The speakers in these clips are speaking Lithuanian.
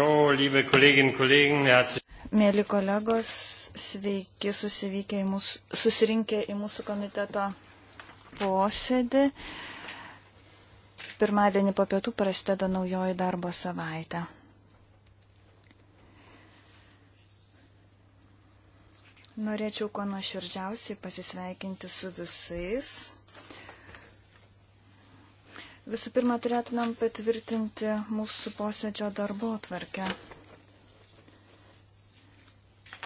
So, liebe Kolleginnen und Kollegen, herzlich. Mėly kolegos, sveiki į mūsų, susirinkę į mūsų komiteto posėdį. Pirmadienį po pietų prasideda naujoji darbo savaitė. Norėčiau kuo nuoširdžiausiai pasisveikinti su visais Visų pirma, turėtumėm patvirtinti mūsų posėdžio darbo tvarkę.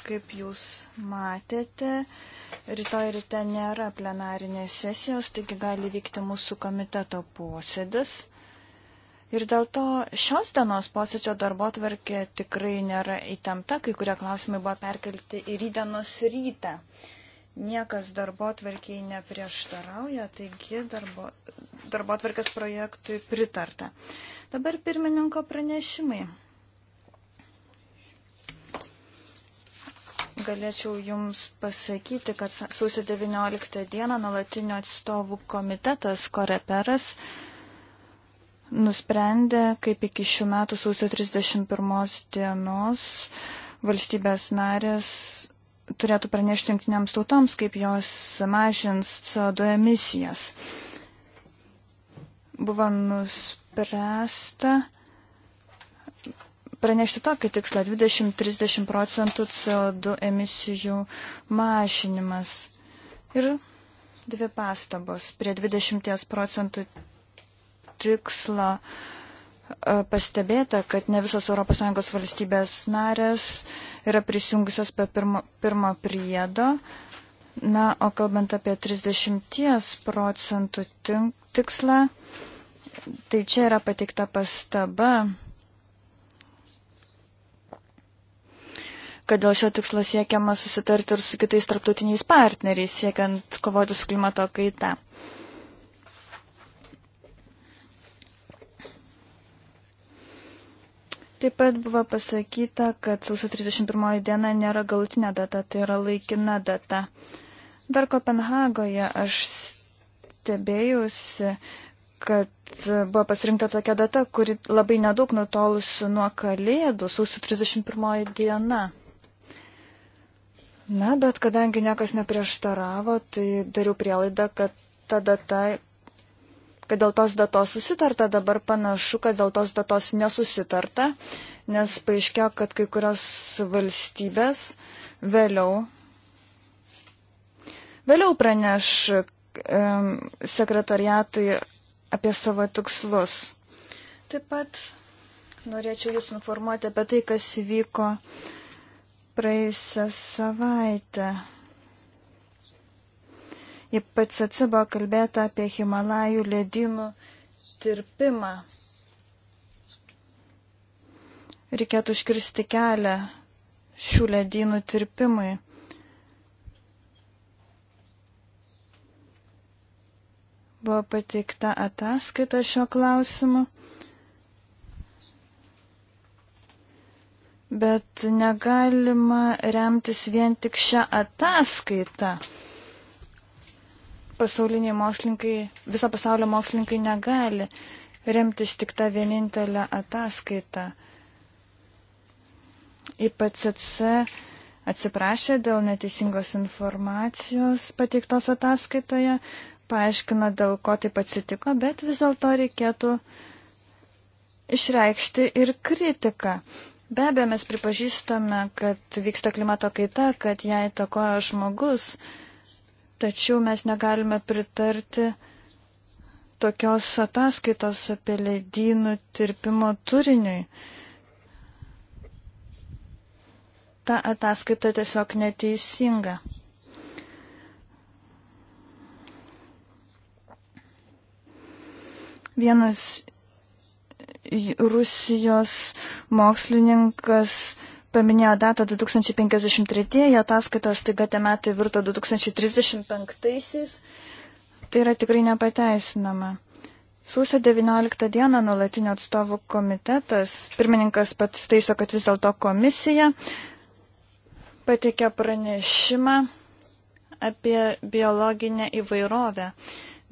Kaip jūs matėte, rytoj ryte nėra plenarinės sesijos, taigi gali vykti mūsų komiteto posėdis. Ir dėl to šios dienos posėdžio darbo tvarkė tikrai nėra įtempta, kai kurie klausimai buvo perkelti į rydienos rytą. rytą. Niekas darbo tvarkiai neprieštarauja, taigi darbo, darbo tvarkės projektui pritarta. Dabar pirmininko pranešimai. galėčiau Jums pasakyti, kad sausio 19 dieną nuolatinio atstovų komitetas Koreperas nusprendė, kaip iki šių metų sausio 31 dienos valstybės narės turėtų pranešti jungtiniams tautoms, kaip jos mažins CO2 emisijas. Buvo nuspręsta pranešti tokį tikslą 20-30 procentų CO2 emisijų mažinimas. Ir dvi pastabos prie 20 procentų tikslo. Uh, pastebėta, kad ne visos ES valstybės narės yra prisijungusios prie pirmo, pirmo priedo. Na, o kalbant apie 30 procentų tikslą, tai čia yra patikta pastaba, kad dėl šio tikslo siekiama susitarti ir su kitais tarptautiniais partneriais, siekiant kovoti su klimato kaita. Taip pat buvo pasakyta, kad sausio 31 diena nėra galutinė data, tai yra laikina data. Dar Kopenhagoje aš stebėjusi, kad buvo pasirinkta tokia data, kuri labai nedaug nutolusi nuo kalėdų, sausio 31 diena. Na, bet kadangi niekas neprieštaravo, tai dariau prielaidą, kad ta data kad dėl tos datos susitarta, dabar panašu, kad dėl tos datos nesusitarta, nes paaiškėjo, kad kai kurios valstybės vėliau, vėliau praneš um, sekretariatui apie savo tikslus. Taip pat norėčiau Jūs informuoti apie tai, kas įvyko praėjusią savaitę. IPCC buvo kalbėta apie Himalajų ledynų tirpimą. Reikėtų užkirsti kelią šių ledynų tirpimui. Buvo pateikta ataskaita šio klausimu. bet negalima remtis vien tik šią ataskaitą pasauliniai mokslininkai, viso pasaulio mokslininkai negali remtis tik tą vienintelę ataskaitą. IPCC atsiprašė dėl neteisingos informacijos pateiktos ataskaitoje, paaiškino, dėl ko taip atsitiko, bet vis dėlto reikėtų išreikšti ir kritiką. Be abejo, mes pripažįstame, kad vyksta klimato kaita, kad ją įtakoja žmogus, uh, Tačiau mes negalime pritarti tokios ataskaitos apie ledynų tirpimo turiniui. Ta ataskaita tiesiog neteisinga. Vienas Rusijos mokslininkas paminėjo datą 2053, ataskaitos taiga tie metai virto 2035-aisiais. Tai yra tikrai nepateisinama. Sausio 19 dieną nulatinio atstovų komitetas, pirmininkas pats taiso, kad vis dėlto komisija pateikė pranešimą apie biologinę įvairovę,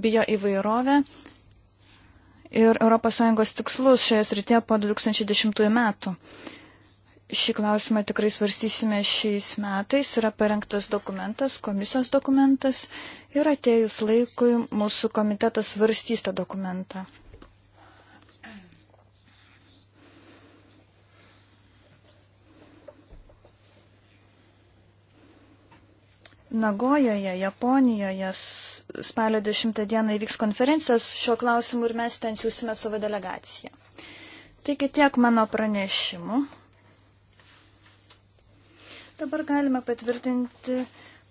bio įvairovę ir ES tikslus šioje srityje po 2010 metų šį klausimą tikrai svarstysime šiais metais. Yra parengtas dokumentas, komisijos dokumentas ir atėjus laikui mūsų komitetas svarstys tą dokumentą. Nagojoje, Japonijoje spalio 10 dieną įvyks konferencijos šiuo klausimu ir mes ten siūsime savo delegaciją. Taigi tiek mano pranešimų. Dabar galime patvirtinti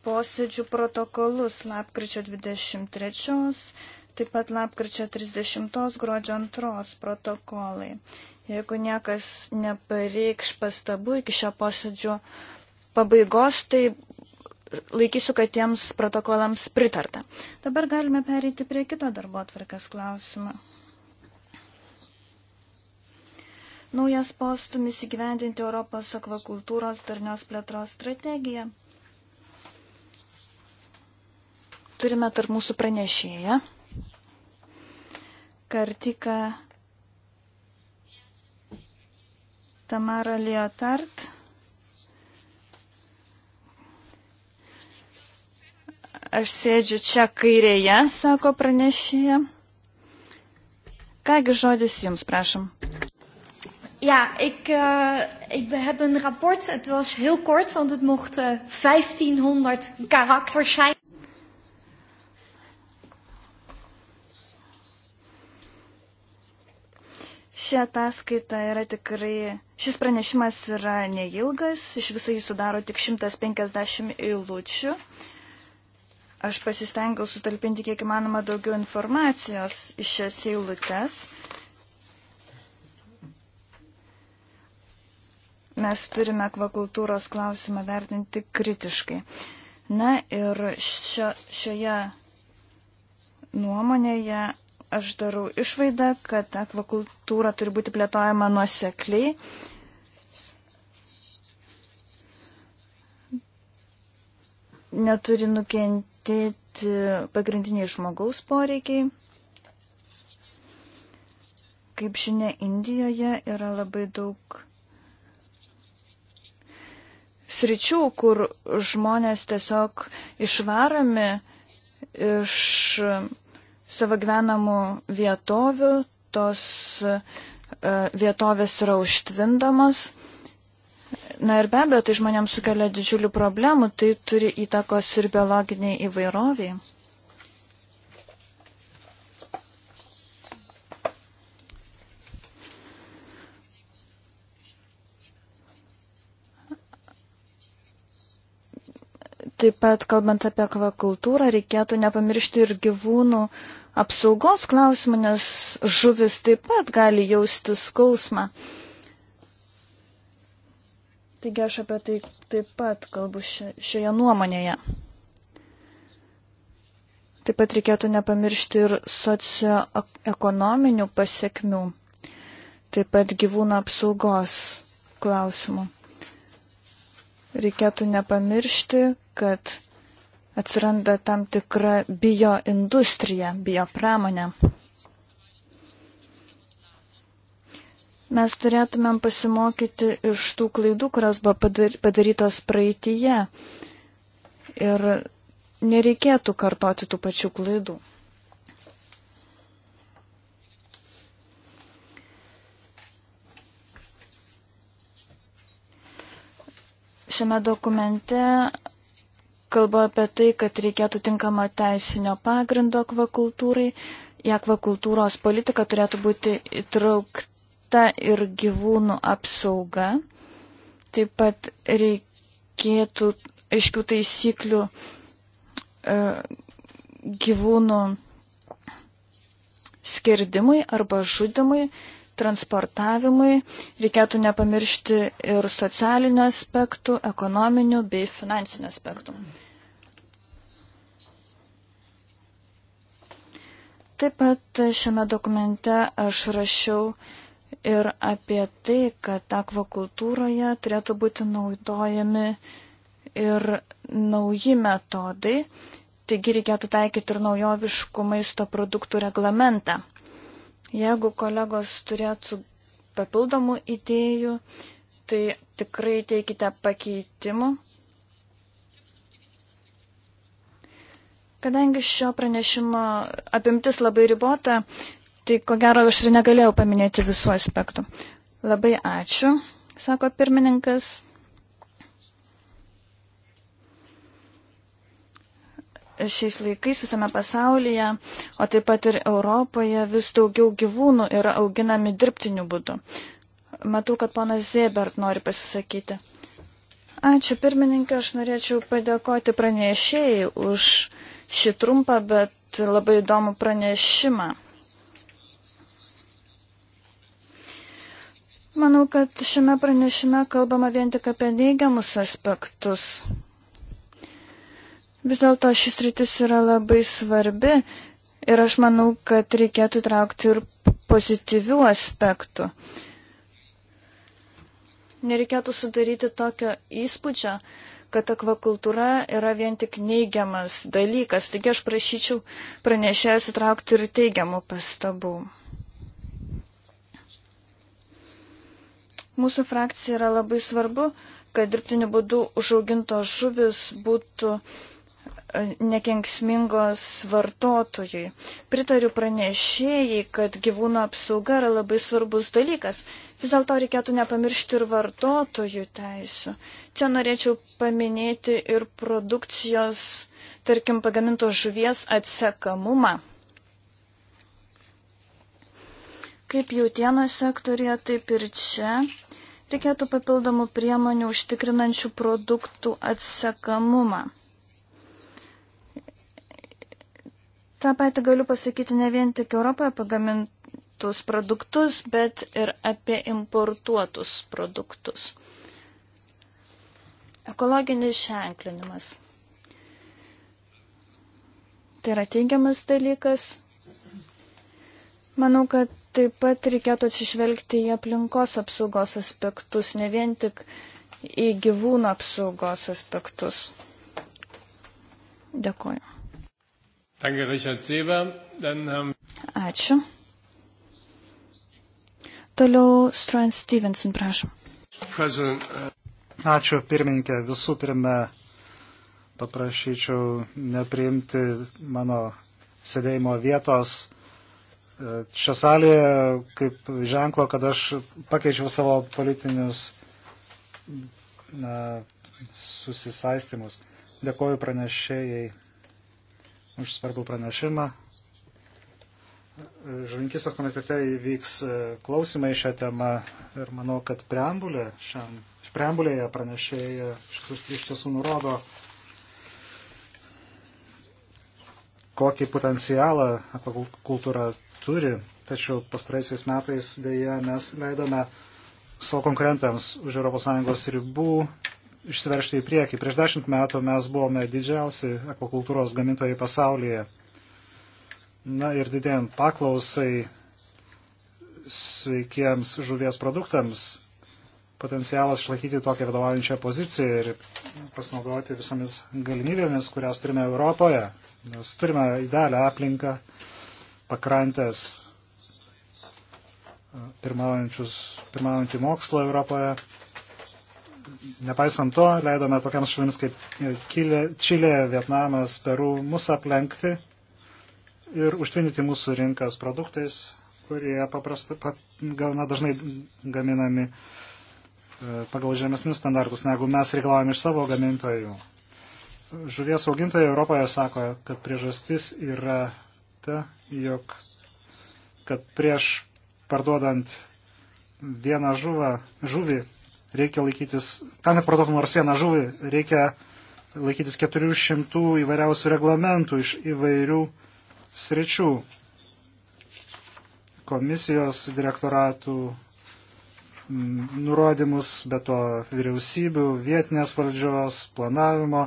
posėdžių protokolus lapkričio 23, taip pat lapkričio 30, gruodžio 2 protokolai. Jeigu niekas nepareikš pastabų iki šio posėdžio pabaigos, tai laikysiu, kad tiems protokolams pritarta. Dabar galime pereiti prie kito darbo atvarkės klausimą. naujas postumis įgyvendinti Europos akvakultūros darnios plėtros strategiją. Turime tarp mūsų pranešėją Kartika Tamara Leotard. Aš sėdžiu čia kairėje, sako pranešėja. Kągi žodis jums, prašom. Ja, ik, uh, ik heb een rapport. Het was heel kort, want het mocht uh, eh, 1500 karakters zijn. Ši ataskaita yra tikrai, šis pranešimas yra neilgas, iš viso jis sudaro tik 150 eilučių. Aš pasistengiau sutalpinti kiek įmanoma daugiau informacijos iš šias eilutes. Uh, mes turime akvakultūros klausimą vertinti kritiškai. Na ir šio, šioje nuomonėje aš darau išvaidą, kad akvakultūra turi būti plėtojama nuosekliai. Neturi nukentėti pagrindiniai žmogaus poreikiai. Kaip žinia, Indijoje yra labai daug sričių, kur žmonės tiesiog išvaromi iš savo gyvenamų vietovių, tos e, vietovės yra užtvindamas. Na ir be abejo, tai žmonėms sukelia didžiulių problemų, tai turi įtakos ir biologiniai įvairoviai. Taip pat, kalbant apie akvakultūrą, reikėtų nepamiršti ir gyvūnų apsaugos klausimų, nes žuvis taip pat gali jausti skausmą. Taigi aš apie tai taip pat kalbu šioje nuomonėje. Taip pat reikėtų nepamiršti ir socioekonominių pasiekmių, taip pat gyvūnų apsaugos klausimų. Reikėtų nepamiršti, kad atsiranda tam tikra bioindustrija, biopramonė. Mes turėtumėm pasimokyti iš tų klaidų, kurios buvo padarytos praeitįje. Ir nereikėtų kartoti tų pačių klaidų. Šiame dokumente kalba apie tai, kad reikėtų tinkamo teisinio pagrindo akvakultūrai. Į akvakultūros politiką turėtų būti įtraukta ir gyvūnų apsauga. Taip pat reikėtų aiškių taisyklių e, gyvūnų skirdimui arba žudimui, transportavimui. Reikėtų nepamiršti ir socialinių aspektų, ekonominių bei finansinių aspektų. Mm. Taip pat šiame dokumente aš rašiau ir apie tai, kad akvakultūroje turėtų būti naudojami ir nauji metodai, taigi reikėtų taikyti ir naujoviškų maisto produktų reglamentą. Jeigu kolegos turėtų papildomų idėjų, tai tikrai teikite pakeitimų. Kadangi šio pranešimo apimtis labai ribota, tai ko gero aš ir negalėjau paminėti visų aspektų. Labai ačiū, sako pirmininkas. Šiais laikais visame pasaulyje, o taip pat ir Europoje vis daugiau gyvūnų yra auginami dirbtiniu būdu. Matau, kad ponas Zebert nori pasisakyti. Ačiū pirmininkė, aš norėčiau padėkoti pranešėjai už šį trumpą, bet labai įdomų pranešimą. Manau, kad šiame pranešime kalbama vien tik apie neigiamus aspektus. Vis dėlto šis rytis yra labai svarbi ir aš manau, kad reikėtų traukti ir pozityvių aspektų. Uh, nereikėtų sudaryti tokio įspūdžio, kad akvakultūra yra vien tik neigiamas dalykas. Taigi aš prašyčiau pranešėjus įtraukti ir teigiamų pastabų. Mūsų frakcija yra labai svarbu, kad dirbtiniu būdu užaugintos žuvis būtų uh, nekenksmingos vartotojui. Pritariu pranešėjai, kad gyvūno apsauga yra labai svarbus dalykas. Vis dėlto reikėtų nepamiršti ir vartotojų teisų. Čia norėčiau paminėti ir produkcijos, tarkim, pagamintos žuvies atsekamumą. Kaip jautienos sektorija, taip ir čia reikėtų papildomų priemonių užtikrinančių produktų atsekamumą. Ta pati galiu pasakyti ne vien tik Europoje pagamintus produktus, bet ir apie importuotus produktus. Ekologinis ženklinimas. Tai yra teigiamas dalykas. Manau, kad taip pat reikėtų atsižvelgti į aplinkos apsaugos aspektus, ne vien tik į gyvūnų apsaugos aspektus. Dėkuoju. Danke, Richard Seber. Dann haben... Ähm, Ačiū. Toliau Struan Stevenson, prašom. President. Uh, Ačiū, pirmininkė. Visų pirma, paprašyčiau nepriimti mano sėdėjimo vietos e, čia salėje kaip ženklo, kad aš pakeičiau savo politinius na, susisaistimus. Dėkoju pranešėjai už svarbų pranešimą. Žuvinkistės komitete įvyks e, klausimai šią temą ir manau, kad preambulė šiam, preambulėje pranešėja iš tiesų nurodo, kokį potencialą akvakultūra turi, tačiau pastaraisiais metais dėja mes leidome savo konkurentams už ES ribų išsiveršti į priekį. Prieš dešimt metų mes buvome didžiausi akvakultūros gamintojai pasaulyje. Na ir didėjant paklausai sveikiems žuvies produktams, potencialas išlaikyti tokią vadovaujančią poziciją ir pasinaudoti visomis galimybėmis, kurias turime Europoje. Nes turime idealią aplinką, pakrantės, pirmaujantį mokslą Europoje Nepaisant to, leidome tokiams šalims kaip e, Čilė, Vietnamas, Peru mus aplenkti ir užtvindyti mūsų rinkas produktais, kurie paprastai, pa, gana dažnai gaminami e, pagal žemesnius standartus, negu mes reikalavome iš savo gamintojų. Žuvies augintojai Europoje sako, kad priežastis yra ta, jog kad prieš parduodant vieną žuvą, žuvį reikia laikytis, tam, kad parduotum nors vieną žuvį, reikia laikytis 400 įvairiausių reglamentų iš įvairių sričių komisijos direktoratų mm, nurodymus, be to vyriausybių, vietinės valdžios, planavimo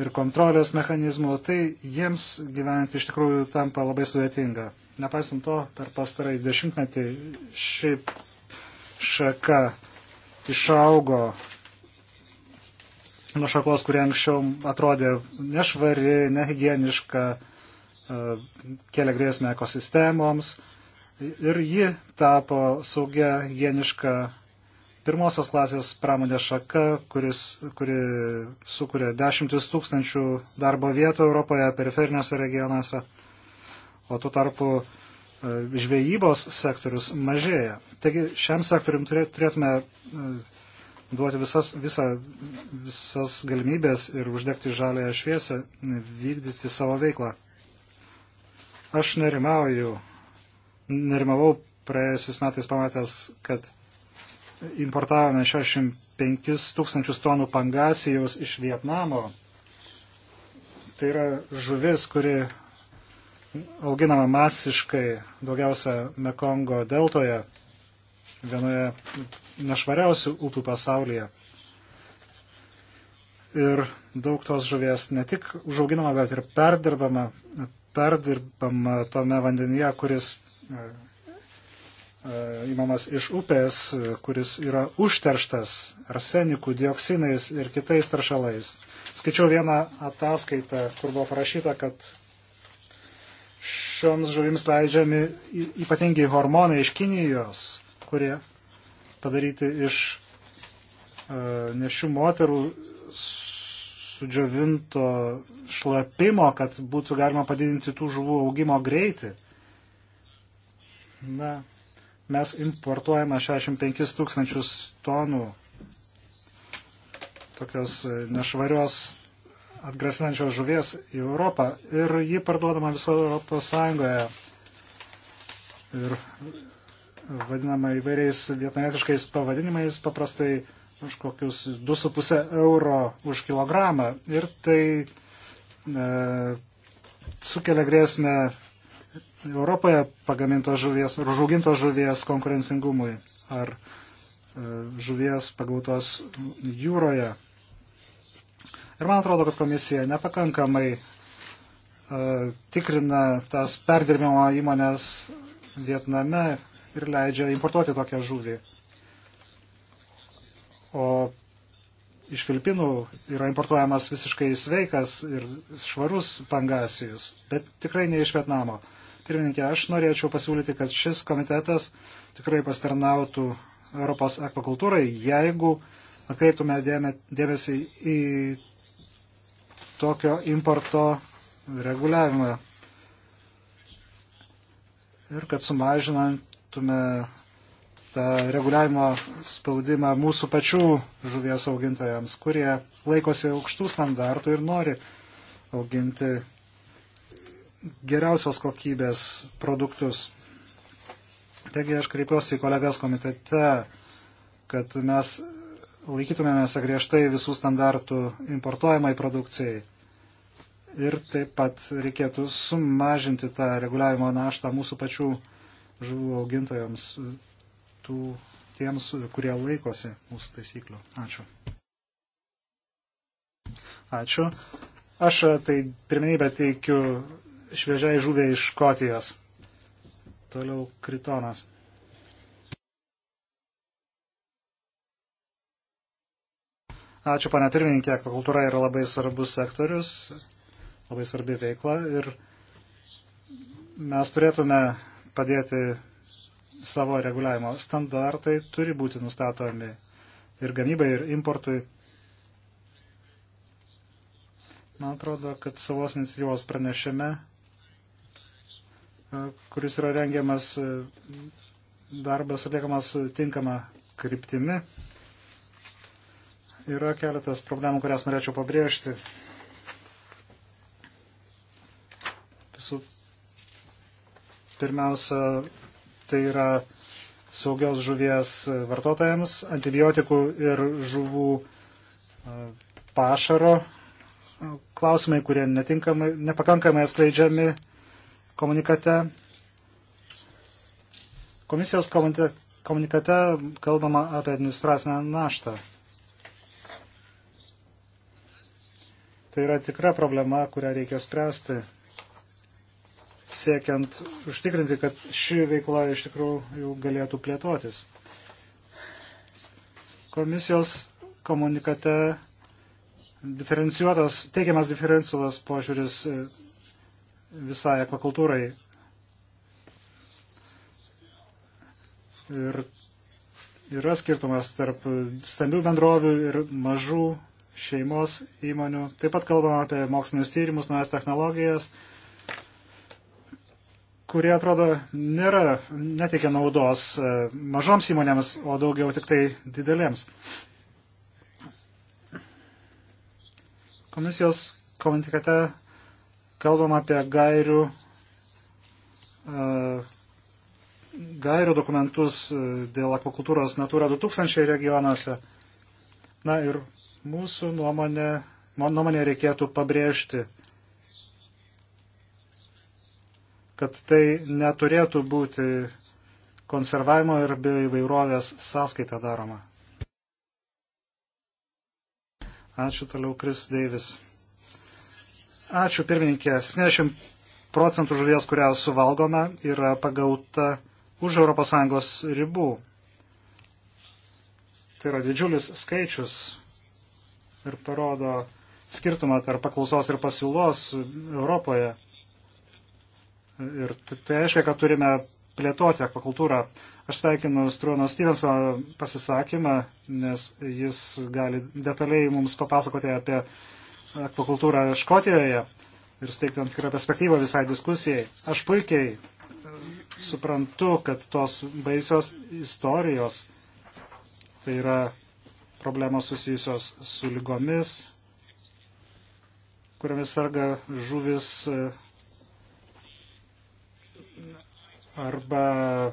ir kontrolės mechanizmų, tai jiems gyventi iš tikrųjų tampa labai sudėtinga. Nepaisant to, per pastarąjį dešimtmetį šiaip šaka išaugo nuo šakos, kurie anksčiau atrodė nešvari, nehigieniška, e, kelia grėsmę ekosistemoms. Ir ji tapo saugia, higieniška pirmosios klasės pramonės šaka, kuris, kuri sukuria dešimtis tūkstančių darbo vietų Europoje periferiniuose regionuose. O tuo tarpu E, žvejybos sektorius mažėja. Taigi šiam sektorium turėtume e, duoti visas, visa, visas galimybės ir uždegti žalėją šviesą, vykdyti savo veiklą. Aš nerimauju, nerimavau praėjusiais metais pamatęs, kad importavome 65 tūkstančius tonų pangasijaus iš Vietnamo. Tai yra žuvis, kuri auginama masiškai, daugiausia Mekongo deltoje, vienoje nešvariausių upių pasaulyje. Ir daug tos žuvies ne tik užauginama, bet ir perdirbama, perdirbama tome vandenyje, kuris įmamas e, e, iš upės, kuris yra užterštas arsenikų, dioksinais ir kitais taršalais. Skaičiau vieną ataskaitą, kur buvo parašyta, kad šioms žuvims leidžiami ypatingi hormonai iš Kinijos, kurie padaryti iš e, nešių moterų sudžiovinto šlapimo, kad būtų galima padidinti tų žuvų augimo greitį. Na, mes importuojame 65 tūkstančius tonų tokios e, nešvarios atgrasinančios žuvies į Europą ir ji parduodama viso Europos Sąjungoje ir vadinama įvairiais vietnamietiškais pavadinimais, paprastai už kokius 2,5 euro už kilogramą ir tai e, sukelia grėsmę Europoje pagamintos žuvies, užaugintos žuvies konkurencingumui ar e, žuvies pagautos jūroje Ir man atrodo, kad komisija nepakankamai uh, tikrina tas perdirbimo įmonės Vietname ir leidžia importuoti tokią žuvį. O iš Filipinų yra importuojamas visiškai sveikas ir švarus pangasijus, bet tikrai ne iš Vietnamo. Pirmininkė, aš norėčiau pasiūlyti, kad šis komitetas tikrai pastarnautų Europos akvakultūrai, jeigu atkreiptume dėmesį į tokio importo reguliavimą. Ir kad sumažinantume tą reguliavimo spaudimą mūsų pačių žuvies augintojams, kurie laikosi aukštų standartų ir nori auginti geriausios kokybės produktus. Taigi aš kreipiuosi į kolegas komitete, kad mes laikytumėmės griežtai visų standartų importuojamai produkcijai. Ir taip pat reikėtų sumažinti tą reguliavimo naštą mūsų pačių žuvų augintojams, tų, tiems, kurie laikosi mūsų taisyklių. Ačiū. Ačiū. Aš e, tai pirmenybę teikiu šviežiai žuviai iš Škotijos. Toliau Kritonas. Ačiū, pane pirmininkė, akvakultūra yra labai svarbus sektorius, labai svarbi veikla ir mes turėtume padėti savo reguliavimo. Standartai turi būti nustatomi ir gamybai, ir importui. Man atrodo, kad savos inicijuos pranešime, e, kuris yra rengiamas, e, darbas atliekamas tinkama kryptimi. Yra keletas problemų, kurias norėčiau pabrėžti. Visų pirmiausia, tai yra saugios žuvies vartotojams, antibiotikų ir žuvų e, pašaro e, klausimai, kurie nepakankamai atskleidžiami komunikate. Komisijos komunikate kalbama apie administracinę naštą. Tai yra tikra problema, kurią reikia spręsti, siekiant užtikrinti, kad ši veikla iš tikrųjų galėtų plėtotis. Komisijos komunikate diferencijuotas, teikiamas diferencijuotas požiūris visai akvakultūrai. Ir yra skirtumas tarp stambių bendrovių ir mažų šeimos įmonių. Taip pat kalbam apie mokslinius tyrimus, naujas technologijas, kurie atrodo nėra, neteikia naudos e, mažoms įmonėms, o daugiau tik tai didelėms. Komisijos komunikate kalbam apie gairių, e, gairių dokumentus e, dėl akvakultūros Natura 2000 regionuose. Na ir Mūsų nuomonė, nuomonė reikėtų pabrėžti, kad tai neturėtų būti konservavimo ir bioįvairovės sąskaita daroma. Ačiū toliau, Kris Deivis. Ačiū, pirmininkė. 70 procentų žuvies, kurią suvalgome, yra pagauta už ES ribų. Tai yra didžiulis skaičius ir parodo skirtumą tarp paklausos ir pasiūlos Europoje. Ir tai reiškia, kad turime plėtoti akvakultūrą. Aš sveikinu Struono Stevensono pasisakymą, nes jis gali detaliai mums papasakoti apie akvakultūrą Škotijoje ir suteikti tam tikrą perspektyvą visai diskusijai. Aš puikiai suprantu, kad tos baisios istorijos, tai yra problemos susijusios su lygomis, kuriamis sarga žuvis e, arba e,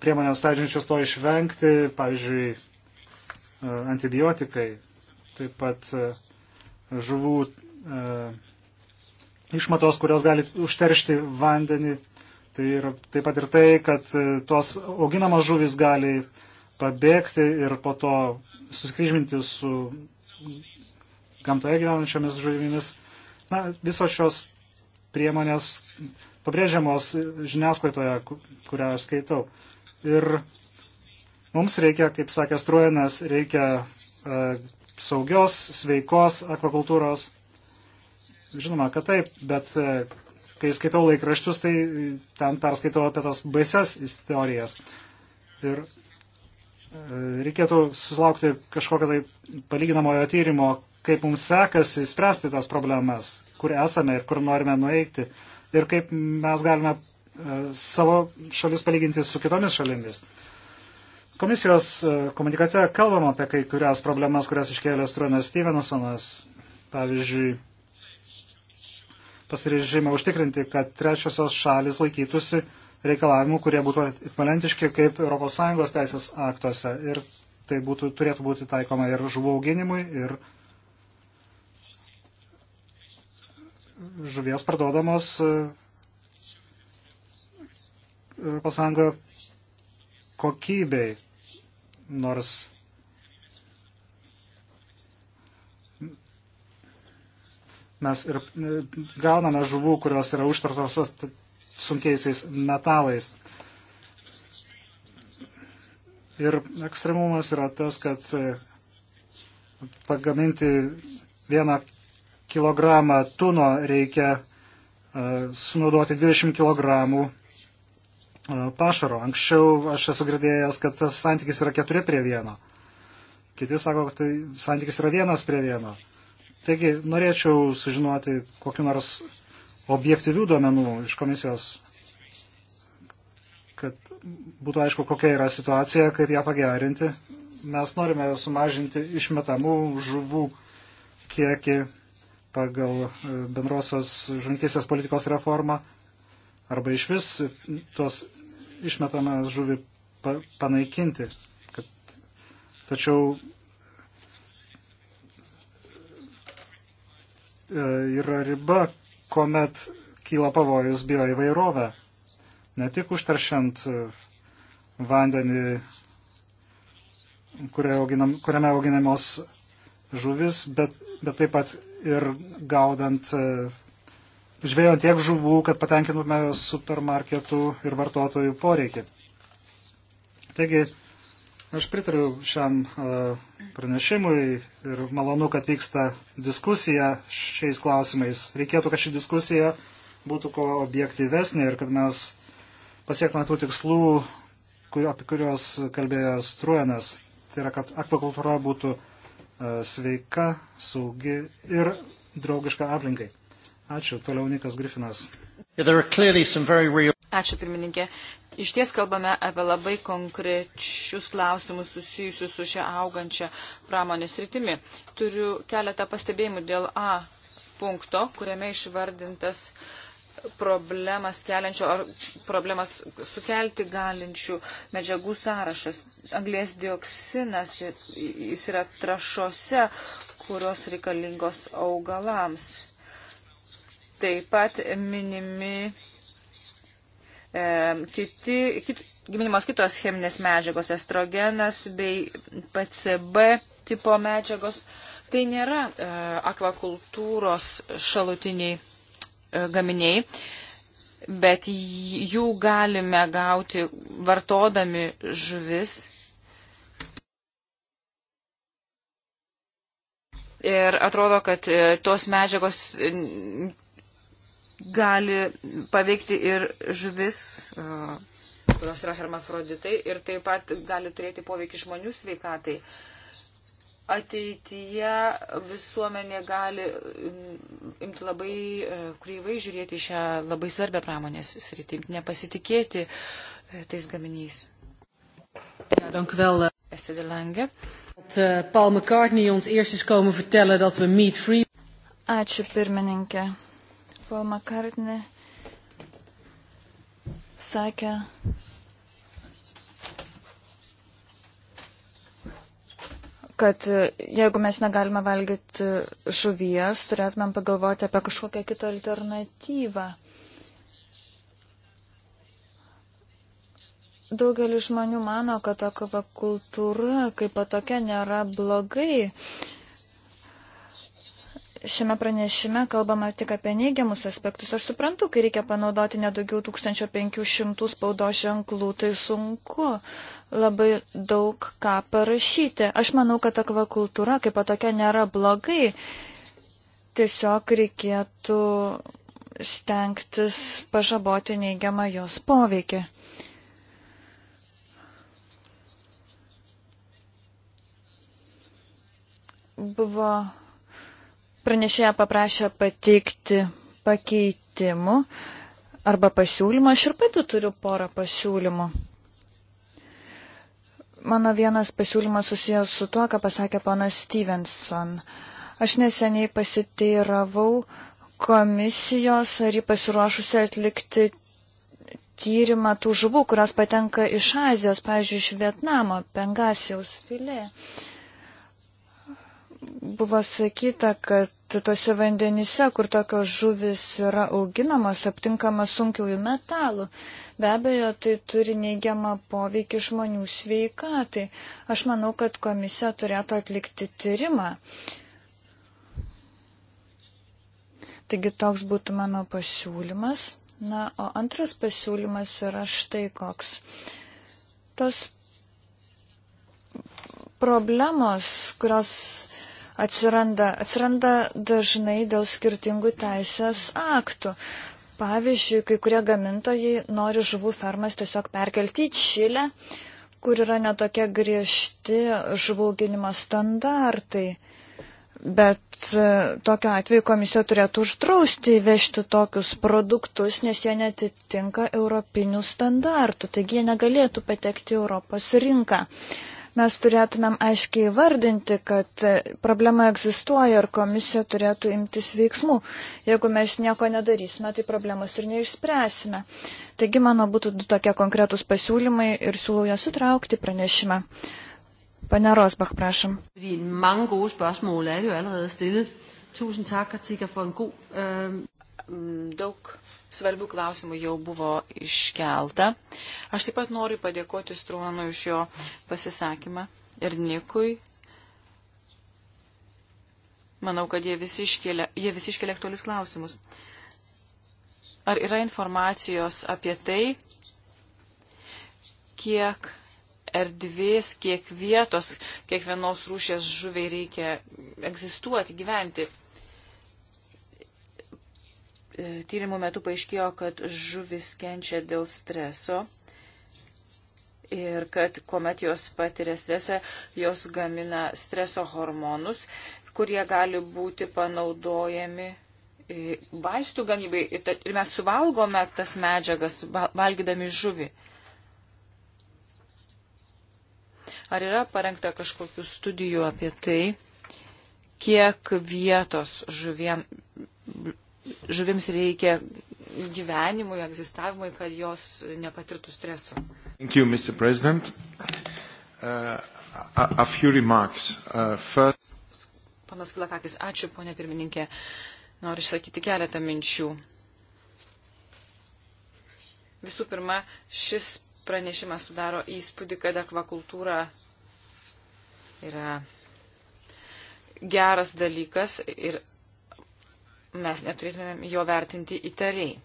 priemonėms leidžiančios to išvengti, pavyzdžiui, e, antibiotikai, taip pat žuvų išmatos, kurios gali užteršti vandenį. Tai yra taip pat ir tai, kad tos auginamos žuvis gali pabėgti ir po to suskryžminti su gamtoje gyvenančiomis žuvimis. Na, visos šios priemonės pabrėžiamos žiniasklaidoje, kurią aš skaitau. Ir mums reikia, kaip sakė Struojanas, reikia e, saugios, sveikos akvakultūros. Žinoma, kad taip, bet e, kai skaitau laikraščius, tai ten perskaitau apie tas baises istorijas. Ir reikėtų susilaukti kažkokio tai palyginamojo tyrimo, kaip mums sekasi spręsti tas problemas, kur esame ir kur norime nueiti ir kaip mes galime e, savo šalis palyginti su kitomis šalimis. Komisijos e, komunikate kalbam apie kai kurias problemas, kurias iškėlė Struonas Stevensonas, pavyzdžiui, pasirežimą užtikrinti, kad trečiosios šalis laikytųsi reikalavimų, kurie būtų ekvalentiški kaip ES teisės aktuose. Ir tai būtų, turėtų būti taikoma ir žuvų auginimui, ir žuvies parduodamos pasango e, kokybei, nors mes ir e, gauname žuvų, kurios yra užtartosios sunkiaisiais metalais. Ir ekstremumas yra tas, kad e, pagaminti vieną kilogramą tuno reikia e, sunaudoti 20 kilogramų e, pašaro. Anksčiau aš esu girdėjęs, kad tas santykis yra 4 prie 1. Kiti sako, kad tai santykis yra 1 prie 1. Taigi norėčiau sužinoti kokiu nors objektyvių duomenų iš komisijos, kad būtų aišku, kokia yra situacija, kaip ją pagerinti. Mes norime sumažinti išmetamų žuvų kiekį pagal e, bendrosios žunkysės politikos reformą arba iš vis tuos išmetamą žuvį panaikinti. Kad, tačiau e, yra riba, kuomet kyla pavojus bioįvairovę. Ne tik užteršiant e, vandenį, auginam, kuriame auginamos žuvis, bet, bet taip pat ir gaudant, e, žvėjant tiek žuvų, kad patenkintume supermarketų ir vartotojų poreikį. Taigi, Aš pritariu šiam e, pranešimui ir malonu, kad vyksta diskusija šiais klausimais. Reikėtų, kad ši diskusija būtų ko objektyvesnė ir kad mes pasiektume tų tikslų, kur, apie kuriuos kalbėjo Struenas. Tai yra, kad akvakultūra būtų e, sveika, saugi ir draugiška aplinkai. Ačiū. Toliau Nikas Grifinas. Ačiū pirmininkė iš ties kalbame apie labai konkrečius klausimus susijusius su šia augančia pramonės rytimi. Turiu keletą pastebėjimų dėl A punkto, kuriame išvardintas problemas, keliančio, ar problemas sukelti galinčių medžiagų sąrašas. Anglės dioksinas, jis yra trašose, kurios reikalingos augalams. Taip pat minimi E, kiti, kit, gaminamos kitos cheminės medžiagos, estrogenas bei PCB tipo medžiagos. Tai nėra e, akvakultūros šalutiniai e, gaminiai, bet jų galime gauti vartodami žuvis. Ir atrodo, kad e, tos medžiagos gali paveikti ir žuvis, e, kurios yra hermafroditai, ir taip pat gali turėti poveikį žmonių sveikatai. Ateityje visuomenė gali imti labai e, kreivai žiūrėti šią labai svarbę pramonės sritį, nepasitikėti e, tais gaminiais. Ja, dank u wel. Eh. Esther de Lange. Dat uh, Paul McCartney ons eerst is komen vertellen dat we meat free. Ačiū pirmininkė. Paul McCartney sakė, kad jeigu mes negalime valgyti žuvies, turėtumėm pagalvoti apie kažkokią kitą alternatyvą. Daugelis žmonių mano, kad akvakultūra kaip patokia nėra blogai. Uh, šiame pranešime kalbama tik apie neigiamus aspektus. Aš suprantu, kai reikia panaudoti nedaugiau 1500 spaudo ženklų, tai sunku labai daug ką parašyti. Aš manau, kad akvakultūra kaip tokia nėra blogai. Tiesiog reikėtų stengtis pažaboti neigiamą jos poveikį. Buvo Pranešėja paprašė pateikti pakeitimų arba pasiūlymą. Aš ir pati turiu porą pasiūlymų. Mano vienas pasiūlymas susijęs su tuo, ką pasakė ponas Stevenson. Aš neseniai pasiteiravau komisijos, ar jį pasiruošusi atlikti tyrimą tų žuvų, kurios patenka iš Azijos, pavyzdžiui, iš Vietnamo, Pengasiaus filė. Uh, buvo sakyta, kad tose vandenyse, kur tokios žuvis yra auginamos, aptinkama sunkiųjų metalų. Be abejo, tai turi neigiamą poveikį žmonių sveikatai. Aš manau, kad komisija turėtų atlikti tyrimą. Taigi toks būtų mano pasiūlymas. Na, o antras pasiūlymas yra štai koks. Tos problemos, kurios atsiranda? Atsiranda dažnai dėl skirtingų teisės aktų. Pavyzdžiui, kai kurie gamintojai nori žuvų fermas tiesiog perkelti į Čilę, kur yra netokie griežti žuvų auginimo standartai. Bet e, tokiu atveju komisija turėtų uždrausti įvežti tokius produktus, nes jie netitinka europinių standartų, taigi jie negalėtų patekti į Europos rinką. Uh, Mes turėtumėm aiškiai vardinti, kad e, problema egzistuoja ir komisija turėtų imtis veiksmų. Jeigu mes nieko nedarysime, tai problemos ir neišspręsime. Taigi mano būtų du tokie konkretūs pasiūlymai ir siūlau juos sutraukti pranešimą. Pane Rosbach, prašom. Er øh, Daug svarbių klausimų jau buvo iškelta. Aš taip pat noriu padėkoti Struanui už jo pasisakymą ir Nikui. Manau, kad jie visi iškėlė, jie visi iškėlė aktualius klausimus. Ar yra informacijos apie tai, kiek erdvės, kiek vietos kiekvienos rūšės žuviai reikia egzistuoti, gyventi? E, tyrimų metu paaiškėjo, kad žuvis kenčia dėl streso ir kad kuomet jos patiria stresą, jos gamina streso hormonus, kurie gali būti panaudojami e, vaistų gamybai. Ir mes suvalgome tas medžiagas, valgydami žuvį. Ar yra parengta kažkokių studijų apie tai, kiek vietos žuviem žuvims reikia gyvenimui, egzistavimui, kad jos nepatirtų streso. Thank you, Mr. President. Uh, a, a few remarks. Uh, first... Panas Kilakakis, ačiū, ponė pirmininkė. Noriu išsakyti keletą minčių. Visų pirma, šis pranešimas sudaro įspūdį, kad akvakultūra yra geras dalykas ir mes neturėtumėm jo vertinti įtariai.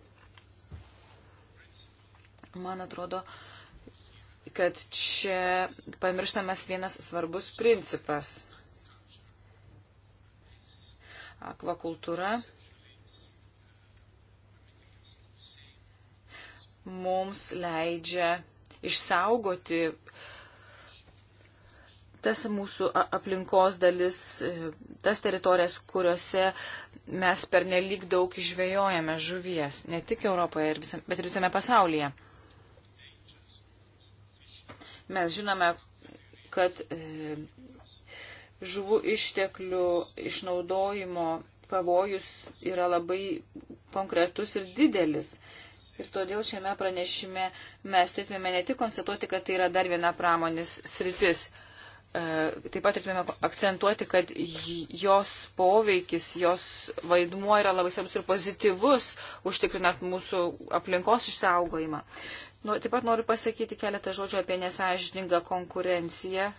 Man atrodo, kad čia pamirštamas vienas svarbus principas. Akvakultūra mums leidžia išsaugoti tas mūsų aplinkos dalis, e, tas teritorijas, kuriuose mes pernelyg daug išvėjojame žuvies, ne tik Europoje, ir visam, bet ir visame pasaulyje. Mes žinome, kad e, žuvų išteklių išnaudojimo pavojus yra labai konkretus ir didelis. Ir todėl šiame pranešime mes turėtume ne tik konstatuoti, kad tai yra dar viena pramonės sritis, E, taip pat turime akcentuoti, kad jos poveikis, jos vaidmuo yra labai svarbus ir pozityvus, užtikrinant mūsų aplinkos išsaugojimą. Nu, taip pat noriu pasakyti keletą žodžių apie nesąžiningą konkurenciją,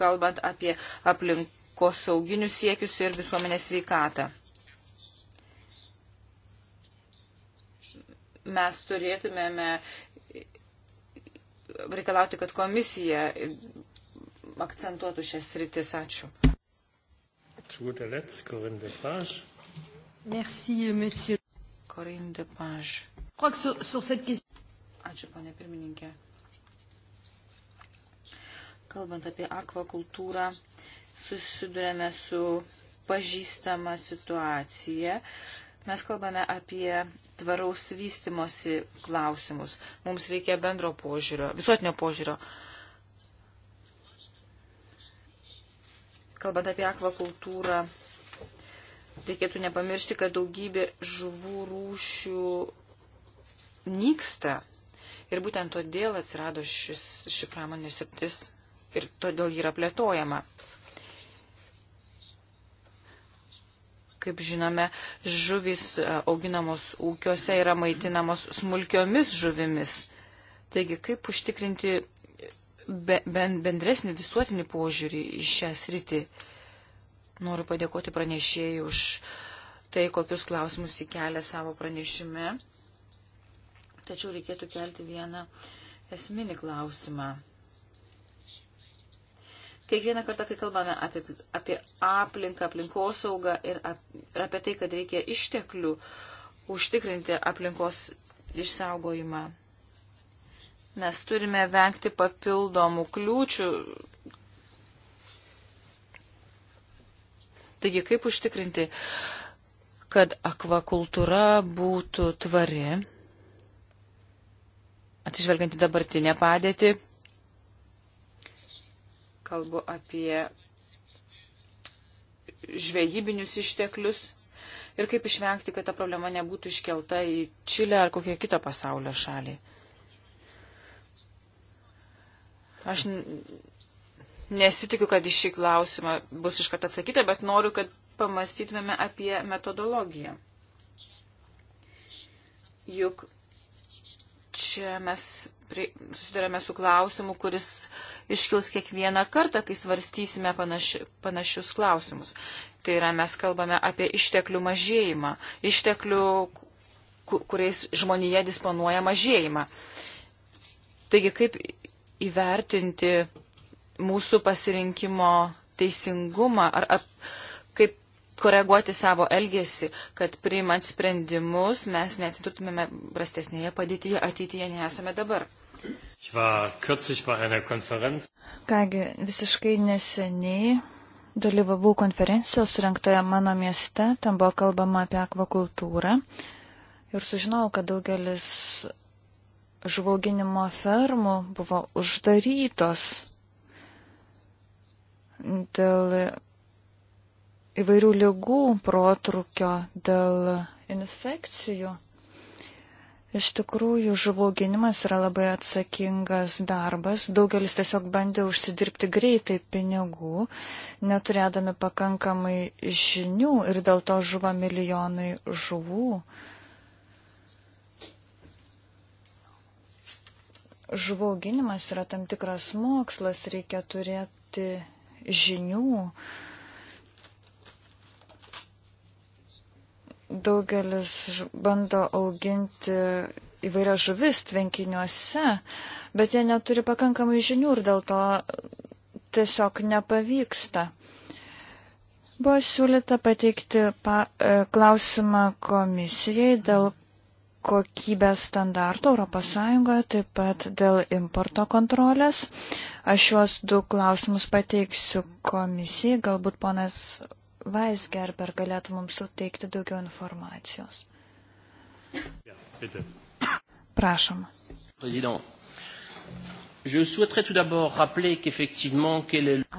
kalbant apie aplinkos sauginius siekius ir visuomenės sveikatą. Mes turėtumėme reikalauti, kad komisija akcentuotų šias rytis. Ačiū. Merci, monsieur. Corinne Depage. Ačiū, ponė pirmininkė. Kalbant apie akvakultūrą, susidurėme su pažįstama situacija. Uh, Mes kalbame apie tvaraus vystimosi klausimus. Mums reikia bendro požiūrio, visuotinio požiūrio. Kalbant apie akvakultūrą, reikėtų nepamiršti, kad daugybė žuvų rūšių nyksta. Ir būtent todėl atsirado šis, ši pramonės septis ir todėl yra plėtojama. Kaip žinome, žuvis e, auginamos ūkiuose yra maitinamos smulkiomis žuvimis. Taigi, kaip užtikrinti be, ben, bendresnį visuotinį požiūrį į šią sritį? Noriu padėkoti pranešėjai už tai, kokius klausimus įkelia savo pranešime. Tačiau reikėtų kelti vieną esminį klausimą. Kiekvieną kartą, kai kalbame apie, apie aplinką, aplinkosaugą ir, ap, ir apie tai, kad reikia išteklių užtikrinti aplinkos išsaugojimą, mes turime vengti papildomų kliūčių. Taigi, kaip užtikrinti, kad akvakultūra būtų tvari, atsižvelgianti dabartinę padėtį, kalbu apie žvejybinius išteklius ir kaip išvengti, kad ta problema nebūtų iškelta į Čilę ar kokią kitą pasaulio šalį. Aš nesitikiu, kad iš šį klausimą bus iškart atsakyta, bet noriu, kad pamastytumėme apie metodologiją. Juk čia mes susidurėme su klausimu, kuris iškils kiekvieną kartą, kai svarstysime panaši, panašius klausimus. Tai yra, mes kalbame apie išteklių mažėjimą, išteklių, kuriais žmonėje disponuoja mažėjimą. Taigi, kaip įvertinti mūsų pasirinkimo teisingumą, ar, ar koreguoti savo elgesį, kad priimant sprendimus mes neatsidurtumėme prastesnėje padėtyje ateityje, nesame dabar. Kągi, visiškai neseniai dalyvavau konferencijos surinktoje mano mieste, ten buvo kalbama apie akvakultūrą ir sužinojau, kad daugelis žvauginimo fermų buvo uždarytos dėl įvairių lygų protrukio, dėl infekcijų. Iš tikrųjų, žuvų auginimas yra labai atsakingas darbas. Daugelis tiesiog bandė užsidirbti greitai pinigų, neturėdami pakankamai žinių ir dėl to žuvo milijonai žuvų. Žuvų auginimas yra tam tikras mokslas, reikia turėti žinių. Uh, daugelis bando auginti įvairias žuvis tvenkiniuose, bet jie neturi pakankamai žinių ir dėl to tiesiog nepavyksta. Buvo siūlyta pateikti pa, e, klausimą komisijai dėl kokybės standartų ES, taip pat dėl importo kontrolės. Aš juos du klausimus pateiksiu komisijai, galbūt ponas Weisgerber galėtų mums suteikti daugiau informacijos. Prašom.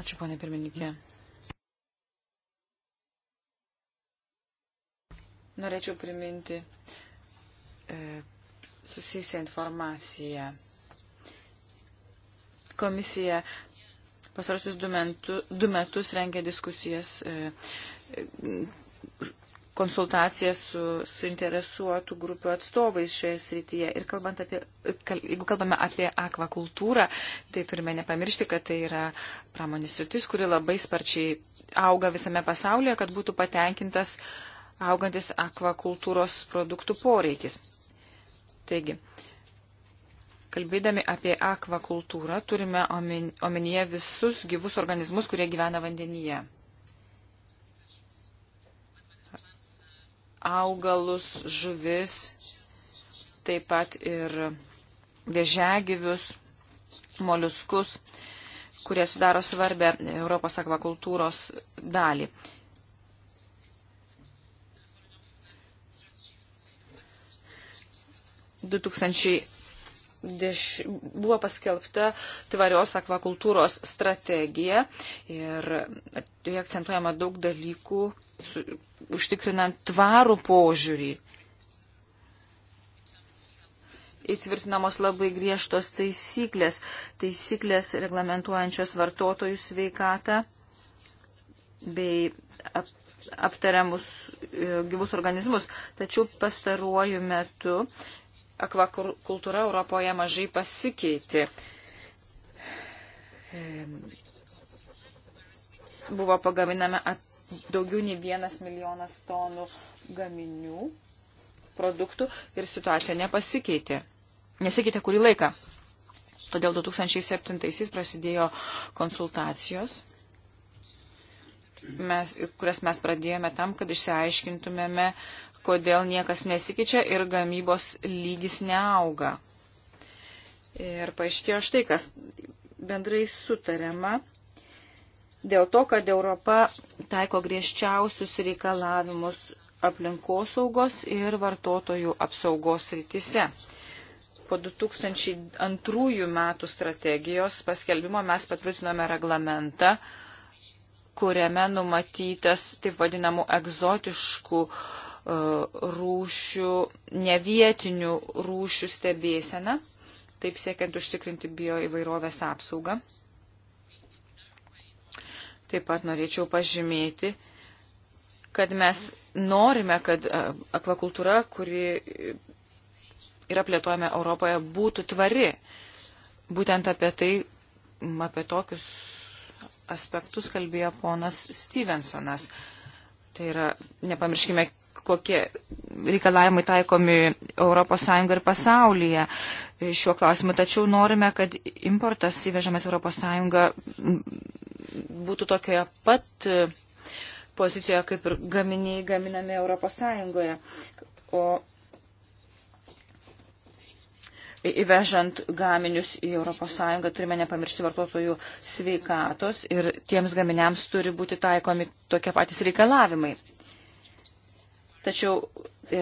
Ačiū, ponė pirmininkė. Norėčiau priminti e, susijusią informaciją. Komisija pasarosius du, mentu, du metus rengia diskusijas, e, e, konsultacijas su suinteresuotų grupių atstovais šioje srityje. Ir kalbant apie, kal, jeigu kalbame apie akvakultūrą, tai turime nepamiršti, kad tai yra pramonės sritis, kuri labai sparčiai auga visame pasaulyje, kad būtų patenkintas augantis akvakultūros produktų poreikis. Taigi, uh, Kalbėdami apie akvakultūrą turime omenyje visus gyvus organizmus, kurie gyvena vandenyje. Augalus, žuvis, taip pat ir vėžiagyvius, moliuskus, kurie sudaro svarbę Europos akvakultūros dalį deš, buvo paskelbta tvarios akvakultūros strategija ir joje tai akcentuojama daug dalykų, su, užtikrinant tvarų požiūrį. Įtvirtinamos labai griežtos taisyklės, taisyklės reglamentuojančios vartotojų sveikatą bei ap, aptariamus e, gyvus organizmus. Tačiau pastaruoju metu akvakultūra Europoje mažai pasikeitė. Buvo pagaminama daugiau nei vienas milijonas tonų gaminių, produktų ir situacija nepasikeitė. Nesikeitė kurį laiką. Todėl 2007 prasidėjo konsultacijos, mes, kurias mes pradėjome tam, kad išsiaiškintumėme, kodėl niekas nesikeičia ir gamybos lygis neauga. Ir paaiškėjo štai, kas bendrai sutariama dėl to, kad Europa taiko griežčiausius reikalavimus aplinkosaugos ir vartotojų apsaugos rytise. Po 2002 metų strategijos paskelbimo mes patvirtinome reglamentą, kuriame numatytas taip vadinamų egzotiškų uh, rūšių, nevietinių rūšių stebėseną, taip siekiant užtikrinti bioįvairovės apsaugą. Taip pat norėčiau pažymėti, kad mes norime, kad e, akvakultūra, kuri yra plėtojama Europoje, būtų tvari. Būtent apie tai, apie tokius aspektus kalbėjo ponas Stevensonas. Tai yra, nepamirškime, kokie reikalavimai taikomi ES ir pasaulyje šiuo klausimu. Tačiau norime, kad importas įvežamas ES būtų tokioje pat e, pozicijoje, kaip ir gaminiai gaminami ES. O įvežant gaminius į ES turime nepamiršti vartotojų sveikatos ir tiems gaminiams turi būti taikomi tokie patys reikalavimai tačiau e,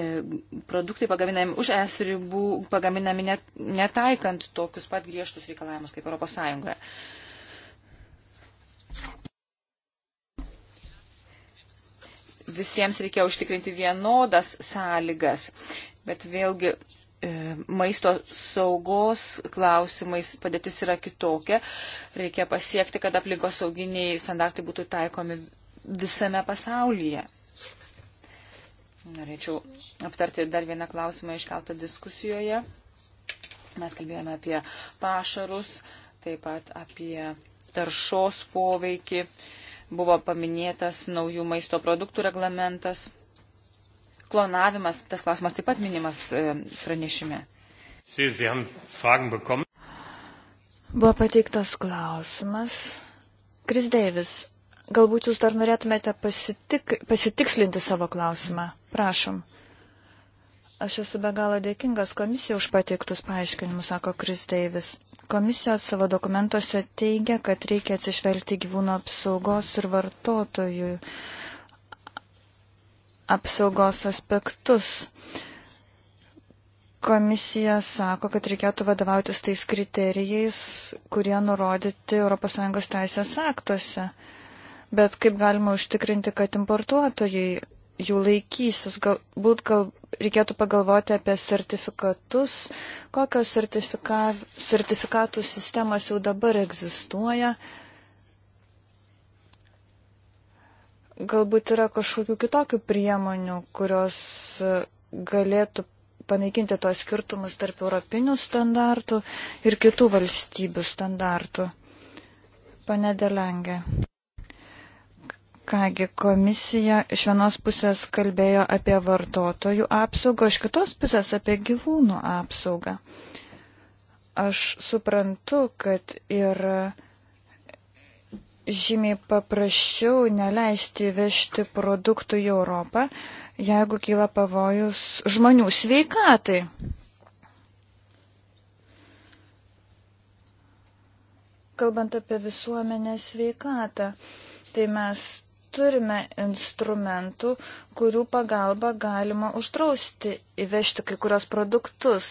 produktai pagaminami už es ribų, pagaminami net, netaikant tokius pat griežtus reikalavimus kaip Europos Sąjungoje. Visiems reikia užtikrinti vienodas sąlygas, bet vėlgi e, maisto saugos klausimais padėtis yra kitokia. Reikia pasiekti, kad aplinkosauginiai standartai būtų taikomi visame pasaulyje. Norėčiau aptarti dar vieną klausimą iškeltą diskusijoje. Mes kalbėjome apie pašarus, taip pat apie taršos poveikį. Buvo paminėtas naujų maisto produktų reglamentas. Klonavimas, tas klausimas taip pat minimas e, pranešime. Buvo pateiktas klausimas. Kris Deivis, galbūt jūs dar norėtumėte pasitik, pasitikslinti savo klausimą. Prašom. Aš esu be galo dėkingas komisijai už pateiktus paaiškinimus, sako Kris Deivis. Komisijos savo dokumentuose teigia, kad reikia atsižvelgti gyvūnų apsaugos ir vartotojų apsaugos aspektus. Komisija sako, kad reikėtų vadovautis tais kriterijais, kurie nurodyti ES teisės aktuose. Bet kaip galima užtikrinti, kad importuotojai jų laikysis. Galbūt gal, reikėtų pagalvoti apie sertifikatus, kokios sertifika, sertifikatų sistemas jau dabar egzistuoja. Galbūt yra kažkokių kitokių priemonių, kurios galėtų panaikinti tos skirtumus tarp europinių standartų ir kitų valstybių standartų. Pane Delengė. Kągi, komisija iš vienos pusės kalbėjo apie vartotojų apsaugą, iš kitos pusės apie gyvūnų apsaugą. Aš suprantu, kad yra žymiai paprasčiau neleisti vežti produktų į Europą, jeigu kyla pavojus žmonių sveikatai. Kalbant apie visuomenę sveikatą, tai mes turime instrumentų, kurių pagalba galima uždrausti įvežti kai kurios produktus.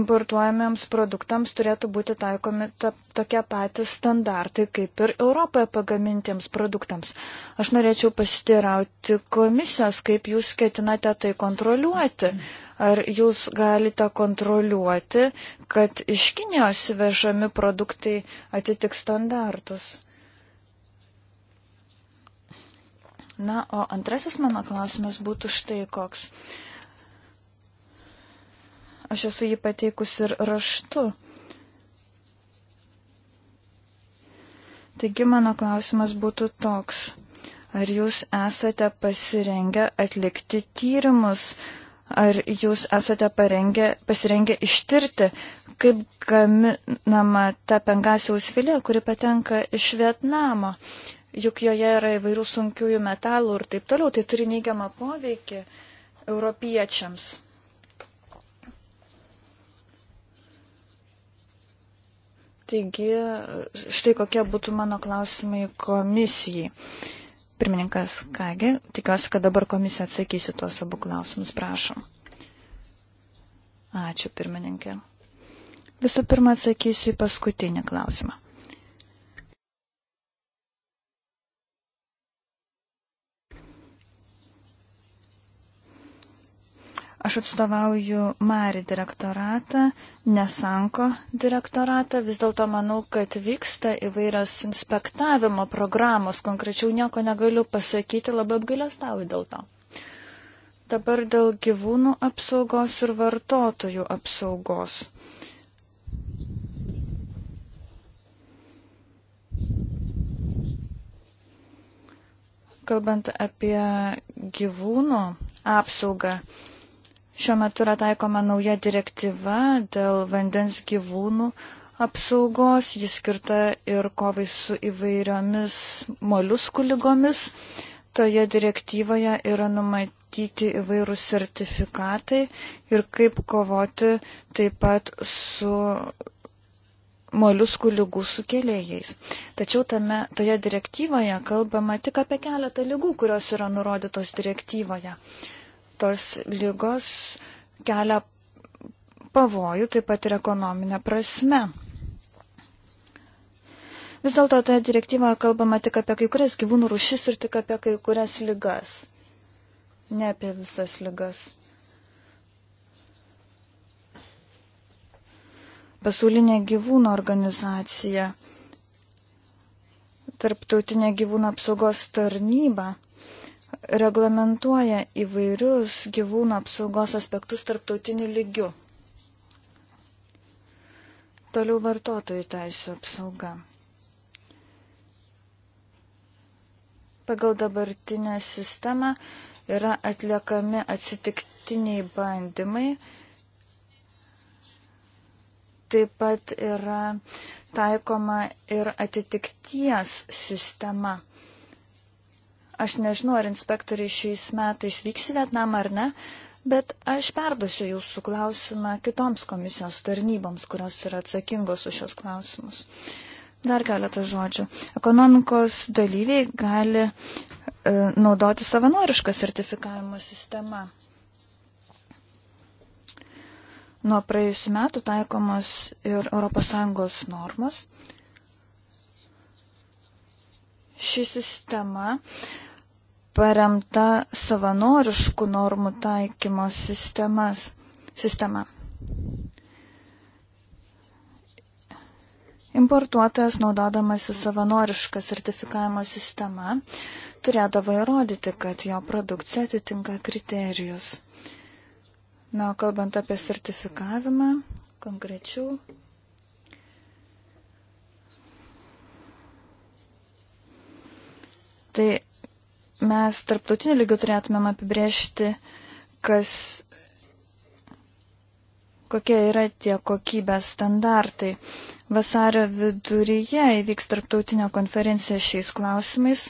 Importuojamiems produktams turėtų būti taikomi ta, tokie patys standartai, kaip ir Europoje pagamintiems produktams. Aš norėčiau pasitirauti komisijos, kaip jūs ketinate tai kontroliuoti. Ar jūs galite kontroliuoti, kad iš Kinijos vežami produktai atitiks standartus? Na, o antrasis mano klausimas būtų štai koks. Aš esu jį pateikus ir raštu. Taigi mano klausimas būtų toks. Ar jūs esate pasirengę atlikti tyrimus? Ar jūs esate parengę, pasirengę ištirti, kaip gaminama ta pengasiaus filė, kuri patenka iš Vietnamo? juk joje yra įvairių sunkiųjų metalų ir taip toliau, tai turi neigiamą poveikį europiečiams. Taigi, štai kokie būtų mano klausimai komisijai. Pirmininkas, kągi, tikiuosi, kad dabar komisija atsakysi tuos abu klausimus, prašom. Ačiū, pirmininkė. Visų pirma, atsakysiu į paskutinį klausimą. Aš atstovauju Mari direktoratą, Nesanko direktoratą. Vis dėlto manau, kad vyksta įvairios inspektavimo programos. Konkrečiau nieko negaliu pasakyti, labai apgailestauju dėl to. Dabar dėl gyvūnų apsaugos ir vartotojų apsaugos. Kalbant apie gyvūnų apsaugą, Šiuo metu yra taikoma nauja direktyva dėl vandens gyvūnų apsaugos, jis skirta ir kovai su įvairiomis moliuskų lygomis. Toje direktyvoje yra numatyti įvairūs sertifikatai ir kaip kovoti taip pat su moliuskų lygų sukėlėjais. Tačiau tame, toje direktyvoje kalbama tik apie keletą lygų, kurios yra nurodytos direktyvoje. Uh, tos lygos kelia pavojų taip pat ir ekonominė prasme. Vis dėlto toje direktyvoje kalbama tik apie kai kurias gyvūnų rušis ir tik apie kai kurias lygas, ne apie visas lygas. Pasaulinė gyvūnų organizacija, Tarptautinė gyvūnų apsaugos tarnyba reglamentuoja įvairius gyvūnų apsaugos aspektus tarptautiniu lygiu. Toliau vartotojų teisų apsauga. Pagal dabartinę sistemą yra atliekami atsitiktiniai bandymai. Taip pat yra taikoma ir atitikties sistema Aš nežinau, ar inspektoriai šiais metais vyks į Vietnamą ar ne, bet aš perduosiu jūsų klausimą kitoms komisijos tarnyboms, kurios yra atsakingos už šios klausimus. Dar keletą žodžių. Ekonomikos dalyviai gali e, naudoti savanorišką sertifikavimo sistemą. Nuo praėjusiu metu taikomos ir ES normos. Ši sistema e, paremta savanoriškų normų taikymo sistemas, sistema. Importuotojas, naudodamasi savanorišką sertifikavimo sistemą, turėdavo įrodyti, kad jo produkcija atitinka kriterijus. Na, kalbant apie sertifikavimą, konkrečių tai mes tarptautiniu lygiu turėtumėm apibriežti, kas, kokie yra tie kokybės standartai. Vasario viduryje įvyks tarptautinė konferencija šiais klausimais,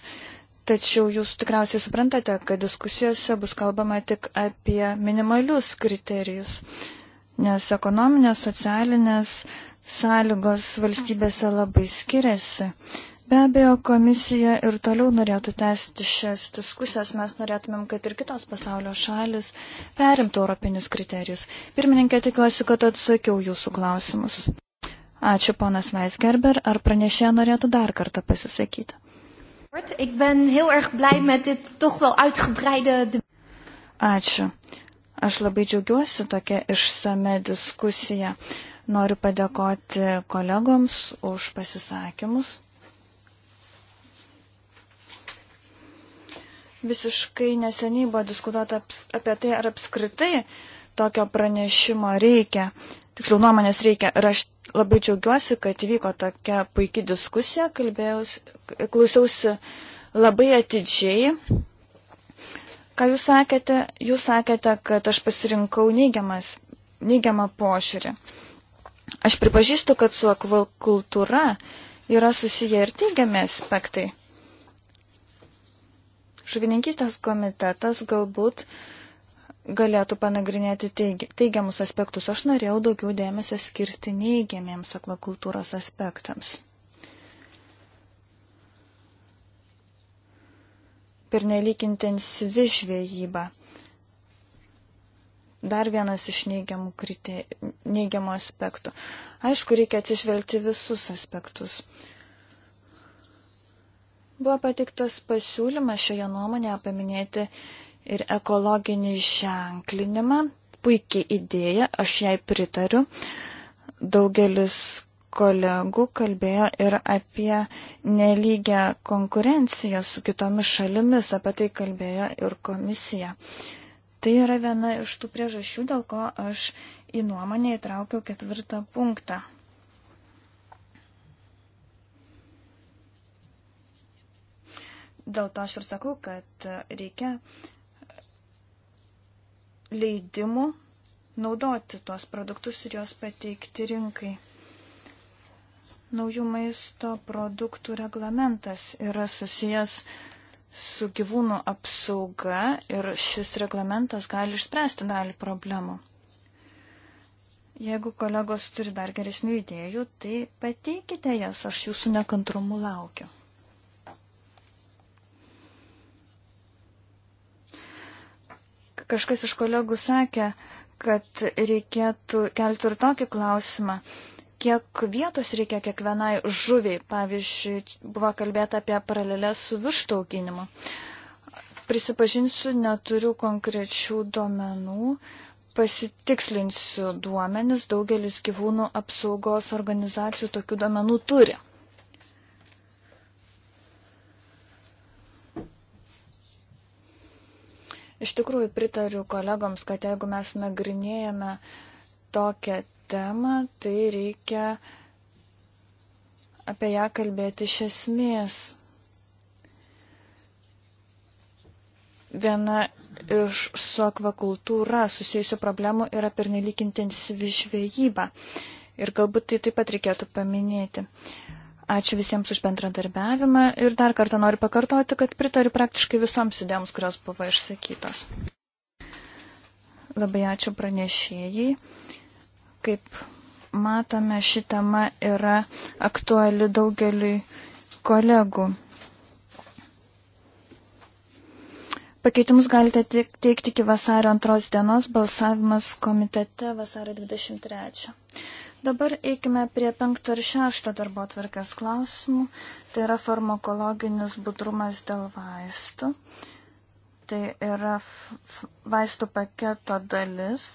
tačiau jūs tikriausiai suprantate, kad diskusijose bus kalbama tik apie minimalius kriterijus, nes ekonominės, socialinės sąlygos valstybėse labai skiriasi. Be abejo, komisija ir toliau norėtų tęsti šias diskusijas. Mes norėtumėm, kad ir kitos pasaulio šalis perimtų europinius kriterijus. Pirmininkė, tikiuosi, kad atsakiau jūsų klausimus. Ačiū, ponas Weisgerber. Ar pranešė norėtų dar kartą pasisakyti? Ačiū. Aš labai džiaugiuosi tokia išsame diskusija. Noriu padėkoti kolegoms už pasisakymus. Visiškai neseniai buvo diskutuota apie tai, ar apskritai tokio pranešimo reikia, tiksliau nuomonės reikia. Ir aš labai džiaugiuosi, kad vyko tokia puikia diskusija, kalbėjus, klausiausi labai atidžiai. Ką jūs sakėte? Jūs sakėte, kad aš pasirinkau neigiamas, neigiamą pošiūrį. Aš pripažįstu, kad su akvakultūra yra susiję ir teigiami aspektai. Žuvininkystės komitetas galbūt galėtų panagrinėti teigiamus aspektus. Aš norėjau daugiau dėmesio skirti neįgiamiems akvakultūros aspektams. Pernelyg intensyvi žvėjyba. Dar vienas iš neigiamų, krite... neigiamų aspektų. Aišku, reikia atsižvelgti visus aspektus. Buvo patiktas pasiūlymas šioje nuomonėje paminėti ir ekologinį ženklinimą. Puikiai idėja, aš jai pritariu. Daugelis kolegų kalbėjo ir apie nelygę konkurenciją su kitomis šalimis, apie tai kalbėjo ir komisija. Tai yra viena iš tų priežasčių, dėl ko aš į nuomonę įtraukiau ketvirtą punktą. Dėl to aš ir sakau, kad reikia leidimų naudoti tuos produktus ir juos pateikti rinkai. Naujų maisto produktų reglamentas yra susijęs su gyvūnų apsauga ir šis reglamentas gali išspręsti dalį problemų. Jeigu kolegos turi dar geresnių idėjų, tai pateikite jas, aš jūsų nekantrumu laukiu. Kažkas iš kolegų sakė, kad reikėtų kelti ir tokį klausimą. Kiek vietos reikia kiekvienai žuviai? Pavyzdžiui, buvo kalbėta apie paralelę su vištų auginimu. Prisipažinsiu, neturiu konkrečių duomenų, pasitikslinsiu duomenis, daugelis gyvūnų apsaugos organizacijų tokių duomenų turi. Iš tikrųjų pritariu kolegoms, kad jeigu mes nagrinėjame tokią temą, tai reikia apie ją kalbėti iš esmės. Viena iš su akvakultūra susijusių problemų yra pernelyg intensyvi žvejyba. Ir galbūt tai taip pat reikėtų paminėti. Uh, Ačiū visiems už bendradarbiavimą ir dar kartą noriu pakartoti, kad pritariu praktiškai visoms idėjoms, kurios buvo išsakytos. Labai ačiū pranešėjai. Kaip matome, ši tema yra aktuali daugeliui kolegų. Pakeitimus galite teikti iki vasario antros dienos, balsavimas komitete vasario 23. Dabar eikime prie penkto ir šešto darbo tvarkės klausimų. Tai yra farmakologinis budrumas dėl vaistų. Tai yra vaistų paketo dalis.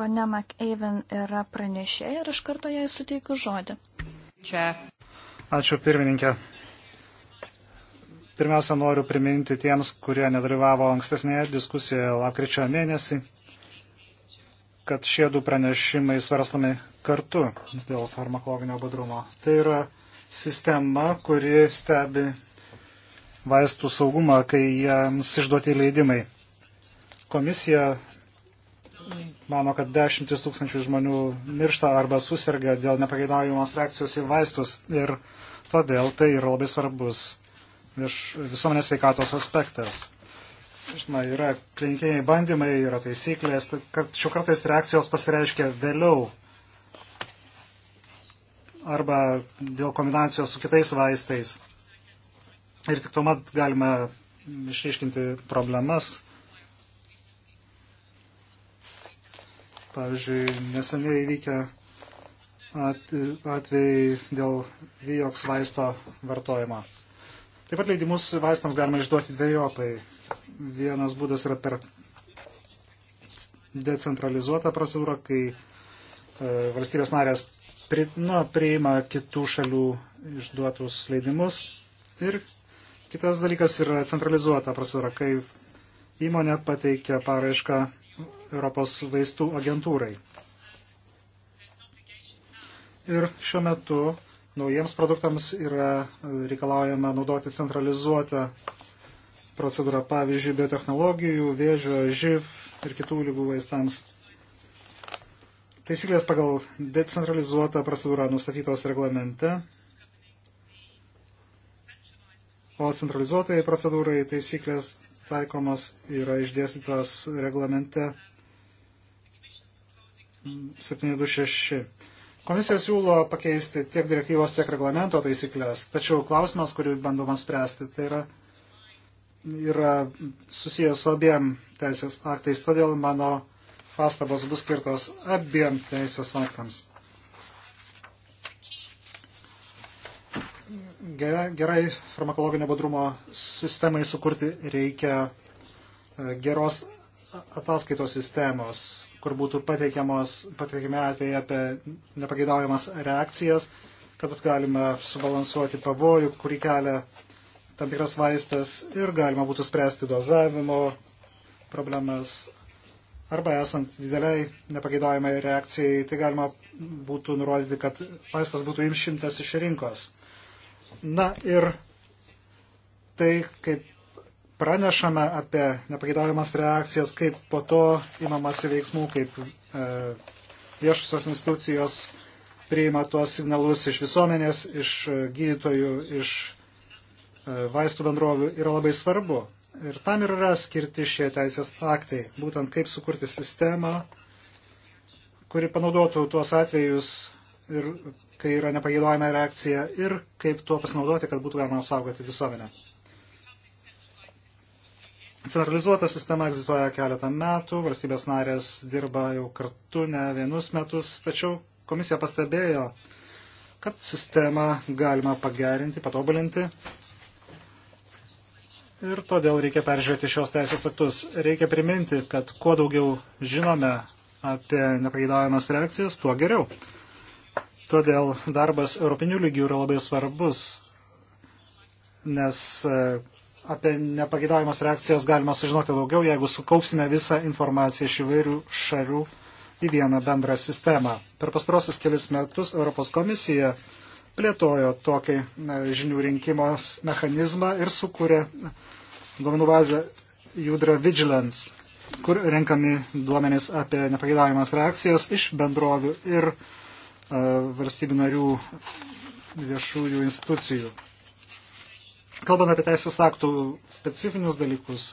Pane McEvin yra pranešėja ir aš kartą jai suteikiu žodį. Čia. Ačiū pirmininkė. Pirmiausia, noriu priminti tiems, kurie nedalyvavo ankstesnėje diskusijoje lapkričio mėnesį, kad šie du pranešimai svarstami kartu dėl farmakologinio budrumo. Tai yra sistema, kuri stebi vaistų saugumą, kai jiems išduoti leidimai. Komisija mano, kad dešimtis tūkstančių žmonių miršta arba susirga dėl nepageidaujamos reakcijos į vaistus ir todėl tai yra labai svarbus visuomenės veikatos aspektas. Žinoma, yra klinikiniai bandymai, yra taisyklės, kad šiuo kartais reakcijos pasireiškia vėliau arba dėl kombinacijos su kitais vaistais. Ir tik tuomet galima išryškinti problemas. Pavyzdžiui, neseniai įvykę atvejai dėl vyjoks vaisto vartojimo. Taip pat leidimus vaistams galima išduoti dviejopai. Vienas būdas yra per decentralizuotą procedūrą, kai e, valstybės narės pri, nu, priima kitų šalių išduotus leidimus. Ir kitas dalykas yra centralizuota procedūra, kai įmonė pateikia paraišką Europos vaistų agentūrai. Ir šiuo metu naujiems produktams yra reikalaujama naudoti centralizuotą procedūra, pavyzdžiui, biotehnologijų, vėžio, živ ir kitų lygų vaistams. Taisyklės pagal decentralizuotą procedūrą nustatytos reglamente, o centralizuotai procedūrai taisyklės taikomos yra išdėstytos reglamente 726. Komisija siūlo pakeisti tiek direktyvos, tiek reglamento taisyklės, tačiau klausimas, kurį bandoma spręsti, tai yra yra susijęs su abiem teisės aktais, todėl mano pastabos bus skirtos abiem teisės aktams. Gerai farmakologinio budrumo sistemai sukurti reikia e, geros ataskaitos sistemos, kur būtų pateikiami atvejai apie nepageidaujamas reakcijas, kad būtų galima subalansuoti pavojų, kurį kelia tam tikras vaistas ir galima būtų spręsti dozavimo problemas. Arba esant dideliai nepageidaujamai reakcijai, tai galima būtų nurodyti, kad vaistas būtų išimtas iš rinkos. Na ir tai, kaip pranešame apie nepageidaujamas reakcijas, kaip po to imamasi veiksmų, kaip e, viešusios institucijos priima tuos signalus iš visuomenės, iš gydytojų, iš E, vaistų bendrovių yra labai svarbu. Ir tam ir yra skirti šie teisės aktai, būtent kaip sukurti sistemą, kuri panaudotų tuos atvejus, ir, kai yra nepagėdojama reakcija, ir kaip tuo pasinaudoti, kad būtų galima apsaugoti visuomenę. Centralizuota sistema egzistuoja keletą metų, valstybės narės dirba jau kartu ne vienus metus, tačiau komisija pastebėjo, kad sistemą galima pagerinti, patobulinti ir todėl reikia peržiūrėti šios teisės aktus. Reikia priminti, kad kuo daugiau žinome apie nepageidaujamas reakcijas, tuo geriau. Todėl darbas europinių lygių yra labai svarbus, nes e, apie nepageidavimas reakcijas galima sužinoti daugiau, jeigu sukaupsime visą informaciją iš įvairių šalių į vieną bendrą sistemą. Per pastarosius kelis metus Europos komisija plėtojo tokį žinių rinkimo mechanizmą ir sukūrė duomenų bazę Judra Vigilance, kur renkami duomenys apie nepageidavimas reakcijas iš bendrovių ir e, valstybių narių viešųjų institucijų. Kalbant apie teisės aktų specifinius dalykus,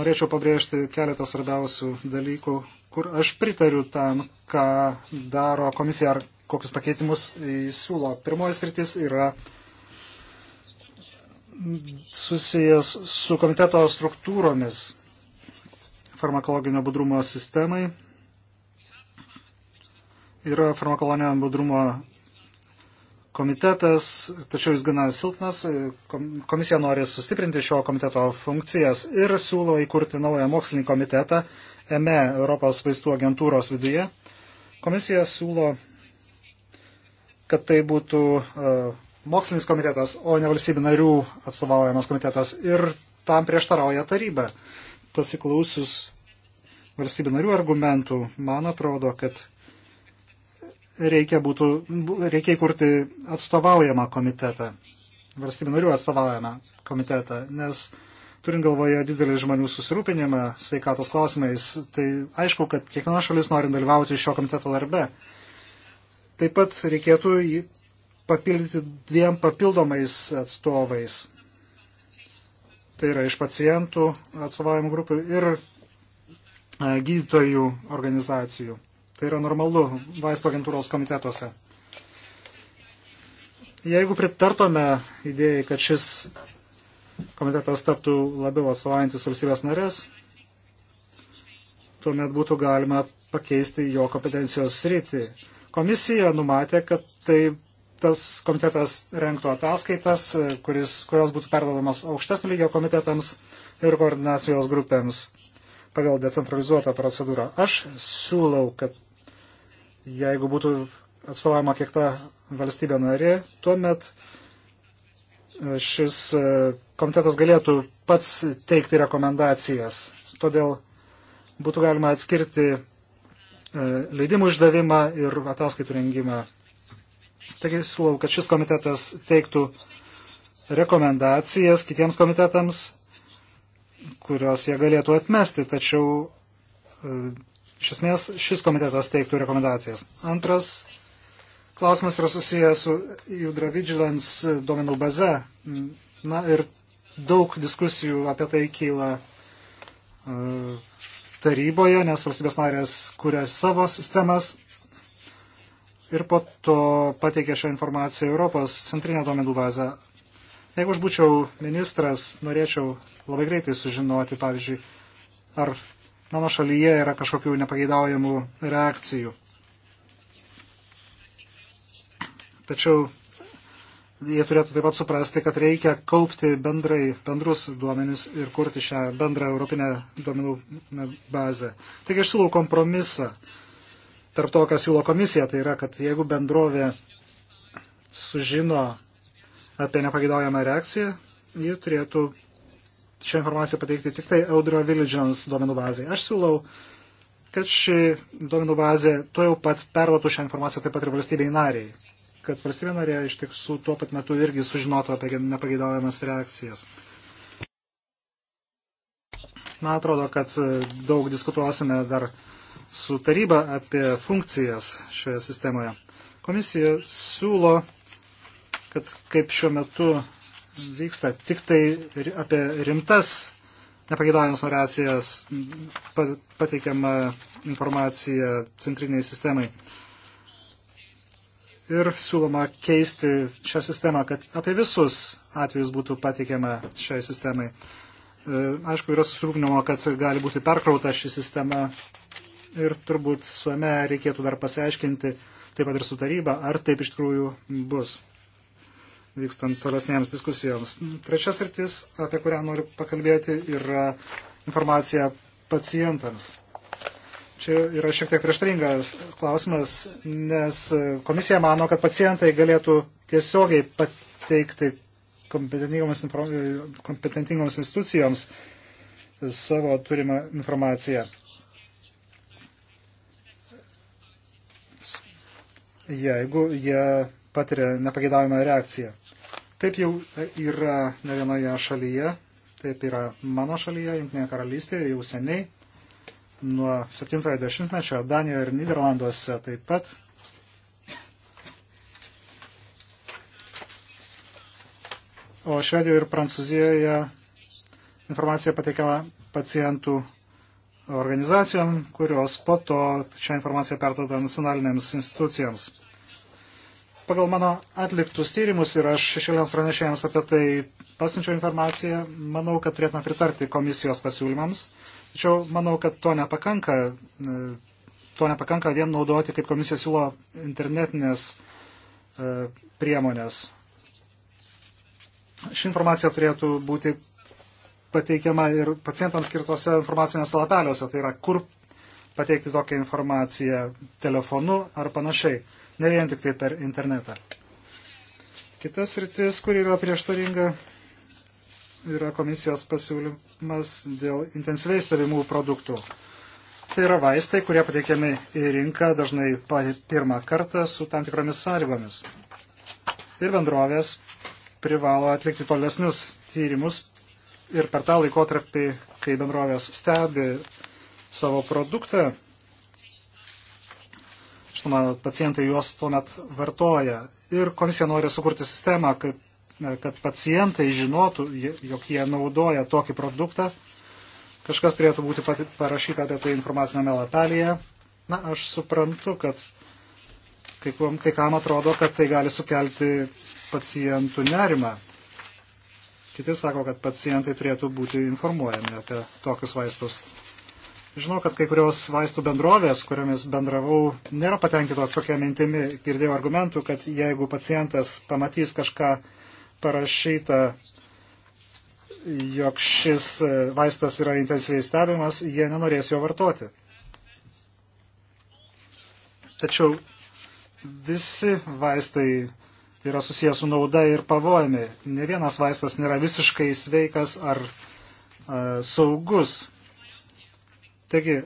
norėčiau pabrėžti keletą svarbiausių dalykų, kur aš pritariu tam, ką daro komisija ar kokius pakeitimus siūlo. Pirmojas rytis yra susijęs su komiteto struktūromis farmakologinio budrumo sistemai. Yra farmakologinio budrumo komitetas, tačiau jis gana silpnas. Komisija nori sustiprinti šio komiteto funkcijas ir siūlo įkurti naują mokslinį komitetą EME Europos vaistų agentūros viduje. Komisija siūlo kad tai būtų e, mokslinis komitetas, o ne valstybių narių atstovaujamas komitetas. Ir tam prieštarauja taryba. Pasiklausius valstybių narių argumentų, man atrodo, kad reikia, būtų, reikia įkurti atstovaujamą komitetą, valstybių narių atstovaujamą komitetą, nes turint galvoje didelį žmonių susirūpinimą sveikatos klausimais, tai aišku, kad kiekviena šalis nori dalyvauti šio komiteto darbe. Taip pat reikėtų jį papildyti dviem papildomais atstovais. Tai yra iš pacientų atstovavimo grupių ir e, gydytojų organizacijų. Tai yra normalu vaisto agentūros komitetuose. Jeigu pritartume idėjai, kad šis komitetas taptų labiau atstovaujantis valstybės narės, tuomet būtų galima pakeisti jo kompetencijos sritį Komisija numatė, kad tai tas komitetas renktų ataskaitas, kuris, kurios būtų perdodamas aukštesnio lygio komitetams ir koordinacijos grupėms pagal decentralizuotą procedūrą. Aš siūlau, kad jeigu būtų atstovama kiek ta valstybė narė, tuomet e, šis e, komitetas galėtų pats teikti rekomendacijas. Todėl būtų galima atskirti E, leidimų išdavimą ir ataskaitų rengimą. Taigi siūlau, kad šis komitetas teiktų rekomendacijas kitiems komitetams, kurios jie galėtų atmesti, tačiau e, iš esmės šis komitetas teiktų rekomendacijas. Antras klausimas yra susijęs su Judra Vigilance duomenų baze. Na ir daug diskusijų apie tai kyla e, taryboje, nes valstybės narės kuria savo sistemas ir po to pateikė šią informaciją Europos centrinę duomenų bazę. Jeigu aš būčiau ministras, norėčiau labai greitai sužinoti, pavyzdžiui, ar mano šalyje yra kažkokių nepageidaujamų reakcijų. Tačiau jie turėtų taip pat suprasti, kad reikia kaupti bendrai, bendrus duomenis ir kurti šią bendrą europinę duomenų bazę. Taigi aš siūlau kompromisą tarp to, ką siūlo komisija, tai yra, kad jeigu bendrovė sužino apie nepageidaujamą reakciją, ji turėtų šią informaciją pateikti tik tai Audrio Vigilance duomenų bazai. Aš siūlau, kad ši duomenų bazė tuo jau pat perduotų šią informaciją taip pat ir valstybei nariai kad valstybė narė iš tiesų tuo pat metu irgi sužinotų apie nepageidaujamas reakcijas. Man atrodo, kad e, daug diskutuosime dar su taryba apie funkcijas šioje sistemoje. Komisija siūlo, kad kaip šiuo metu vyksta tik tai apie rimtas nepageidaujamas variacijas pateikiama informacija centriniai sistemai ir siūloma keisti šią sistemą, kad apie visus atvejus būtų pateikiama šiai sistemai. E, aišku, yra susirūpinimo, kad gali būti perkrauta ši sistema ir turbūt suome reikėtų dar pasiaiškinti, taip pat ir su taryba, ar taip iš tikrųjų bus vykstant tolesnėms diskusijoms. Trečias rytis, apie kurią noriu pakalbėti, yra informacija pacientams. Čia yra šiek tiek prieštaringas klausimas, nes komisija mano, kad pacientai galėtų tiesiogiai pateikti kompetentingoms, kompetentingoms institucijoms savo turimą informaciją. Jeigu jie patiria nepagėdavimą reakciją. Taip jau yra ne vienoje šalyje, taip yra mano šalyje, Junktinėje karalystėje, jau seniai nuo 70-mečio Danijoje ir Niderlanduose taip pat. O Švedijoje ir Prancūzijoje informacija pateikiama pacientų organizacijom, kurios po to šią informaciją perduoda nacionalinėms institucijams. Pagal mano atliktus tyrimus ir aš šešėliams pranešėjams apie tai pasinčiau informaciją, manau, kad turėtume pritarti komisijos pasiūlymams Tačiau manau, kad to nepakanka. E, to nepakanka vien naudoti, kaip komisija siūlo, internetinės e, priemonės. Ši informacija turėtų būti pateikiama ir pacientams skirtose informacinėse lapeliuose, tai yra kur pateikti tokią informaciją telefonu ar panašiai, ne vien tik tai per internetą. Kitas rytis, kur yra prieštaringa, yra komisijos pasiūlymas dėl intensyviai stebimų produktų. Tai yra vaistai, kurie pateikiami į rinką dažnai pirmą kartą su tam tikromis sąlygomis. Ir bendrovės privalo atlikti tolesnius tyrimus ir per tą laikotarpį, kai bendrovės stebi savo produktą, žinoma, pacientai juos tuomet vartoja. Ir komisija nori sukurti sistemą, kad E, kad pacientai žinotų, jog jie naudoja tokį produktą. Kažkas turėtų būti parašyta apie tai informacinėme lapelėje. Na, aš suprantu, kad kai, kai kam atrodo, kad tai gali sukelti pacientų nerimą. Kiti sako, kad pacientai turėtų būti informuojami apie tokius vaistus. Žinau, kad kai kurios vaistų bendrovės, kuriomis bendravau, nėra patenkintos tokia mintimi. Girdėjau argumentų, kad jeigu pacientas pamatys kažką parašyta, jog šis e, vaistas yra intensyviai stebimas, jie nenorės jo vartoti. Tačiau visi vaistai yra susijęs su nauda ir pavojami. Ne vienas vaistas nėra visiškai sveikas ar a, e, saugus. Taigi,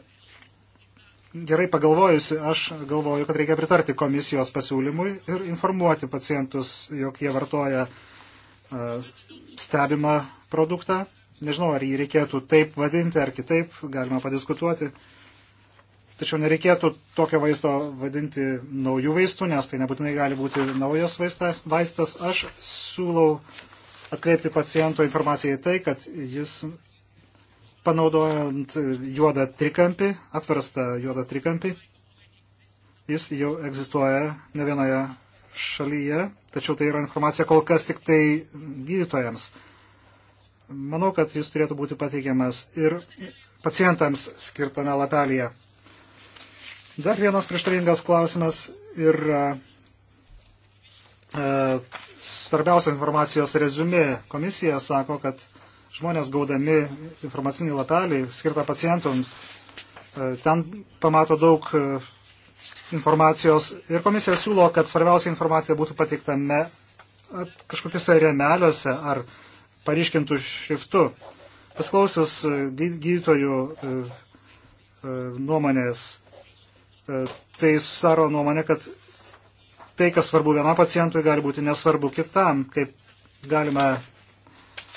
gerai pagalvojusi, aš galvoju, kad reikia pritarti komisijos pasiūlymui ir informuoti pacientus, jog jie vartoja uh, E, stebimą produktą. Nežinau, ar jį reikėtų taip vadinti ar kitaip, galima padiskutuoti. Tačiau nereikėtų tokio vaisto vadinti naujų vaistų, nes tai nebūtinai gali būti naujas vaistas. vaistas. Aš siūlau atkreipti paciento informaciją į tai, kad jis panaudojant juodą trikampį, apverstą juodą trikampį, jis jau egzistuoja ne vienoje šalyje tačiau tai yra informacija kol kas tik tai gydytojams. Manau, kad jis turėtų būti pateikiamas ir pacientams skirtame lapelėje. Dar vienas prieštaringas klausimas ir e, svarbiausia informacijos rezumė. Komisija sako, kad žmonės gaudami informacinį lapelį skirtą pacientams, e, ten pamato daug e, informacijos ir komisija siūlo, kad svarbiausia informacija būtų pateikta kažkokiuose remeliuose ar paryškintų šriftu. Pasklausius e, gydytojų e, e, nuomonės, tai susidaro nuomonė, kad tai, kas svarbu vienam pacientui, gali būti nesvarbu kitam, kaip galima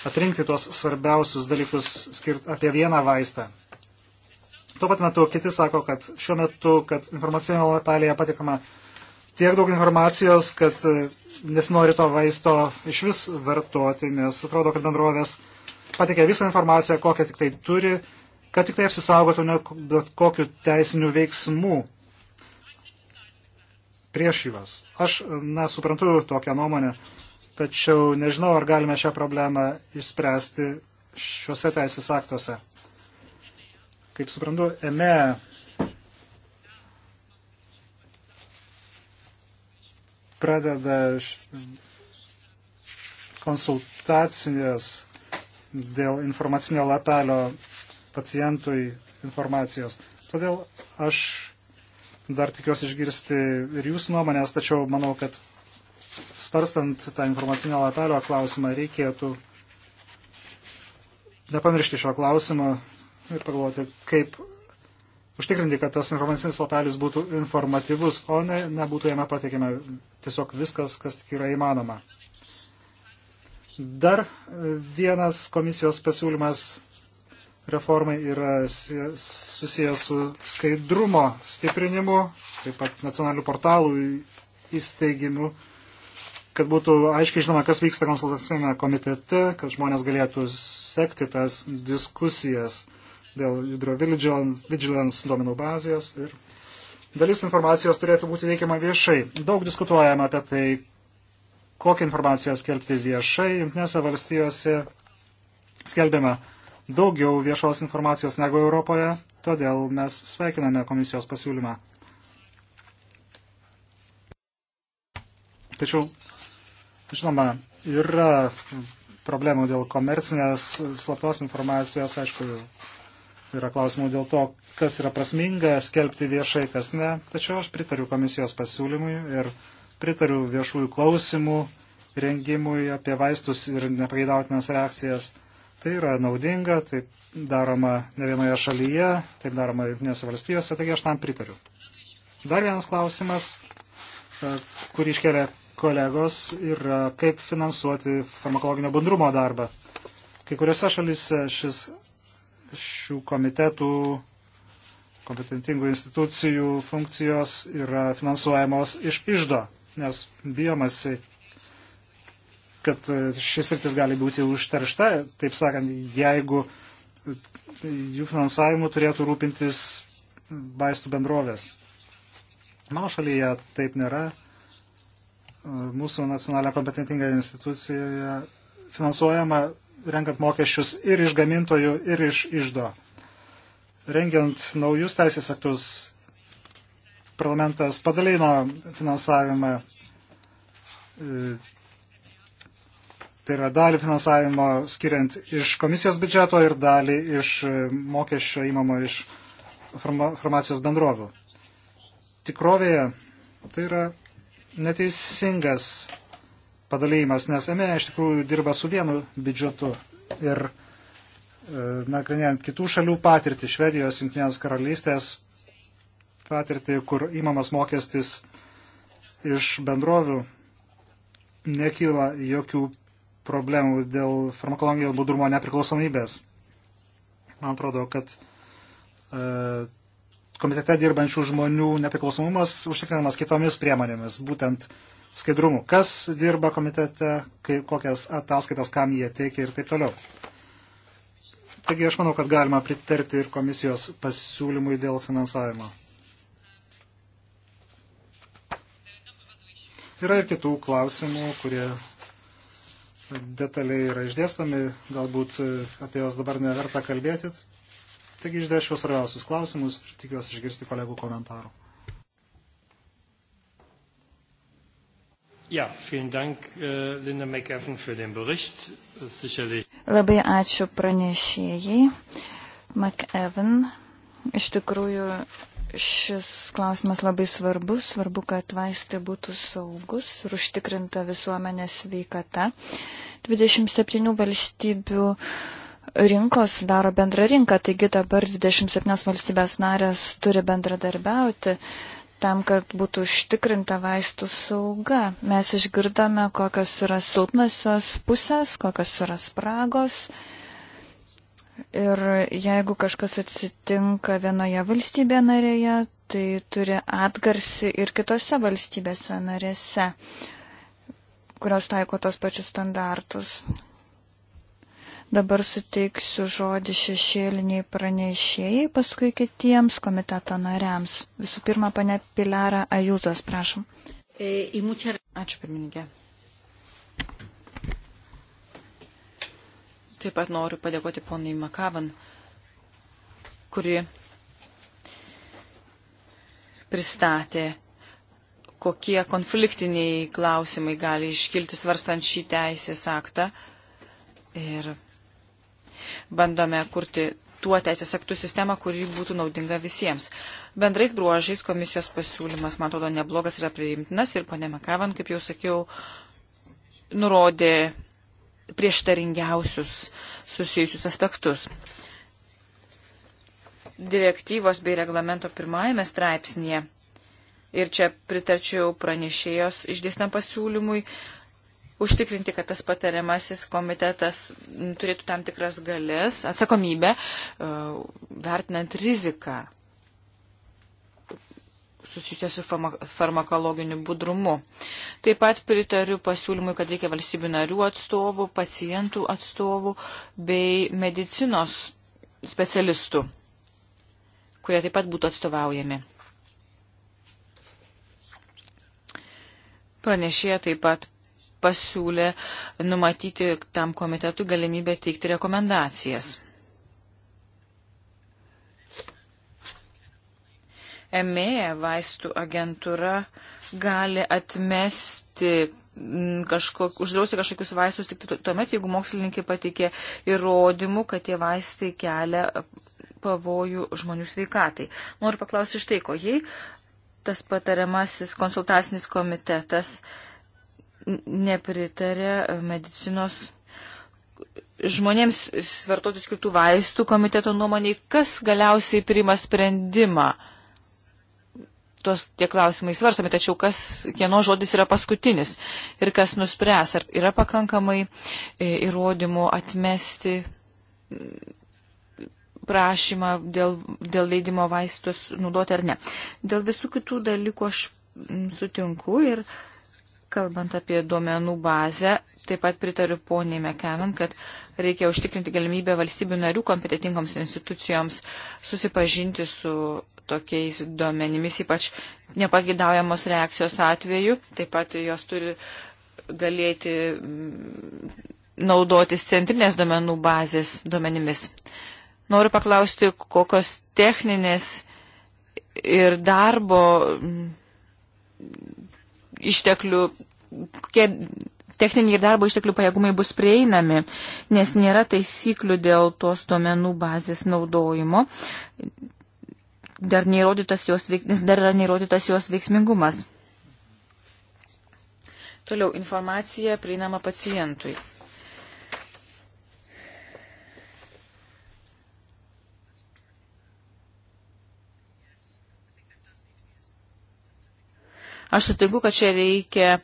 atrinkti tuos svarbiausius dalykus skirt apie vieną vaistą. Tuo pat metu kiti sako, kad šiuo metu, kad informacinė lapelėje patikama tiek daug informacijos, kad e, nesinori to vaisto iš vis vartoti, nes atrodo, kad bendrovės patikė visą informaciją, kokią tik tai turi, kad tik tai apsisaugotų nuo bet kokių teisinių veiksmų prieš juos. Aš, na, suprantu tokią nuomonę, tačiau nežinau, ar galime šią problemą išspręsti šiuose teisės aktuose. Kaip suprantu, EME pradeda konsultacijas dėl informacinio lapelio pacientui informacijos. Todėl aš dar tikiuosi išgirsti ir jūsų nuomonės, tačiau manau, kad sparstant tą informacinio lapelio klausimą reikėtų nepamiršti šio klausimo ir pagalvoti, kaip užtikrinti, kad tas informacinis lapelis būtų informatyvus, o ne nebūtų jame patikime tiesiog viskas, kas tik yra įmanoma. Dar vienas komisijos pasiūlymas reformai yra susijęs su skaidrumo stiprinimu, taip pat nacionalių portalų įsteigimu, kad būtų aiškiai žinoma, kas vyksta konsultacinėme komitete, kad žmonės galėtų sekti tas diskusijas dėl judro vigilance, vigilance duomenų bazės ir dalis informacijos turėtų būti teikiama viešai. Daug diskutuojama apie tai, kokią informaciją skelbti viešai. Junktinėse valstijose skelbiama daugiau viešos informacijos negu Europoje, todėl mes sveikiname komisijos pasiūlymą. Tačiau, žinoma, yra problemų dėl komercinės slaptos informacijos, aišku, yra klausimų dėl to, kas yra prasminga skelbti viešai, kas ne. Tačiau aš pritariu komisijos pasiūlymui ir pritariu viešųjų klausimų rengimui apie vaistus ir nepageidautinas reakcijas. Tai yra naudinga, tai daroma ne vienoje šalyje, taip daroma Junktinėse valstijose, taigi aš tam pritariu. Dar vienas klausimas, e, kurį iškelia kolegos, yra kaip finansuoti farmakologinio bundrumo darbą. Kai kuriuose šalyse šis šių komitetų kompetentingų institucijų funkcijos yra finansuojamos iš išdo, nes bijomasi, kad šis sritis gali būti užteršta, taip sakant, jeigu jų finansavimu turėtų rūpintis vaistų bendrovės. Mano šalyje taip nėra. Mūsų nacionalinė kompetentinga institucija finansuojama renkant mokesčius ir iš gamintojų, ir iš išdo. Rengiant naujus teisės aktus, parlamentas padalino finansavimą, e, tai yra dalį finansavimo skiriant iš komisijos biudžeto ir dalį iš e, mokesčio įmamo iš farmacijos bendrovių. Tikrovėje tai yra neteisingas padalymas, nes ME iš tikrųjų dirba su vienu biudžetu ir e, nagrinėjant kitų šalių patirtį, Švedijos, Junktinės karalystės patirtį, kur įmamas mokestis iš bendrovių, nekyla jokių problemų dėl farmakologijos budrumo nepriklausomybės. Man atrodo, kad e, komitete dirbančių žmonių nepriklausomumas užtikrinamas kitomis priemonėmis, būtent e, skaidrumu, kas dirba komitete, kai, kokias ataskaitas, kam jie teikia ir taip toliau. Taigi aš manau, kad galima pritarti ir komisijos pasiūlymui dėl finansavimo. Yra ir kitų klausimų, kurie detaliai yra išdėstomi, galbūt e, apie juos dabar neverta kalbėti. Taigi išdėšiu svarbiausius klausimus ir tikiuosi išgirsti kolegų komentarų. Ja, vielen Dank, uh, Linda McEffen, für den Bericht. Sicherlich. Labai ačiū pranešėjai. McEvan, iš tikrųjų šis klausimas labai svarbus, svarbu, kad vaistai būtų saugus ir užtikrinta visuomenės veikata. 27 valstybių rinkos daro bendrą rinką, taigi dabar 27 valstybės narės turi bendradarbiauti. Uh, tam, kad būtų užtikrinta vaistų sauga. Mes išgirdome, kokios yra silpnasios pusės, kokios yra spragos. Ir jeigu kažkas atsitinka vienoje valstybėje narėje, tai turi atgarsi ir kitose valstybėse narėse, kurios taiko tos pačius standartus. Dabar suteiksiu žodį šešėliniai pranešėjai, paskui kitiems komiteto nariams. Visų pirma, pane Pilara Ajūzas, prašom. E, Ačiū, pirmininkė. Taip pat noriu padėkoti ponai Makavan, kuri pristatė, kokie konfliktiniai klausimai gali iškilti svarstant šį teisės aktą. Ir bandome kurti tuo teisės aktų sistemą, kuri būtų naudinga visiems. Bendrais bruožais komisijos pasiūlymas, man atrodo, neblogas yra priimtinas ir ponė Mekavan, kaip jau sakiau, nurodė prieštaringiausius susijusius aspektus. Direktyvos bei reglamento pirmajame straipsnėje, ir čia pritarčiau pranešėjos išdėstam pasiūlymui, užtikrinti, kad tas patariamasis komitetas turėtų tam tikras galės, atsakomybę, e, vertinant riziką susijusia su farmakologiniu budrumu. Taip pat pritariu pasiūlymui, kad reikia valstybių narių atstovų, pacientų atstovų bei medicinos specialistų, kurie taip pat būtų atstovaujami. Pranešėja taip pat pasiūlė numatyti tam komitetui galimybę teikti rekomendacijas. EMEA vaistų agentūra gali atmesti mm, kažkok, uždrausti kažkokius vaistus tik tuomet, jeigu mokslininkai patikė įrodymų, kad tie vaistai kelia pavojų žmonių sveikatai. Noriu paklausti iš tai, ko jei tas patariamasis konsultacinis komitetas uh, nepritarė medicinos žmonėms vartoti skirtų vaistų komiteto nuomoniai, kas galiausiai priima sprendimą. Tuos tie klausimai svarstami, tačiau kas, kieno žodis yra paskutinis ir kas nuspręs, ar yra pakankamai e, įrodymų atmesti prašymą dėl, dėl leidimo vaistus naudoti ar ne. Dėl visų kitų dalykų aš sutinku ir uh, Kalbant apie duomenų bazę, taip pat pritariu poniai Mekevin, kad reikia užtikrinti galimybę valstybių narių kompetitingoms institucijoms susipažinti su tokiais duomenimis, ypač nepagidaujamos reakcijos atveju. Taip pat jos turi galėti mm, naudotis centrinės duomenų bazės duomenimis. Noriu paklausti, kokios techninės ir darbo mm, išteklių, kokie techniniai ir darbo išteklių pajėgumai bus prieinami, nes nėra taisyklių dėl tos duomenų bazės naudojimo. Dar, jos, dar yra neįrodytas jos veiksmingumas. Toliau informacija prieinama pacientui. Aš sutinku, kad čia reikia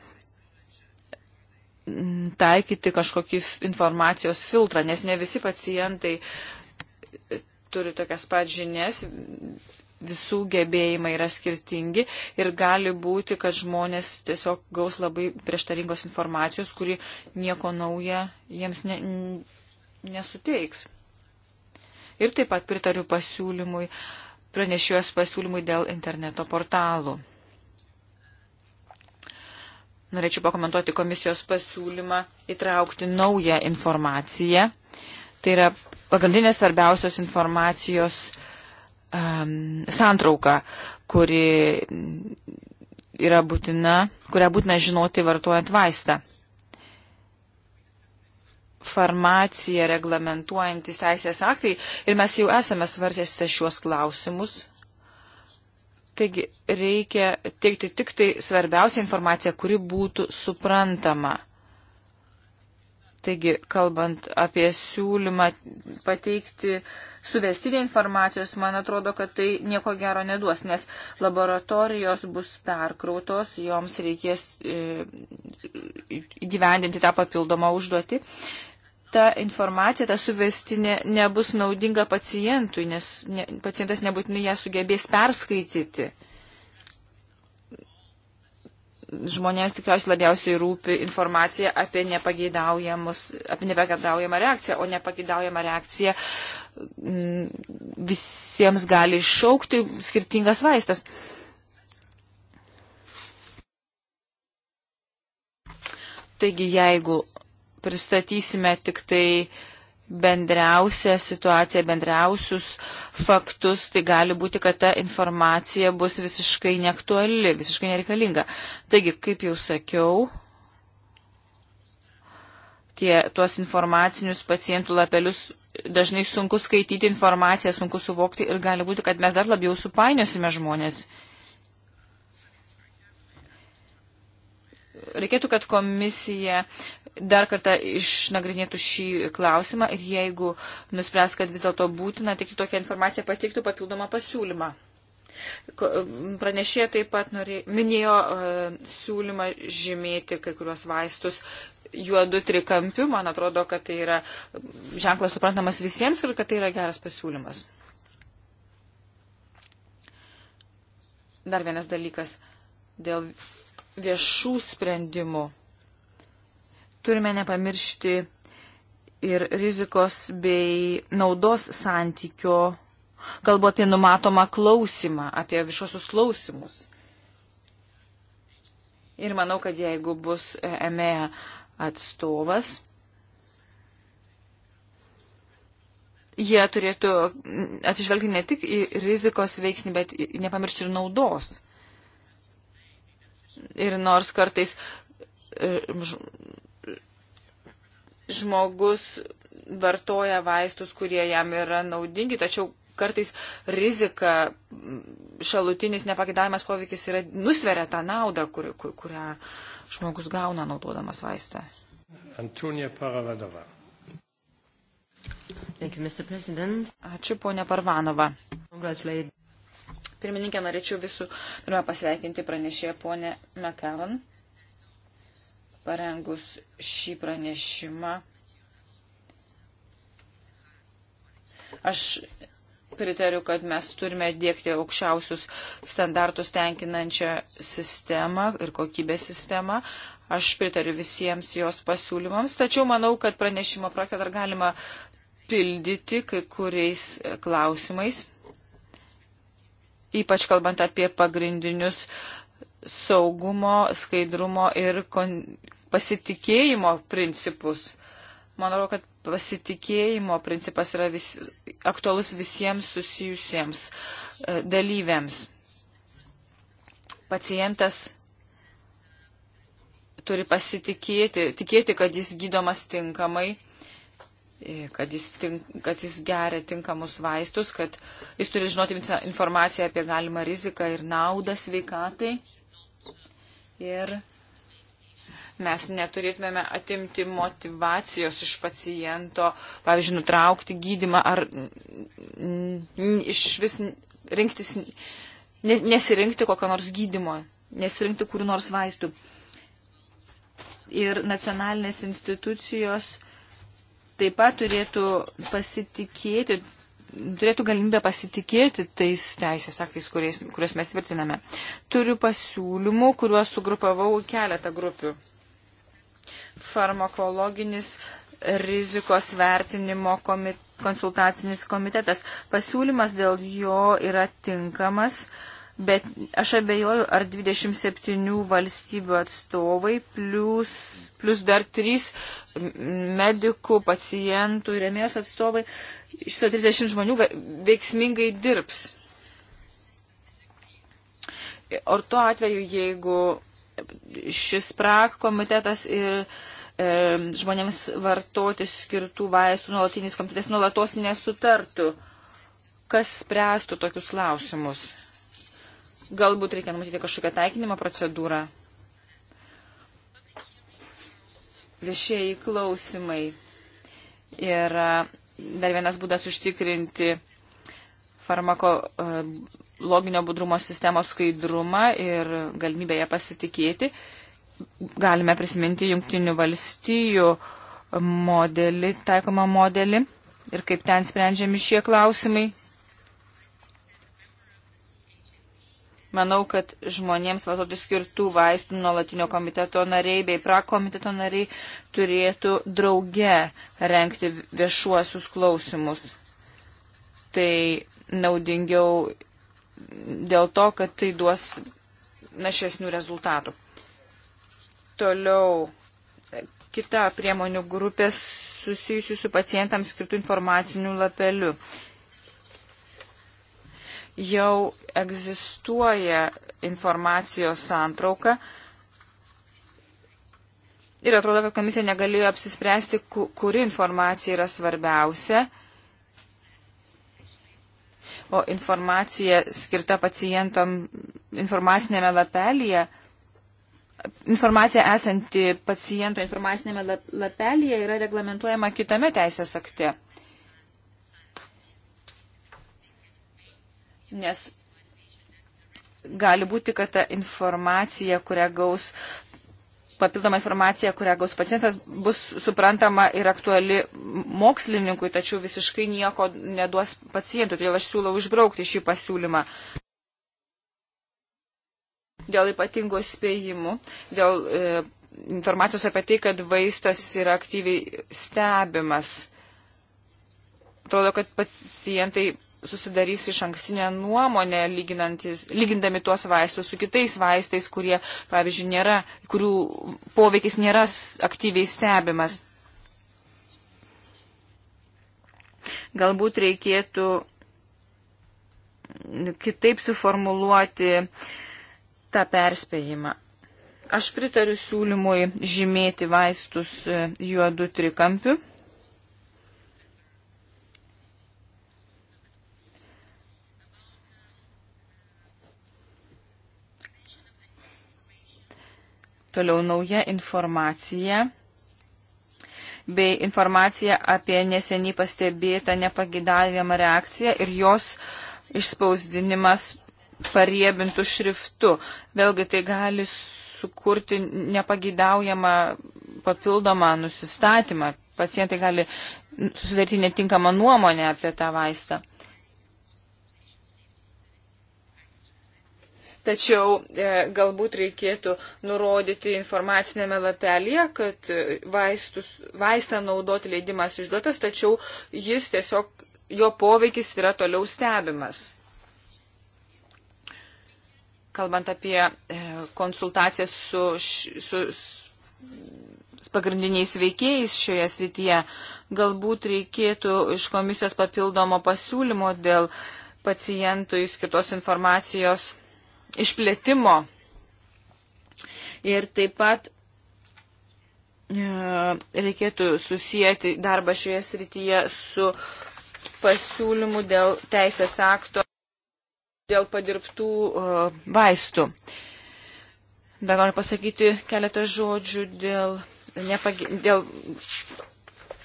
mm, taikyti kažkokį informacijos filtrą, nes ne visi pacientai e, turi tokias pat žinias, visų gebėjimai yra skirtingi ir gali būti, kad žmonės tiesiog gaus labai prieštaringos informacijos, kuri nieko nauja jiems ne, nesuteiks. Ir taip pat pritariu pasiūlymui, pranešėjos pasiūlymui dėl interneto portalų. Norėčiau pakomentuoti komisijos pasiūlymą įtraukti naują informaciją. Tai yra pagrindinės svarbiausios informacijos um, santrauka, kuri yra būtina, kurią būtina žinoti vartojant vaistą. Farmacija reglamentuojantis teisės aktai ir mes jau esame svarstęs šiuos klausimus Taigi reikia teikti tik tai svarbiausią informaciją, kuri būtų suprantama. Taigi, kalbant apie siūlymą pateikti suvestinę informacijos, man atrodo, kad tai nieko gero neduos, nes laboratorijos bus perkrautos, joms reikės e, įgyvendinti tą papildomą užduotį ta informacija, ta suvestinė nebus naudinga pacientui, nes ne, pacientas nebūtinai ją sugebės perskaityti. Žmonės tikriausiai labiausiai rūpi informacija apie, apie nepageidaujamą reakciją, o nepageidaujama reakcija m, mm, visiems gali iššaukti skirtingas vaistas. Taigi, jeigu pristatysime tik tai bendriausią situaciją, bendriausius faktus, tai gali būti, kad ta informacija bus visiškai neaktuali, visiškai nereikalinga. Taigi, kaip jau sakiau, tie, tuos informacinius pacientų lapelius dažnai sunku skaityti informaciją, sunku suvokti ir gali būti, kad mes dar labiau supainiosime žmonės. reikėtų, kad komisija dar kartą išnagrinėtų šį klausimą ir jeigu nuspręs, kad vis dėlto būtina, tik tokią informaciją pateiktų papildomą pasiūlymą. Pranešė taip pat norė, minėjo uh, siūlymą žymėti kai kuriuos vaistus juodu trikampiu. Man atrodo, kad tai yra ženklas suprantamas visiems ir kad tai yra geras pasiūlymas. Dar vienas dalykas dėl viešų sprendimų. Turime nepamiršti ir rizikos bei naudos santykio. Kalbu apie numatomą klausimą, apie viešosius klausimus. Ir manau, kad jeigu bus EME e atstovas, jie turėtų atsižvelgti ne tik į rizikos veiksnį, bet nepamiršti ir naudos. Ir nors kartais e, žmogus vartoja vaistus, kurie jam yra naudingi, tačiau kartais rizika, šalutinis nepakėdavimas poveikis yra nusveria tą naudą, kur, kur, kurią žmogus gauna naudodamas vaistą. Antonija Paravadova. Ačiū, ponia Parvanova. Pirmininkė, norėčiau visų pirma pasveikinti pranešėją ponę McEwan, parengus šį pranešimą. Aš pritariu, kad mes turime dėkti aukščiausius standartus tenkinančią sistemą ir kokybės sistemą. Aš pritariu visiems jos pasiūlymams, tačiau manau, kad pranešimo projektą dar galima pildyti kai kuriais klausimais ypač kalbant apie pagrindinius saugumo, skaidrumo ir pasitikėjimo principus. Manau, kad pasitikėjimo principas yra vis, aktualus visiems susijusiems e, dalyviams. Pacientas turi pasitikėti, tikėti, kad jis gydomas tinkamai E, kad jis, tink, kad jis geria tinkamus vaistus, kad jis turi žinoti informaciją apie galimą riziką ir naudą sveikatai. Ir mes neturėtumėme atimti motivacijos iš paciento, pavyzdžiui, nutraukti gydimą ar iš vis rinktis, nesirinkti kokio nors gydimo, nesirinkti kurių nors vaistų. Ir nacionalinės institucijos uh, taip pat turėtų pasitikėti turėtų galimybę pasitikėti tais teisės aktais, kuriais, kuriuos mes tvirtiname. Turiu pasiūlymų, kuriuos sugrupavau keletą grupių. Farmakologinis rizikos vertinimo komit, konsultacinis komitetas. Pasiūlymas dėl jo yra tinkamas. Uh, bet aš abejoju, ar 27 valstybių atstovai plus, plus dar 3 medikų, pacientų, remėjos atstovai iš 130 žmonių veiksmingai dirbs. Ar tuo atveju, jeigu šis prak komitetas ir e, žmonėms vartoti skirtų vaistų nuolatinis komitetas nuolatos nesutartų, kas spręstų tokius klausimus? Galbūt reikia numatyti kažkokią taikinimo procedūrą. Viešieji klausimai yra dar vienas būdas užtikrinti farmako e, loginio budrumo sistemos skaidrumą ir galimybę ją pasitikėti. Galime prisiminti jungtinių valstijų modelį, taikomą modelį ir kaip ten sprendžiami šie klausimai. Manau, kad žmonėms vartoti skirtų vaistų nuolatinio komiteto nariai bei prakomiteto nariai turėtų drauge renkti viešuosius klausimus. Tai naudingiau dėl to, kad tai duos našesnių rezultatų. Toliau kita priemonių grupė susijusių su pacientams skirtų informacinių lapelių jau egzistuoja informacijos santrauka. Ir atrodo, kad komisija negalėjo apsispręsti, kuri informacija yra svarbiausia. O informacija skirta pacientam informacinėme lapelyje informacija esanti paciento informacinėme lapelėje yra reglamentuojama kitame teisės akte. nes gali būti, kad ta informacija, kurią gaus, papildoma informacija, kurią gaus pacientas, bus suprantama ir aktuali mokslininkui, tačiau visiškai nieko neduos pacientui. Todėl aš siūlau išbraukti šį pasiūlymą. Dėl ypatingų spėjimų, dėl e, informacijos apie tai, kad vaistas yra aktyviai stebimas. Atrodo, kad pacientai susidarys iš ankstinę nuomonę, lygindami tuos vaistus su kitais vaistais, kurie, pavyzdžiui, nėra, kurių poveikis nėra aktyviai stebimas. Galbūt reikėtų kitaip suformuluoti tą perspėjimą. Aš pritariu siūlymui žymėti vaistus e, juodu trikampiu. Toliau nauja informacija bei informacija apie neseniai pastebėtą nepagidavimą reakciją ir jos išspausdinimas pariebintų šriftų. Vėlgi tai gali sukurti nepagidaujamą papildomą nusistatymą. Pacientai gali susidaryti netinkamą nuomonę apie tą vaistą. Tačiau e, galbūt reikėtų nurodyti informacinėme lapelėje, kad e, vaistus, vaistą naudoti leidimas išduotas, tačiau jis tiesiog, jo poveikis yra toliau stebimas. Kalbant apie e, konsultacijas su, su, su pagrindiniais veikėjais šioje srityje, galbūt reikėtų iš komisijos papildomo pasiūlymo dėl pacientui skirtos informacijos išplėtimo. Ir taip pat e, reikėtų susijęti darbą šioje srityje su pasiūlymu dėl teisės akto, dėl padirbtų e, vaistų. Dar noriu pasakyti keletą žodžių dėl, nepagi, dėl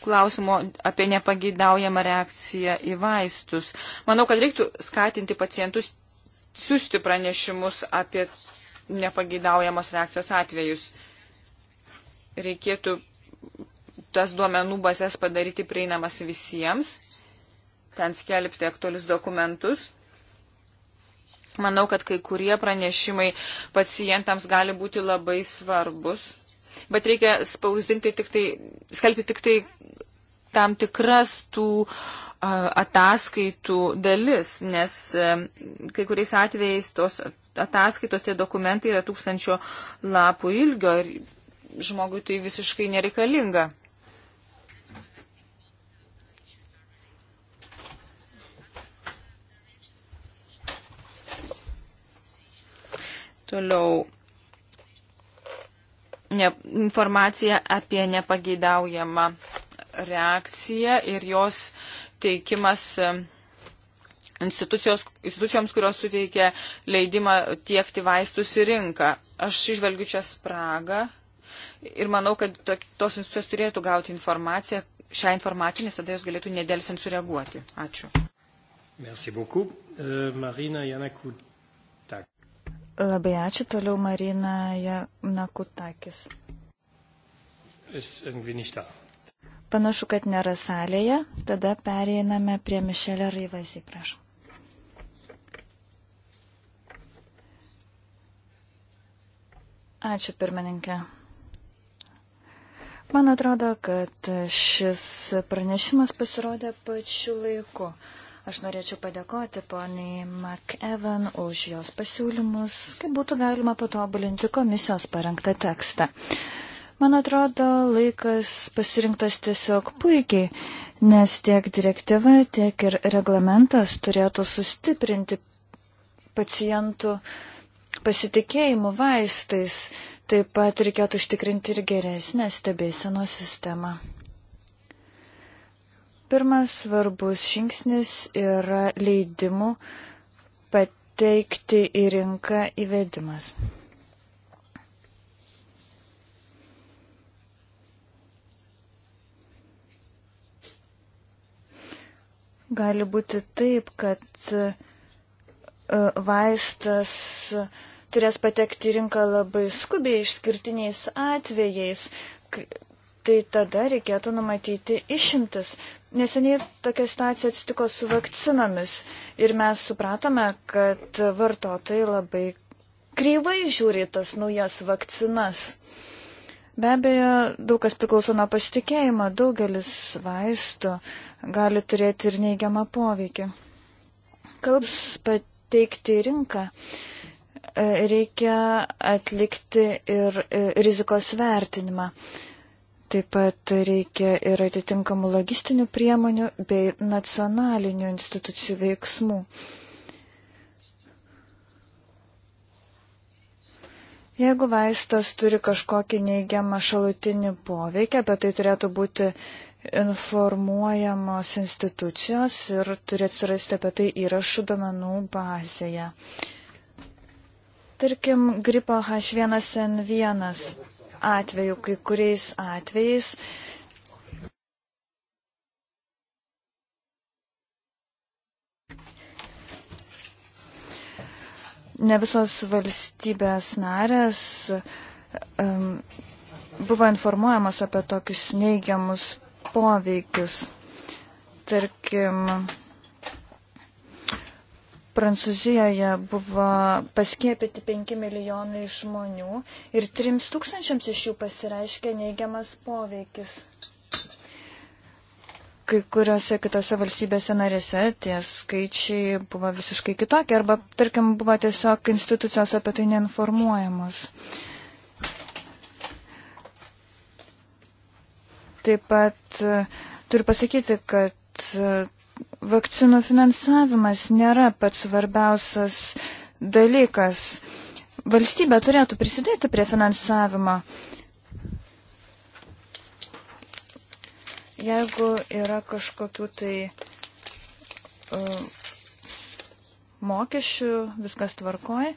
klausimo apie nepageidaujamą reakciją į vaistus. Manau, kad reiktų skatinti pacientus siūsti pranešimus apie nepageidaujamos reakcijos atvejus. Reikėtų tas duomenų bazės padaryti prieinamas visiems, ten skelbti aktualius dokumentus. Manau, kad kai kurie pranešimai pacientams gali būti labai svarbus, bet reikia spausdinti tik tai, skelbti tik tai tam tikras tų uh, ataskaitų dalis, nes e, kai kuriais atvejais tos ataskaitos, tie dokumentai yra tūkstančio lapų ilgio ir žmogui tai visiškai nereikalinga. Toliau ne, informacija apie nepageidaujamą reakciją ir jos teikimas e, institucijoms, kurios suteikia leidimą tiekti vaistus į rinką. Aš išvelgiu čia spragą ir manau, kad tos institucijos turėtų gauti informaciją, šią informaciją, nes tada jos galėtų nedelsiant sureaguoti. Ačiū. Merci beaucoup. Uh, Marina Janakut. Labai ačiū. Toliau Marina Nakutakis. Ist irgendwie nicht da. Panašu, kad nėra salėje. Tada pereiname prie Mišelio Raivazį, prašau. Ačiū, pirmininkė. Man atrodo, kad šis pranešimas pasirodė pačiu laiku. Aš norėčiau padėkoti poniai McEvan už jos pasiūlymus, kaip būtų galima patobulinti komisijos parengtą tekstą. Uh, Man atrodo, laikas pasirinktas tiesiog puikiai, nes tiek direktyva, tiek ir reglamentas turėtų sustiprinti pacientų pasitikėjimų vaistais. Taip pat reikėtų užtikrinti ir geresnę stebėsenos sistemą. Pirmas svarbus žingsnis yra leidimų pateikti į rinką įvedimas. Gali būti taip, kad e, vaistas turės patekti į rinką labai skubiai išskirtiniais atvejais. Tai tada reikėtų numatyti išimtis. Neseniai tokia situacija atsitiko su vakcinomis ir mes supratome, kad vartotojai labai kreivai žiūri tas naujas vakcinas. Be abejo, daug kas priklauso nuo pasitikėjimo, daugelis vaistų gali turėti ir neigiamą poveikį. Kalbs pateikti rinką, e, reikia atlikti ir e, rizikos vertinimą. Taip pat reikia ir atitinkamų logistinių priemonių bei nacionalinių institucijų veiksmų. Jeigu vaistas turi kažkokį neigiamą šalutinį poveikį, apie tai turėtų būti informuojamos institucijos ir turi atsirasti apie tai įrašų domenų bazėje. Tarkim, gripo H1N1 atveju, kai kuriais atvejais ne visos valstybės narės um, buvo informuojamos apie tokius neigiamus poveikius. Tarkim, Prancūzijoje buvo paskėpyti 5 milijonai žmonių ir 3 tūkstančiams iš jų pasireiškė neigiamas poveikis kai kuriuose kitose valstybėse narėse tie skaičiai buvo visiškai kitokie arba, tarkim, buvo tiesiog institucijos apie tai neinformuojamos. Taip pat e, turiu pasakyti, kad e, vakcinų finansavimas nėra pats svarbiausias dalykas. Valstybė turėtų prisidėti prie finansavimo. Uh, Jeigu yra kažkokių tai uh, mokesčių, viskas tvarkoja.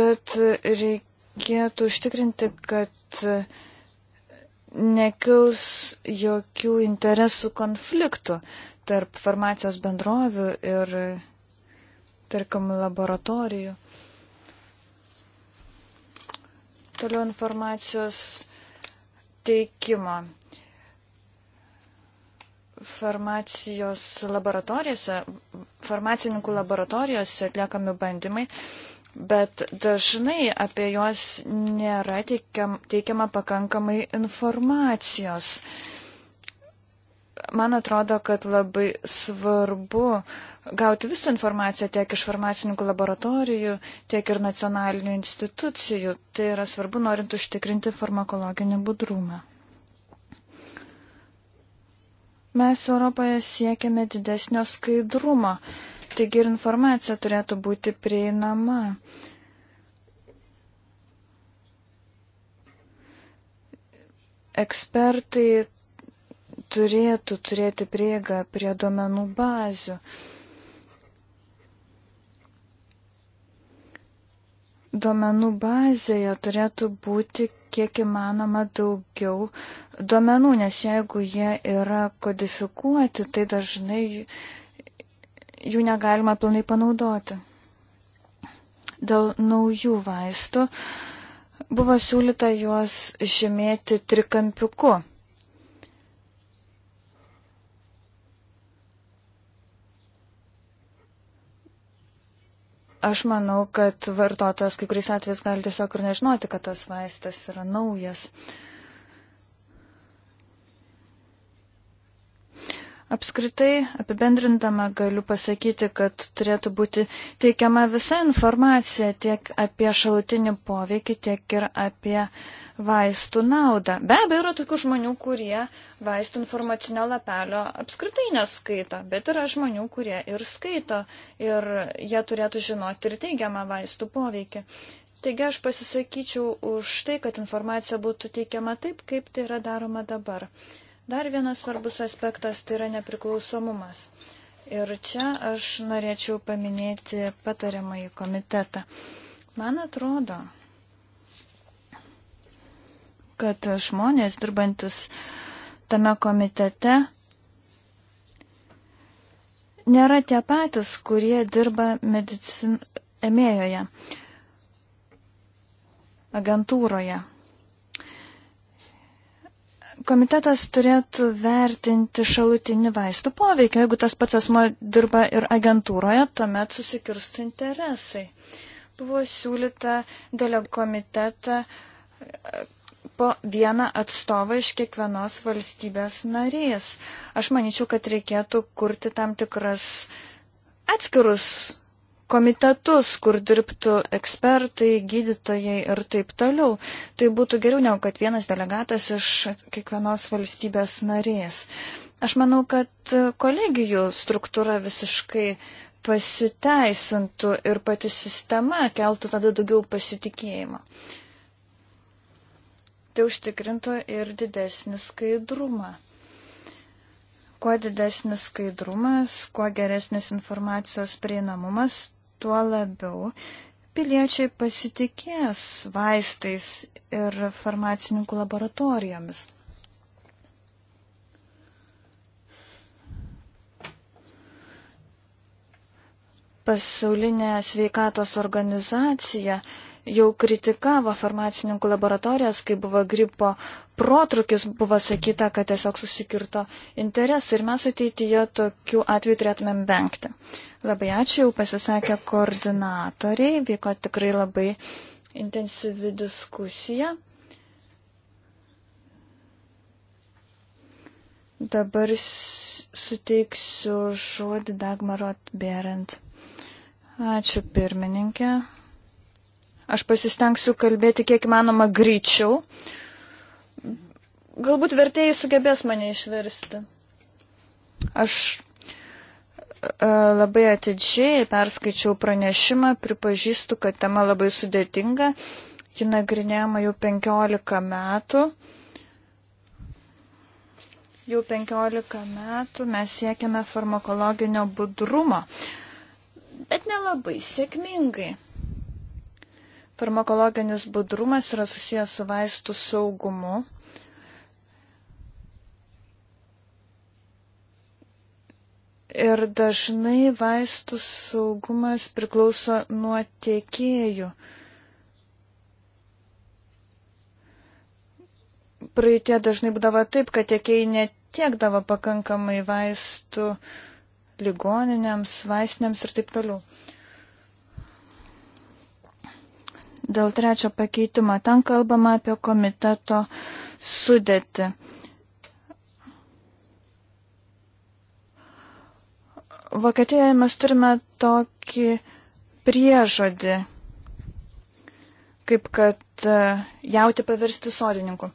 Bet reikėtų užtikrinti, kad nekils jokių interesų konfliktų tarp farmacijos bendrovių ir tarkim, laboratorijų. Toliau informacijos teikimo. Farmacijos laboratorijose, farmacininkų laboratorijose atliekami bandymai, bet dažnai apie juos nėra teikiam, teikiama pakankamai informacijos. Uh, Man atrodo, kad labai svarbu gauti visą informaciją tiek iš farmacininkų laboratorijų, tiek ir nacionalinių institucijų. Tai yra svarbu, norint užtikrinti farmakologinį budrumą. Mes Europoje siekiame didesnio skaidrumo, taigi ir informacija turėtų būti prieinama. Ekspertai turėtų turėti prieigą prie duomenų bazių. Duomenų bazėje turėtų būti kiek įmanoma daugiau duomenų, nes jeigu jie yra kodifikuoti, tai dažnai jų negalima pilnai panaudoti. Dėl naujų vaistų buvo siūlyta juos žymėti trikampiuku. Aš manau, kad vartotojas kai kuriais atvejais gali tiesiog ir nežinoti, kad tas vaistas yra naujas. Uh, Apskritai, apibendrindama galiu pasakyti, kad turėtų būti teikiama visa informacija tiek apie šalutinį poveikį, tiek ir apie vaistų naudą. Be abejo, yra tokių žmonių, kurie vaistų informacinio lapelio apskritai neskaito, bet yra žmonių, kurie ir skaito ir jie turėtų žinoti ir teigiamą vaistų poveikį. Taigi aš pasisakyčiau už tai, kad informacija būtų teikiama taip, kaip tai yra daroma dabar. Dar vienas svarbus aspektas tai yra nepriklausomumas. Ir čia aš norėčiau paminėti patariamąjį komitetą. Man atrodo, kad žmonės dirbantis tame komitete nėra tie patys, kurie dirba medicin... emėjoje, agentūroje komitetas turėtų vertinti šalutinį vaistų poveikį. Jeigu tas pats asmo dirba ir agentūroje, tuomet susikirstų interesai. Buvo siūlyta dėlio komitetą e, po vieną atstovą iš kiekvienos valstybės narės. Aš manyčiau, kad reikėtų kurti tam tikras atskirus komitetus, kur dirbtų ekspertai, gydytojai ir taip toliau. Tai būtų geriau negu kad vienas delegatas iš kiekvienos valstybės narės. Aš manau, kad kolegijų struktūra visiškai pasiteisintų ir pati sistema keltų tada daugiau pasitikėjimo. Tai užtikrintų ir didesnį skaidrumą kuo didesnis skaidrumas, kuo geresnis informacijos prieinamumas, tuo labiau piliečiai pasitikės vaistais ir farmacininkų laboratorijomis. Pasaulinė sveikatos organizacija jau kritikavo farmacininkų laboratorijas, kai buvo gripo protrukis, buvo sakyta, kad tiesiog susikirto interesai ir mes ateityje tokių atvejų turėtumėm vengti. Labai ačiū, jau pasisakė koordinatoriai, vyko tikrai labai intensyvi diskusija. Dabar suteiksiu žodį Dagmarot Berent. Ačiū pirmininkė. Aš pasistengsiu kalbėti kiek įmanoma greičiau. Galbūt vertėjai sugebės mane išversti. Aš e, labai atidžiai perskaičiau pranešimą, pripažįstu, kad tema labai sudėtinga, ji nagrinėjama jau 15 metų. Jau 15 metų mes siekiame farmakologinio budrumo, bet nelabai sėkmingai. Farmakologinis budrumas yra susijęs su vaistų saugumu. Ir dažnai vaistų saugumas priklauso nuo tiekėjų. Praeitie dažnai būdavo taip, kad tiekėjai netiekdavo pakankamai vaistų ligoninėms, vaistinėms ir taip toliau. dėl trečio pakeitimo. Ten kalbama apie komiteto sudėti. Vokietijoje mes turime tokį priežodį, kaip kad e, jauti paversti sodininku.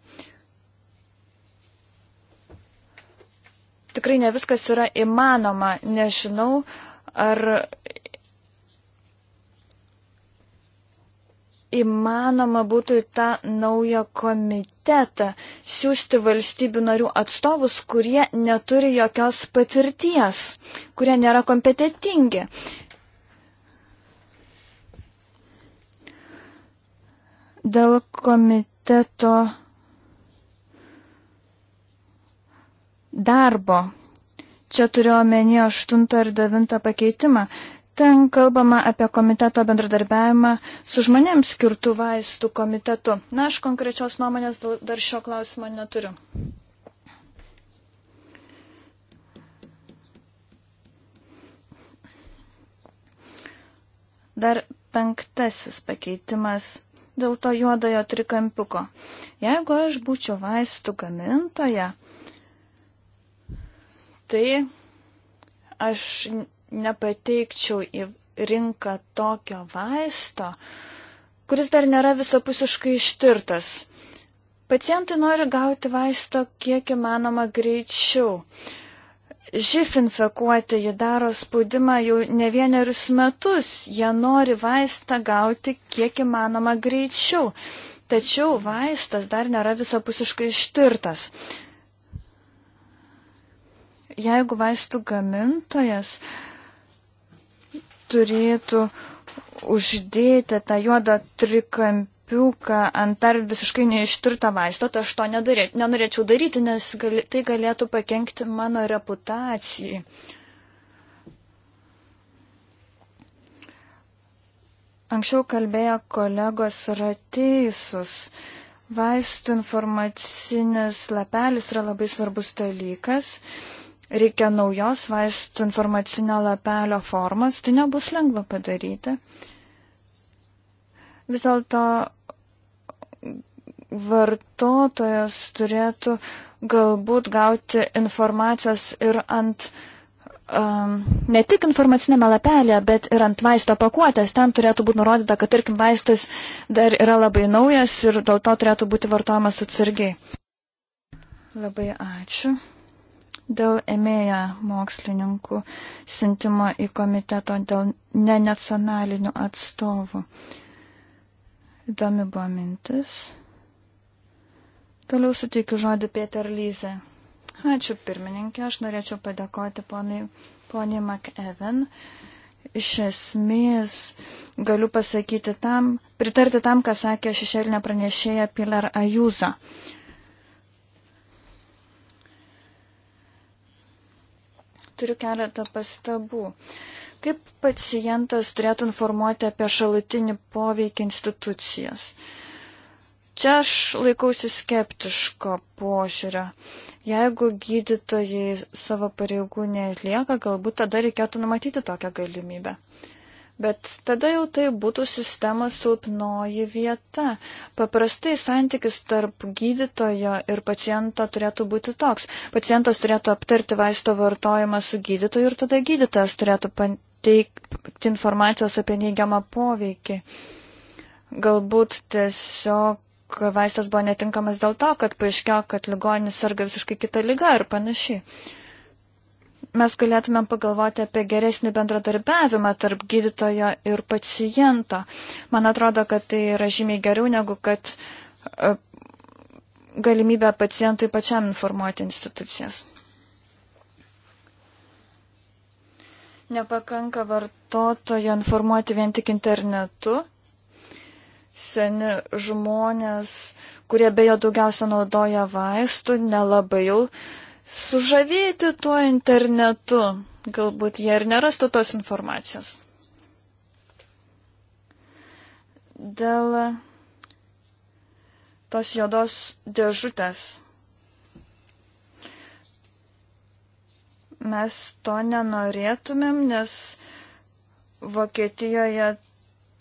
Tikrai ne viskas yra įmanoma, nežinau, ar įmanoma būtų į tą naują komitetą siūsti valstybių narių atstovus, kurie neturi jokios patirties, kurie nėra kompetitingi. Dėl komiteto darbo. Čia turiu omenyje 8 ar 9 pakeitimą. Ten kalbama apie komiteto bendradarbiavimą su žmonėms skirtų vaistų komitetu. Na, aš konkrečios nuomonės dar šio klausimo neturiu. Dar penktasis pakeitimas dėl to juodojo trikampiuko. Jeigu aš būčiau vaistų gamintoja, tai aš nepateikčiau į rinką tokio vaisto, kuris dar nėra visapusiškai ištirtas. Pacientai nori gauti vaisto kiek įmanoma greičiau. Žif infekuoti jį daro spaudimą jau ne vienerius metus, jie nori vaistą gauti kiek įmanoma greičiau, tačiau vaistas dar nėra visapusiškai ištirtas. Jeigu vaistų gamintojas uh, turėtų uždėti tą juodą trikampiuką ant dar visiškai neištirto vaisto, tai aš to nedarė, nenorėčiau daryti, nes gali, tai galėtų pakengti mano reputacijai. Anksčiau kalbėjo kolegos yra teisūs. Vaistų informacinis lapelis yra labai svarbus dalykas reikia naujos vaistų informacinio lapelio formos, tai nebus lengva padaryti. Vis dėlto vartotojas turėtų galbūt gauti informacijos ir ant, um, ne tik informacinėme lapelėje, bet ir ant vaisto pakuotės. Ten turėtų būti nurodyta, kad, tarkim, vaistas dar yra labai naujas ir dėl to turėtų būti vartojamas atsargiai. Labai ačiū dėl emėja mokslininkų sintimo į komiteto dėl nenacionalinių atstovų. Įdomi buvo mintis. Toliau suteikiu žodį Peter Lyze. Ačiū pirmininkė, aš norėčiau padėkoti poniai, poniai McEwen. Iš esmės galiu pasakyti tam, pritarti tam, ką sakė šešėlinė pranešėja Pilar Ajuza. Uh, turiu keletą pastabų. Kaip pacientas turėtų informuoti apie šalutinį poveikį institucijas? Čia aš laikausi skeptiško požiūrio. Jeigu gydytojai savo pareigų neatlieka, galbūt tada reikėtų numatyti tokią galimybę. Uh, Bet tada jau tai būtų sistemos silpnoji vieta. Paprastai santykis tarp gydytojo ir paciento turėtų būti toks. Pacientas turėtų aptarti vaisto vartojimą su gydytoju ir tada gydytojas turėtų pateikti informacijos apie neigiamą poveikį. Galbūt tiesiog vaistas buvo netinkamas dėl to, kad paaiškėjo, kad ligonis serga visiškai kitą lygą ir panašiai mes galėtumėm pagalvoti apie geresnį bendradarbiavimą tarp gydytojo ir paciento. Man atrodo, kad tai yra žymiai geriau negu kad e, galimybę pacientui pačiam informuoti institucijas. Nepakanka vartotojo informuoti vien tik internetu. Seni žmonės, kurie beje daugiausia naudoja vaistų, nelabai jau uh, sužavėti tuo internetu. Galbūt jie ir nerastų tos informacijos. Dėl tos juodos dėžutės. Mes to nenorėtumėm, nes Vokietijoje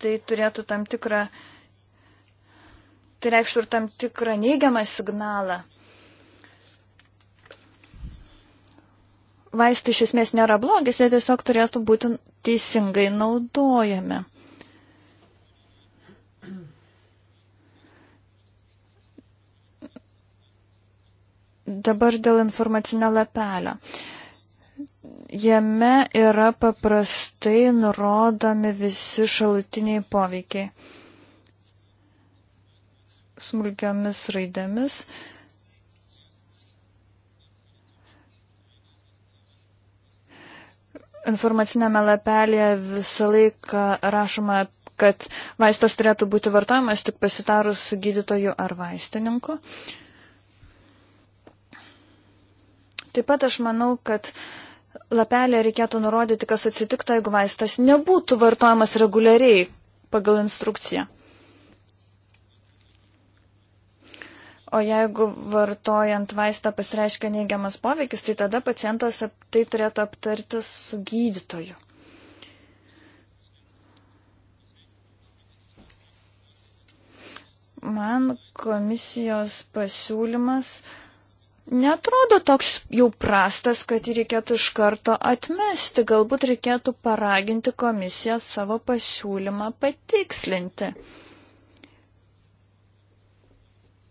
tai turėtų tam tikrą, tai reikštų ir tam tikrą neigiamą signalą. vaistai iš esmės nėra blogis, jie tiesiog turėtų būti teisingai naudojami. Dabar dėl informacinio lapelio. Jame yra paprastai nurodomi visi šalutiniai poveikiai smulkiomis raidėmis. Uh, informacinėme lapelėje visą laiką rašoma, kad vaistas turėtų būti vartojamas tik pasitarus su gydytoju ar vaistininku. Taip pat aš manau, kad lapelė reikėtų nurodyti, kas atsitiktų, jeigu vaistas nebūtų vartojamas reguliariai pagal instrukciją. O jeigu vartojant vaistą pasireiškia neigiamas poveikis, tai tada pacientas tai turėtų aptarti su gydytoju. Man komisijos pasiūlymas netrodo toks jau prastas, kad jį reikėtų iš karto atmesti. Galbūt reikėtų paraginti komisiją savo pasiūlymą patikslinti.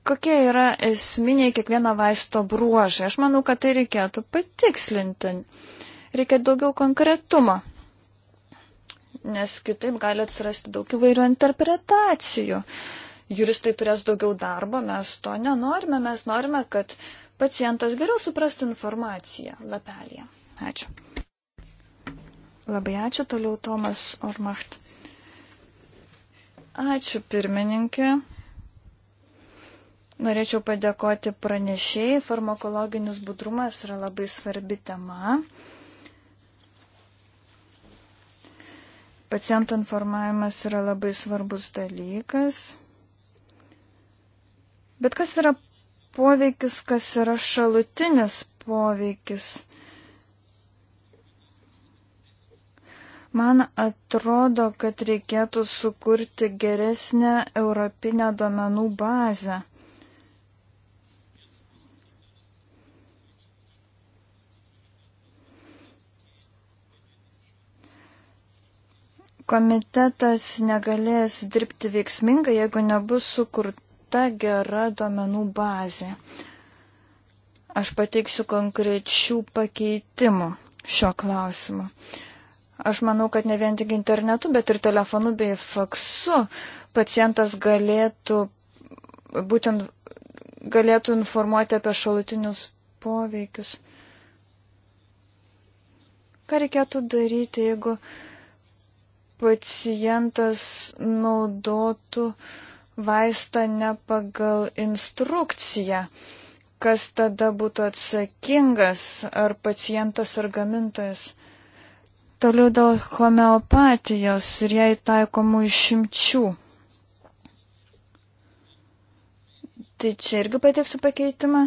Kokie yra esminiai kiekvieno vaisto bruožai? Aš manau, kad tai reikėtų patikslinti. Reikia daugiau konkretumo, nes kitaip gali atsirasti daug įvairių interpretacijų. Juristai turės daugiau darbo, mes to nenorime, mes norime, kad pacientas geriau suprastų informaciją lapelėje. Ačiū. Labai ačiū toliau Tomas Ormacht. Ačiū pirmininkė. Norėčiau padėkoti pranešėjai. Farmakologinis budrumas yra labai svarbi tema. Paciento informavimas yra labai svarbus dalykas. Bet kas yra poveikis, kas yra šalutinis poveikis? Man atrodo, kad reikėtų sukurti geresnę europinę duomenų bazę. komitetas negalės dirbti veiksmingai, jeigu nebus sukurta gera duomenų bazė. Aš pateiksiu konkrečių pakeitimų šio klausimu. Aš manau, kad ne vien tik internetu, bet ir telefonu bei faksu pacientas galėtų būtent galėtų informuoti apie šalutinius poveikius. Ką reikėtų daryti, jeigu uh, pacientas naudotų vaistą ne pagal instrukciją. Kas tada būtų atsakingas, ar pacientas, ar gamintojas? Toliau dėl homeopatijos ir jai taikomų išimčių. Tai čia irgi pateiksiu pakeitimą.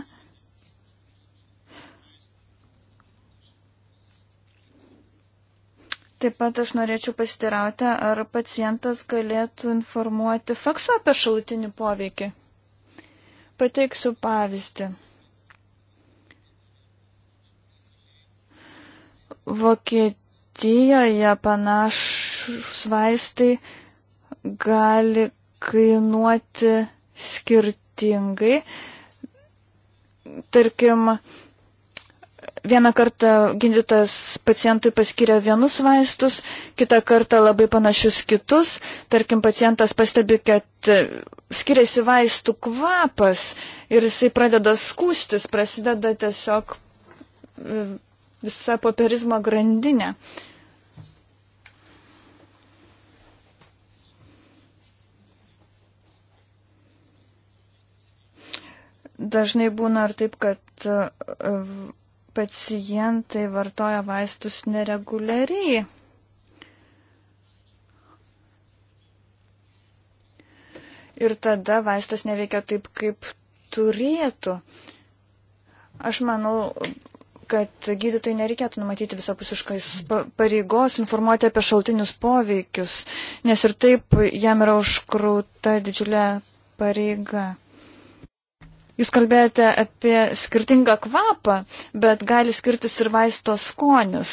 Taip pat aš norėčiau pasitirauti, ar pacientas galėtų informuoti faksu apie šalutinį poveikį. Pateiksiu pavyzdį. Vokietijoje panašus vaistai gali kainuoti skirtingai. Tarkim, Vieną kartą gydytas pacientui paskiria vienus vaistus, kitą kartą labai panašius kitus. Tarkim, pacientas pastebi, kad e, skiriasi vaistų kvapas ir jisai pradeda skūstis, prasideda tiesiog e, visa popierizmo grandinė. Dažnai būna ar taip, kad e, pacientai vartoja vaistus nereguliariai. Ir tada vaistas neveikia taip, kaip turėtų. Aš manau, kad gydytojai nereikėtų numatyti visapusiškais pareigos informuoti apie šaltinius poveikius, nes ir taip jam yra užkrauta didžiulė pareiga. Jūs kalbėjote apie skirtingą kvapą, bet gali skirtis ir vaisto skonis.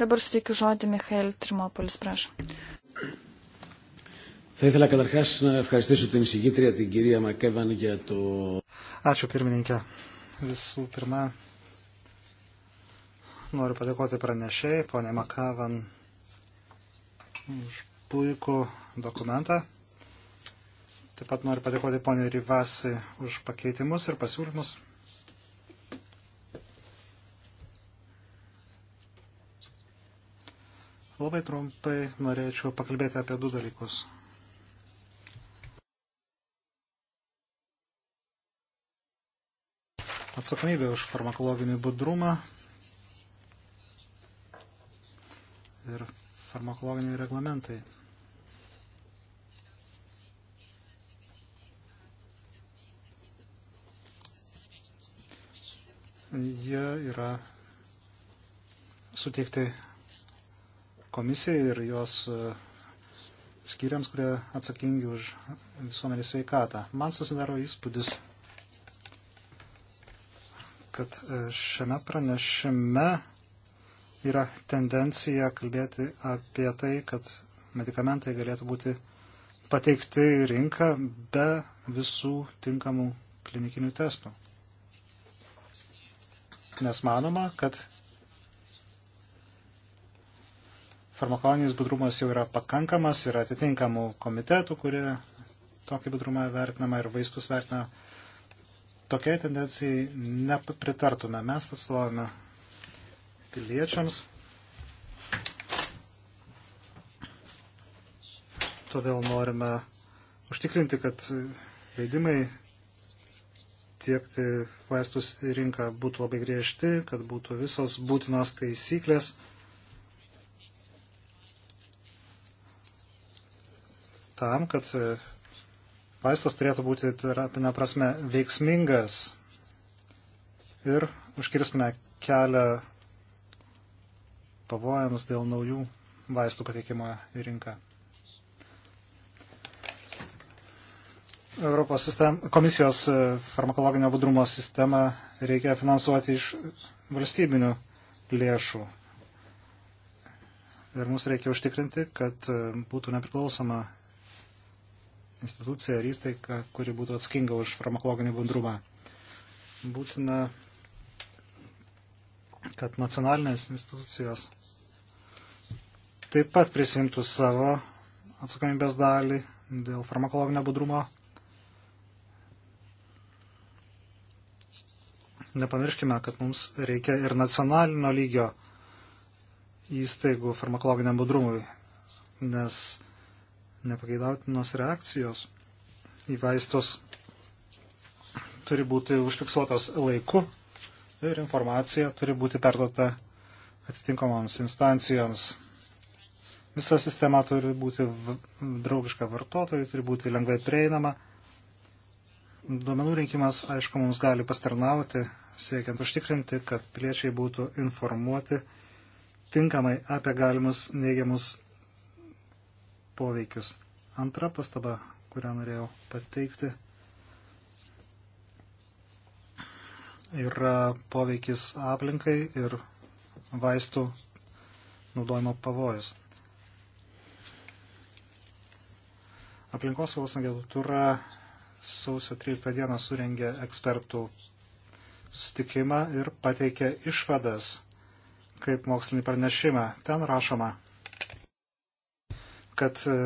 Dabar suteikiu žodį Michael Trimopolis, prašom. Θα ήθελα καταρχάς να ευχαριστήσω την εισηγήτρια, την κυρία Μακέβαν, για το... Ačiū pirmininkė. Visų pirma, noriu padėkoti pranešėjai, ponė Makavan, už puikų dokumentą. Taip pat noriu padėkoti poniai Rivasi už pakeitimus ir pasiūlymus. Labai trumpai norėčiau pakalbėti apie du dalykus. Atsakomybė už farmakologinį budrumą ir farmakologiniai reglamentai. jie yra suteikti komisijai ir jos e, skyriams, kurie atsakingi už visuomenės sveikatą. Man susidaro įspūdis, kad e, šiame pranešime yra tendencija kalbėti apie tai, kad medikamentai galėtų būti pateikti į rinką be visų tinkamų klinikinių testų nes manoma, kad farmakologinis budrumas jau yra pakankamas, yra atitinkamų komitetų, kurie tokį budrumą vertinama ir vaistus vertina. Tokiai tendencijai nepritartume. Mes atstovavome piliečiams. Todėl norime užtikrinti, kad leidimai tiekti vaistus į rinką būtų labai griežti, kad būtų visos būtinos taisyklės. Tam, kad e, vaistas turėtų būti terapinė prasme veiksmingas ir užkirstume kelią pavojams dėl naujų vaistų pateikimo į rinką. Europos sistem, komisijos e, farmakologinio budrumo sistemą reikia finansuoti iš valstybinių lėšų. Ir mums reikia užtikrinti, kad e, būtų nepriklausoma institucija ar įstaiga, kuri būtų atsakinga už farmakologinį budrumą. Būtina, kad nacionalinės institucijos taip pat prisimtų savo atsakomybės dalį dėl farmakologinio budrumo nepamirškime, kad mums reikia ir nacionalinio lygio įstaigų farmakologiniam budrumui, nes nepageidautinos reakcijos į vaistus turi būti užfiksuotos laiku ir informacija turi būti perduota atitinkamoms instancijoms. Visa sistema turi būti draugiška vartotojui, turi būti lengvai prieinama Duomenų rinkimas, aišku, mums gali pastarnauti, siekiant užtikrinti, kad piliečiai būtų informuoti tinkamai apie galimus neigiamus poveikius. Antra pastaba, kurią norėjau pateikti, yra poveikis aplinkai ir vaistų naudojimo pavojus. Aplinkosaugos agentūra sausio 13 dieną surengė ekspertų sustikimą ir pateikė išvadas kaip mokslinį pranešimą. Ten rašoma, kad e,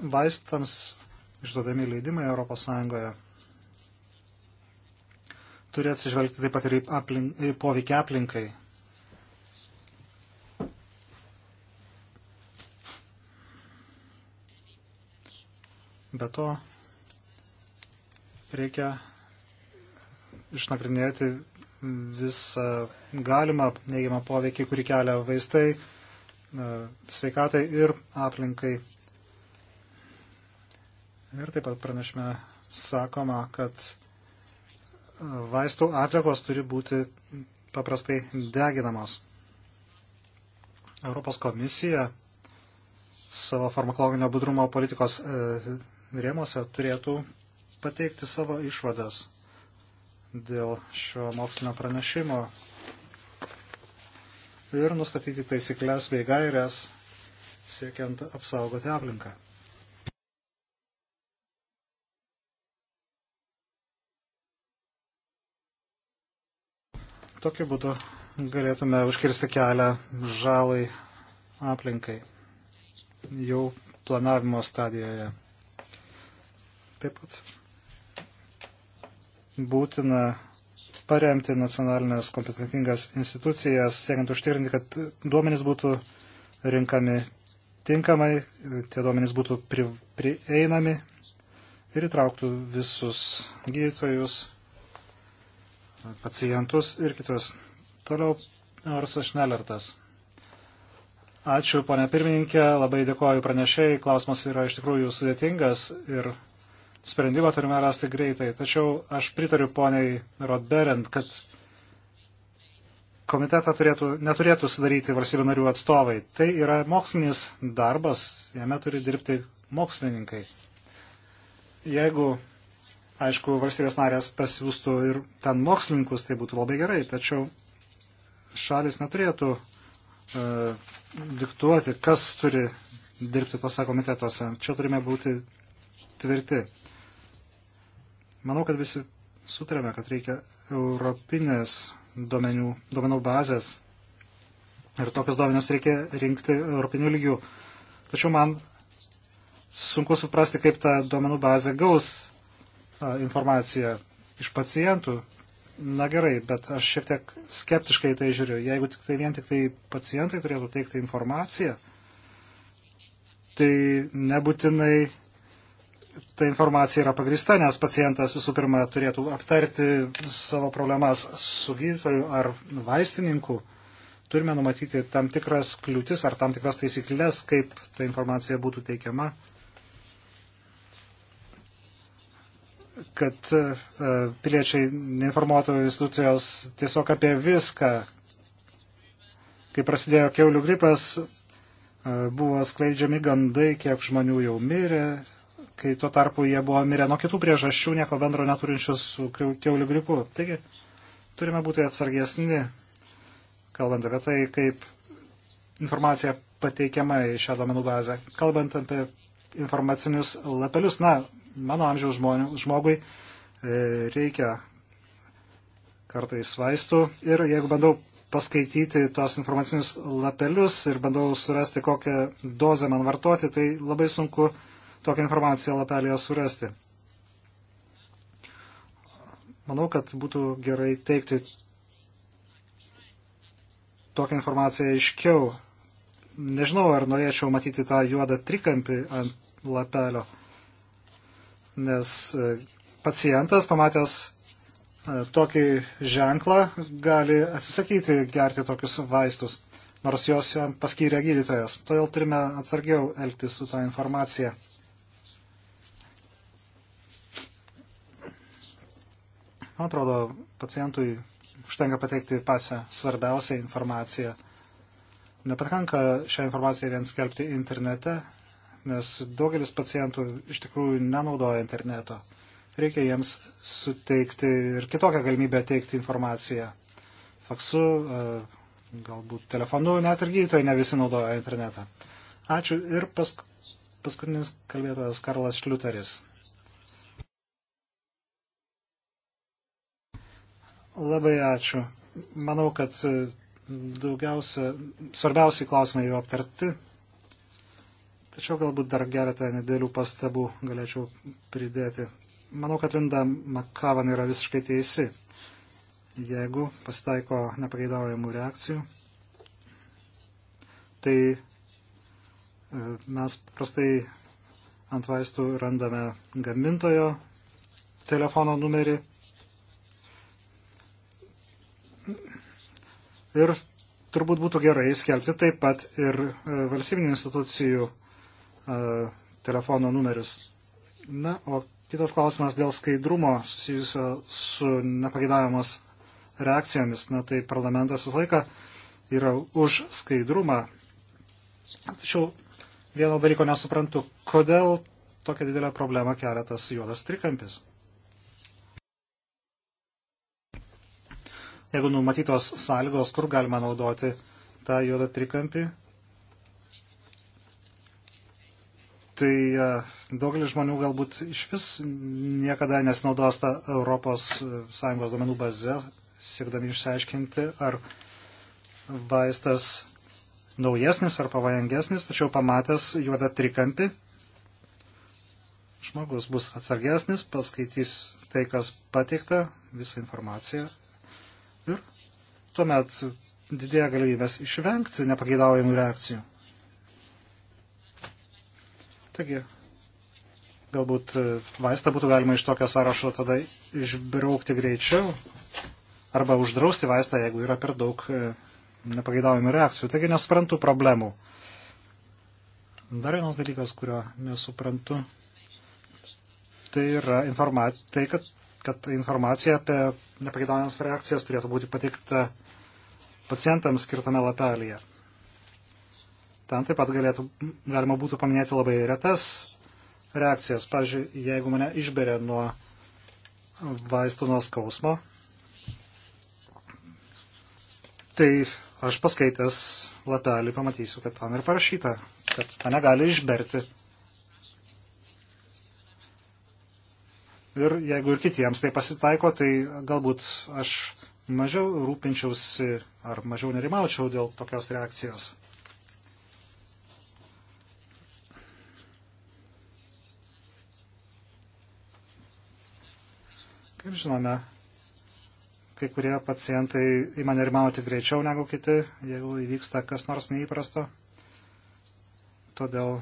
vaistams išduodami leidimai ES turi atsižvelgti taip pat ir į, aplink, į poveikį aplinkai. Be to, reikia išnagrinėti visą galimą neigiamą poveikį, kurį kelia vaistai e, sveikatai ir aplinkai. Ir taip pat pranešime sakoma, kad e, vaistų atlikos turi būti paprastai deginamos. Europos komisija savo farmakologinio budrumo politikos e, rėmose turėtų pateikti savo išvadas dėl šio mokslinio pranešimo ir nustatyti taisyklės bei gairias siekiant apsaugoti aplinką. Tokiu būdu galėtume užkirsti kelią žalai aplinkai jau planavimo stadijoje. Taip pat būtina paremti nacionalinės kompetentingas institucijas, siekiant užtikrinti, kad duomenys būtų rinkami tinkamai, tie duomenys būtų pri, prieinami ir įtrauktų visus gydytojus, pacientus ir kitus. Toliau Orsas Šnelertas. Ačiū, ponė pirmininkė, labai dėkoju pranešėjai, klausimas yra iš tikrųjų sudėtingas ir sprendimą turime rasti greitai. Tačiau aš pritariu poniai Rodberent, kad komitetą turėtų, neturėtų sudaryti valstybių narių atstovai. Tai yra mokslinis darbas, jame turi dirbti mokslininkai. Jeigu, aišku, valstybės narės pasiūstų ir ten mokslininkus, tai būtų labai gerai, tačiau šalis neturėtų uh, diktuoti, kas turi dirbti tose komitetuose. Čia turime būti tvirti. Manau, kad visi sutarėme, kad reikia europinės duomenių, duomenų bazės ir tokius duomenis reikia rinkti europinių lygių. Tačiau man sunku suprasti, kaip ta duomenų bazė gaus a, informaciją iš pacientų. Na gerai, bet aš šiek tiek skeptiškai tai žiūriu. Jeigu tik tai vien tik tai pacientai turėtų teikti informaciją, tai nebūtinai ta informacija yra pagrista, nes pacientas visų pirma turėtų aptarti savo problemas su gydytoju ar vaistininku. Turime numatyti tam tikras kliūtis ar tam tikras taisyklės, kaip ta informacija būtų teikiama, kad e, piliečiai neinformuotų institucijos tiesiog apie viską. Kai prasidėjo keulių gripas, e, buvo skleidžiami gandai, kiek žmonių jau mirė kai tuo tarpu jie buvo mirę nuo kitų priežasčių, nieko bendro neturinčių su keulių gripu. Taigi turime būti atsargesni, kalbant apie tai, kaip informacija pateikiama į šią domenų bazę. Kalbant apie informacinius lapelius, na, mano amžiaus žmonių, žmogui e, reikia kartais vaistų ir jeigu bandau paskaityti tuos informacinius lapelius ir bandau surasti, kokią dozę man vartoti, tai labai sunku tokią informaciją lapelėje surasti. Manau, kad būtų gerai teikti tokią informaciją aiškiau. Nežinau, ar norėčiau matyti tą juodą trikampį ant lapelio, nes e, pacientas pamatęs e, tokį ženklą gali atsisakyti gerti tokius vaistus, nors jos jam paskyrė gydytojas. Todėl turime atsargiau elgtis su tą informacija. Man atrodo, pacientui užtenka pateikti pačią svarbiausią informaciją. Nepakanka šią informaciją vien skelbti internete, nes daugelis pacientų iš tikrųjų nenaudoja interneto. Reikia jiems suteikti ir kitokią galimybę teikti informaciją. Faksu, e, galbūt telefonu, net ir gydytojai ne visi naudoja internetą. Ačiū ir pask paskutinis kalbėtojas Karlas Šliuteris. Labai ačiū. Manau, kad e, daugiausia, svarbiausiai klausimai jau aptarti. Tačiau galbūt dar keletą nedėlių pastabų galėčiau pridėti. Manau, kad Linda Makavan yra visiškai teisi. Jeigu pasitaiko nepageidaujamų reakcijų, tai e, mes prastai ant vaistų randame gamintojo telefono numerį Ir turbūt būtų gerai skelbti taip pat ir e, valstybinių institucijų e, telefono numerius. Na, o kitas klausimas dėl skaidrumo susijusio su nepagidavimos reakcijomis. Na, tai parlamentas visą laiką yra už skaidrumą. Tačiau vieno dalyko nesuprantu, kodėl tokia didelė problema kelia tas juodas trikampis. jeigu numatytos sąlygos, kur galima naudoti tą juodą trikampį, tai e, daugelis žmonių galbūt iš vis niekada nesinaudos tą ES e, duomenų bazę, siekdami išsiaiškinti, ar vaistas naujesnis ar pavajangesnis, tačiau pamatęs juodą trikampį, žmogus bus atsargesnis, paskaitys tai, kas pateikta, visą informaciją Ir tuomet didėja galimybės išvengti nepageidaujamų reakcijų. Taigi, galbūt vaistą būtų galima iš tokio sąrašo tada išbraukti greičiau arba uždrausti vaistą, jeigu yra per daug e, nepageidaujamų reakcijų. Taigi nesuprantu problemų. Dar vienas dalykas, kurio nesuprantu, tai yra informat, tai, kad kad informacija apie nepageidavimus reakcijas turėtų būti patikta pacientams skirtame lapelėje. Ten taip pat galėtų, galima būtų paminėti labai retas reakcijas. Pavyzdžiui, jeigu mane išberia nuo vaistų nuo skausmo, tai aš paskaitęs lapelį pamatysiu, kad ten ir parašyta, kad mane gali išberti Ir jeigu ir kitiems tai pasitaiko, tai galbūt aš mažiau rūpinčiausi ar mažiau nerimaučiau dėl tokios reakcijos. Kaip žinome, kai kurie pacientai ima nerimauti greičiau negu kiti, jeigu įvyksta kas nors neįprasto. Todėl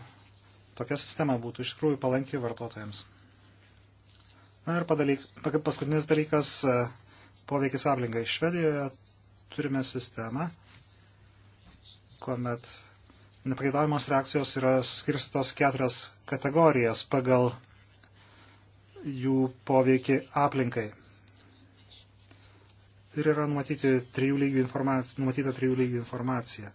tokia sistema būtų iš tikrųjų palanki vartotojams. Na ir padalyk, paskutinis dalykas e, - poveikis aplinkai. Švedijoje turime sistemą, kuomet nepageidaujamos reakcijos yra suskirstytos keturias kategorijas pagal jų poveikį aplinkai. Ir yra numatyti trijų lygių informacija, numatyta trijų lygių informacija.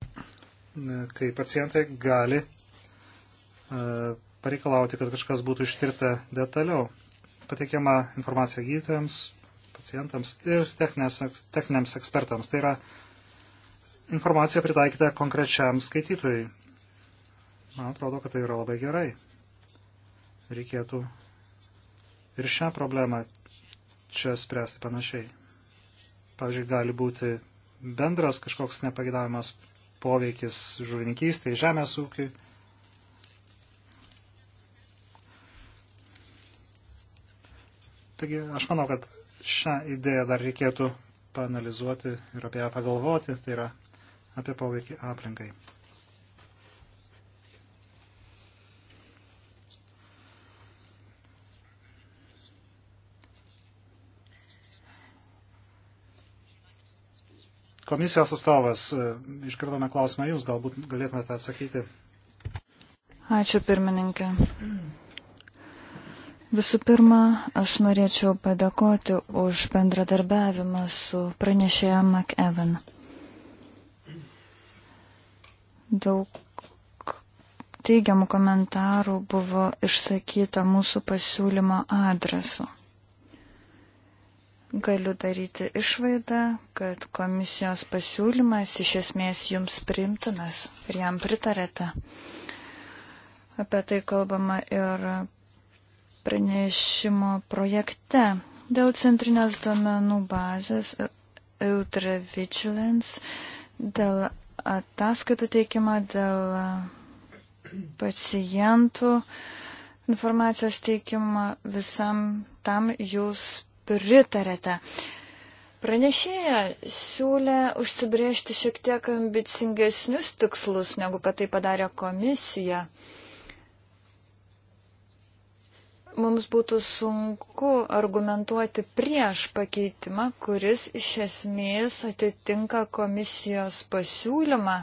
E, kai pacientai gali E, pareikalauti, kad kažkas būtų ištirta detaliau. Pateikiama informacija gydytojams, pacientams ir techninės, techniniams ekspertams. Tai yra informacija pritaikyta konkrečiam skaitytojui. Man atrodo, kad tai yra labai gerai. Reikėtų ir šią problemą čia spręsti panašiai. Pavyzdžiui, gali būti bendras kažkoks nepagėdavimas poveikis žuvininkystėje, žemės ūkiai Taigi aš manau, kad šią idėją dar reikėtų panalizuoti ir apie ją pagalvoti, tai yra apie poveikį aplinkai. Komisijos atstovas, e, išgirdome klausimą jūs, galbūt galėtumėte atsakyti. Ačiū pirmininkė. Mm. Visų pirma, aš norėčiau padėkoti už bendradarbiavimą su pranešėja McEvan. Daug teigiamų komentarų buvo išsakyta mūsų pasiūlymo adresu. Galiu daryti išvaidą, kad komisijos pasiūlymas iš esmės jums primtinas ir jam pritarėte. Apie tai kalbama ir pranešimo projekte dėl centrinės duomenų bazės e, Ultra Vigilance, dėl ataskaitų teikimo, dėl e, pacientų informacijos teikimo, visam tam jūs pritarėte. Pranešėja siūlė užsibriežti šiek tiek ambicingesnius tikslus, negu kad tai padarė komisija mums būtų sunku argumentuoti prieš pakeitimą, kuris iš esmės atitinka komisijos pasiūlymą,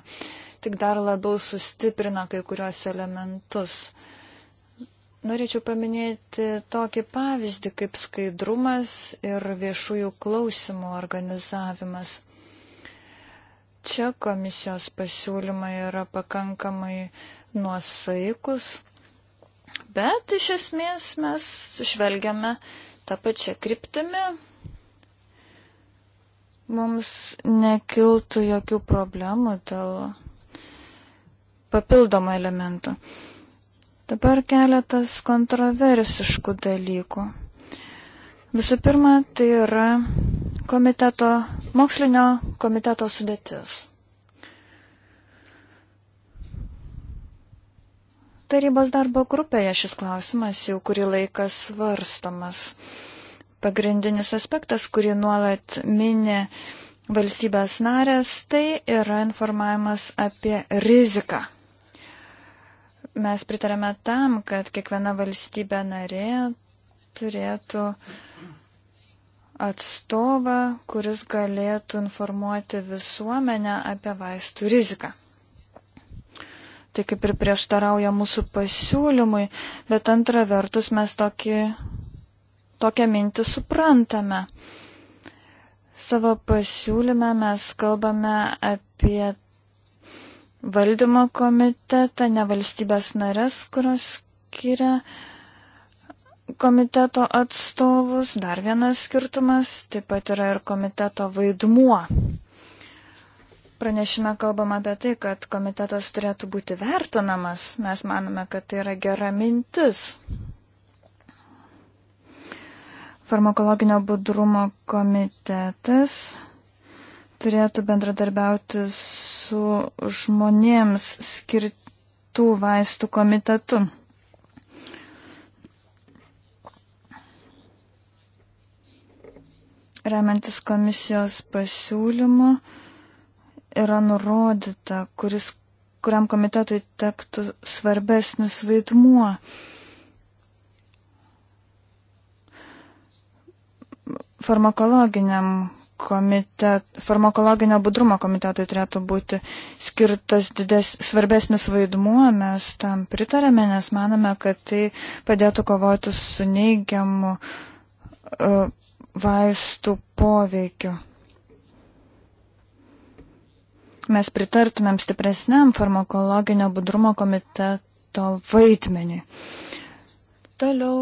tik dar labiau sustiprina kai kuriuos elementus. Norėčiau paminėti tokį pavyzdį kaip skaidrumas ir viešųjų klausimų organizavimas. Čia komisijos pasiūlymai yra pakankamai nuosaikus bet iš esmės mes žvelgiame tą pačią kryptimį. Mums nekiltų jokių problemų dėl papildomų elementų. Dabar keletas kontroversiškų dalykų. Visų pirma, tai yra komiteto, mokslinio komiteto sudėtis. Tarybos darbo grupėje šis klausimas jau kurį laiką svarstomas. Pagrindinis aspektas, kurį nuolat minė valstybės narės, tai yra informavimas apie riziką mes pritarėme tam, kad kiekviena valstybė narė turėtų atstovą, kuris galėtų informuoti visuomenę apie vaistų riziką tai kaip ir prieštarauja mūsų pasiūlymui, bet antra vertus mes tokį, tokią mintį suprantame. Savo pasiūlyme mes kalbame apie valdymo komitetą, ne valstybės narės, kurios skiria komiteto atstovus. Dar vienas skirtumas taip pat yra ir komiteto vaidmuo. Pranešime kalbama apie tai, kad komitetas turėtų būti vertinamas. Mes manome, kad tai yra gera mintis. Farmakologinio budrumo komitetas turėtų bendradarbiauti su žmonėms skirtų vaistų komitetu. Remiantis komisijos pasiūlymu, yra nurodyta, kuris, kuriam komitetui tektų svarbesnis vaidmuo. Farmakologiniam komitet, farmakologinio budrumo komitetui turėtų būti skirtas dides, svarbesnis vaidmuo, mes tam pritarėme, nes manome, kad tai padėtų kovoti su neigiamu uh, vaistų poveikiu mes pritartumėm stipresniam farmakologinio budrumo komiteto vaidmeniui. Toliau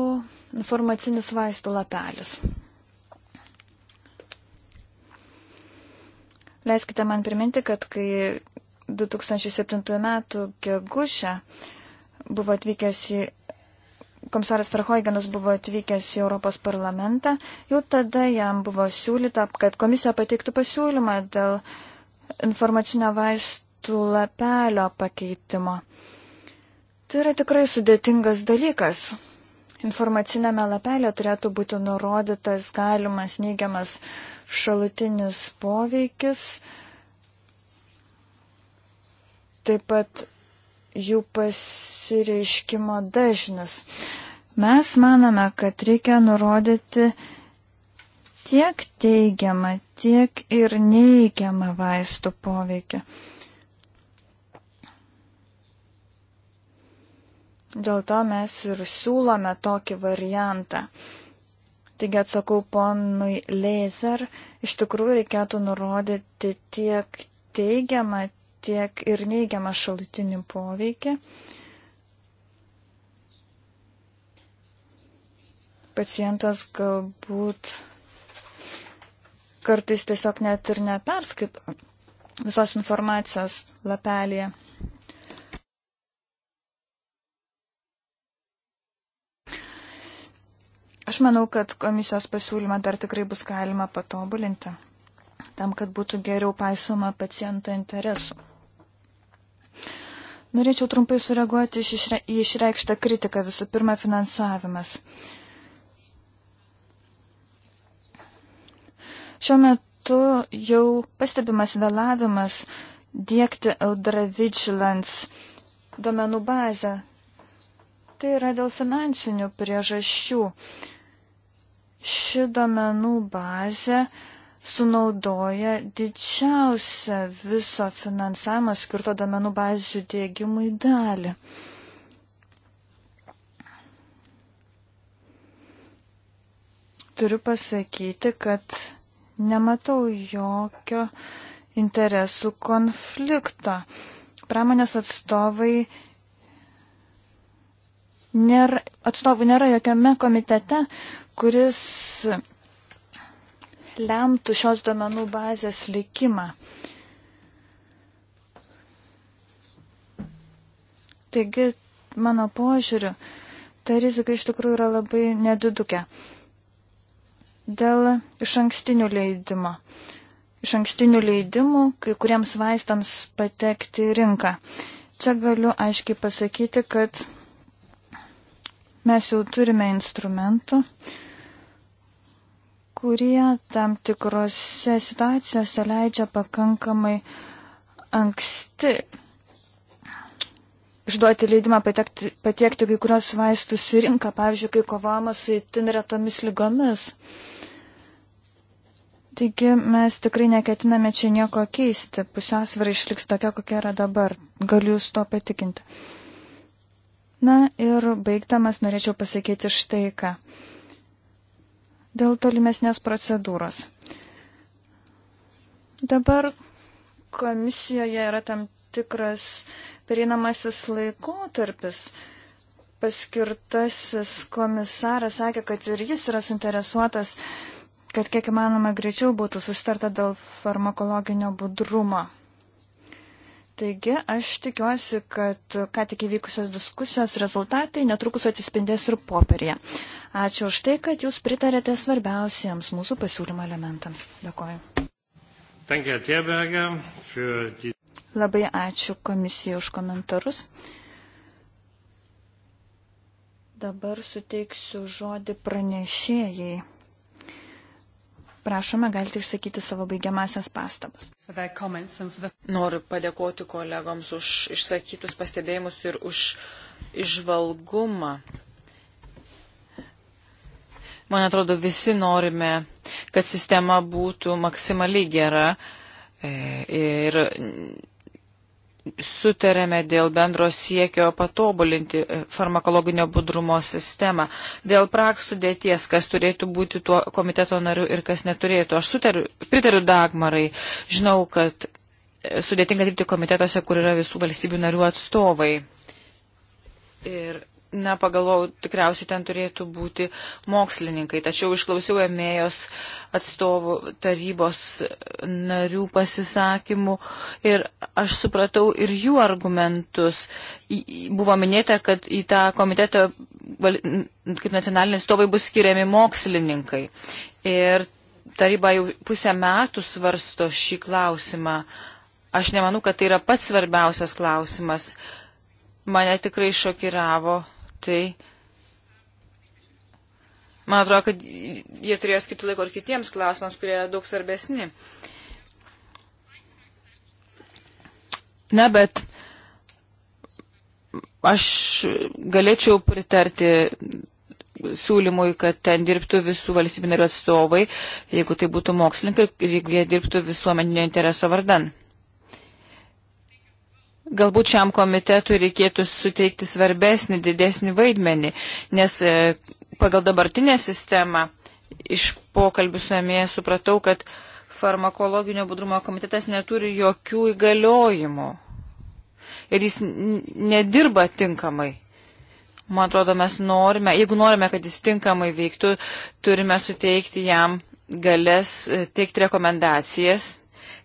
informacinis vaistų lapelis. Leiskite man priminti, kad kai 2007 metų gegušę buvo atvykęs į komisaras Verhoigenas buvo atvykęs į Europos parlamentą, jau tada jam buvo siūlyta, kad komisija pateiktų pasiūlymą dėl uh, informacinio vaistų lapelio pakeitimo. Tai yra tikrai sudėtingas dalykas. Informacinėme lapelė turėtų būti nurodytas galimas neigiamas šalutinis poveikis, taip pat jų pasireiškimo dažnis. Mes manome, kad reikia nurodyti tiek teigiamą, tiek ir neįgiamą vaistų poveikį. Dėl to mes ir siūlome tokį variantą. Taigi atsakau ponui Laser, iš tikrųjų reikėtų nurodyti tiek teigiamą, tiek ir neigiamą šalutinį poveikį. Pacientas galbūt kartais tiesiog net ir neperskaito visos informacijos lapelėje. Aš manau, kad komisijos pasiūlymą dar tikrai bus galima patobulinti, tam, kad būtų geriau paisoma paciento interesų. Norėčiau trumpai sureaguoti į išreikštą kritiką, visų pirma, finansavimas. Šiuo metu jau pastebimas vėlavimas dėkti Eldra Vigilance duomenų bazę. Tai yra dėl finansinių priežasčių. Ši duomenų bazė sunaudoja didžiausią viso finansavimo skirto domenų bazių dėgymui dalį. Turiu pasakyti, kad Nematau jokio interesų konflikto. Pramonės atstovai nėra, atstovų nėra jokiame komitete, kuris lemtų šios domenų bazės likimą. Taigi, mano požiūriu, ta rizika iš tikrųjų yra labai nedidukė dėl iš ankstinių leidimo. Iš ankstinių leidimų kai kuriems vaistams patekti į rinką. Čia galiu aiškiai pasakyti, kad mes jau turime instrumentų, kurie tam tikrose situacijose leidžia pakankamai anksti išduoti leidimą patekti, patiekti kai kurios vaistus į rinką, pavyzdžiui, kai kovama su itin retomis lygomis. Taigi mes tikrai neketiname čia nieko keisti. Pusiausvara išliks tokia, kokia yra dabar. Galiu jūs to patikinti. Na ir baigdamas norėčiau pasakyti štai ką. Dėl tolimesnės procedūros. Dabar komisijoje yra tam tikras perinamasis laikotarpis. Paskirtasis komisaras sakė, kad ir jis yra suinteresuotas, kad kiek įmanoma greičiau būtų sustarta dėl farmakologinio budrumo. Taigi aš tikiuosi, kad ką tik įvykusios diskusijos rezultatai netrukus atsispindės ir popierėje. Ačiū už tai, kad jūs pritarėte svarbiausiems mūsų pasiūlymo elementams. Dėkuoju. Labai ačiū komisijai už komentarus. Dabar suteiksiu žodį pranešėjai. Prašome, galite išsakyti savo baigiamasias pastabas. Noriu padėkoti kolegoms už išsakytus pastebėjimus ir už išvalgumą. Man atrodo, visi norime, kad sistema būtų maksimaliai gera e, ir sutarėme dėl bendro siekio patobulinti e, farmakologinio budrumo sistemą. Dėl praksudėties, kas turėtų būti tuo komiteto nariu ir kas neturėtų. Aš sutariu, pritariu Dagmarai. Žinau, kad e, sudėtinga dirbti komitetuose, kur yra visų valstybių narių atstovai. Ir na, pagalvojau, tikriausiai ten turėtų būti mokslininkai, tačiau išklausiau Emėjos atstovų tarybos narių pasisakymų ir aš supratau ir jų argumentus. Buvo minėta, kad į tą komitetą kaip nacionaliniai atstovai bus skiriami mokslininkai. Ir taryba jau pusę metų svarsto šį klausimą. Aš nemanau, kad tai yra pats svarbiausias klausimas. Mane tikrai šokiravo tai man atrodo, kad jie turėjo skirti laiko ir kitiems klausimams, kurie yra daug svarbesni. Na, bet aš galėčiau pritarti siūlymui, kad ten dirbtų visų valstybinarių atstovai, jeigu tai būtų mokslininkai ir jeigu jie dirbtų visuomeninio intereso vardan. Galbūt šiam komitetui reikėtų suteikti svarbesnį, didesnį vaidmenį, nes e, pagal dabartinę sistemą iš pokalbių su emėje supratau, kad farmakologinio budrumo komitetas neturi jokių įgaliojimų ir jis nedirba tinkamai. Man atrodo, mes norime, jeigu norime, kad jis tinkamai veiktų, turime suteikti jam galės e, teikti rekomendacijas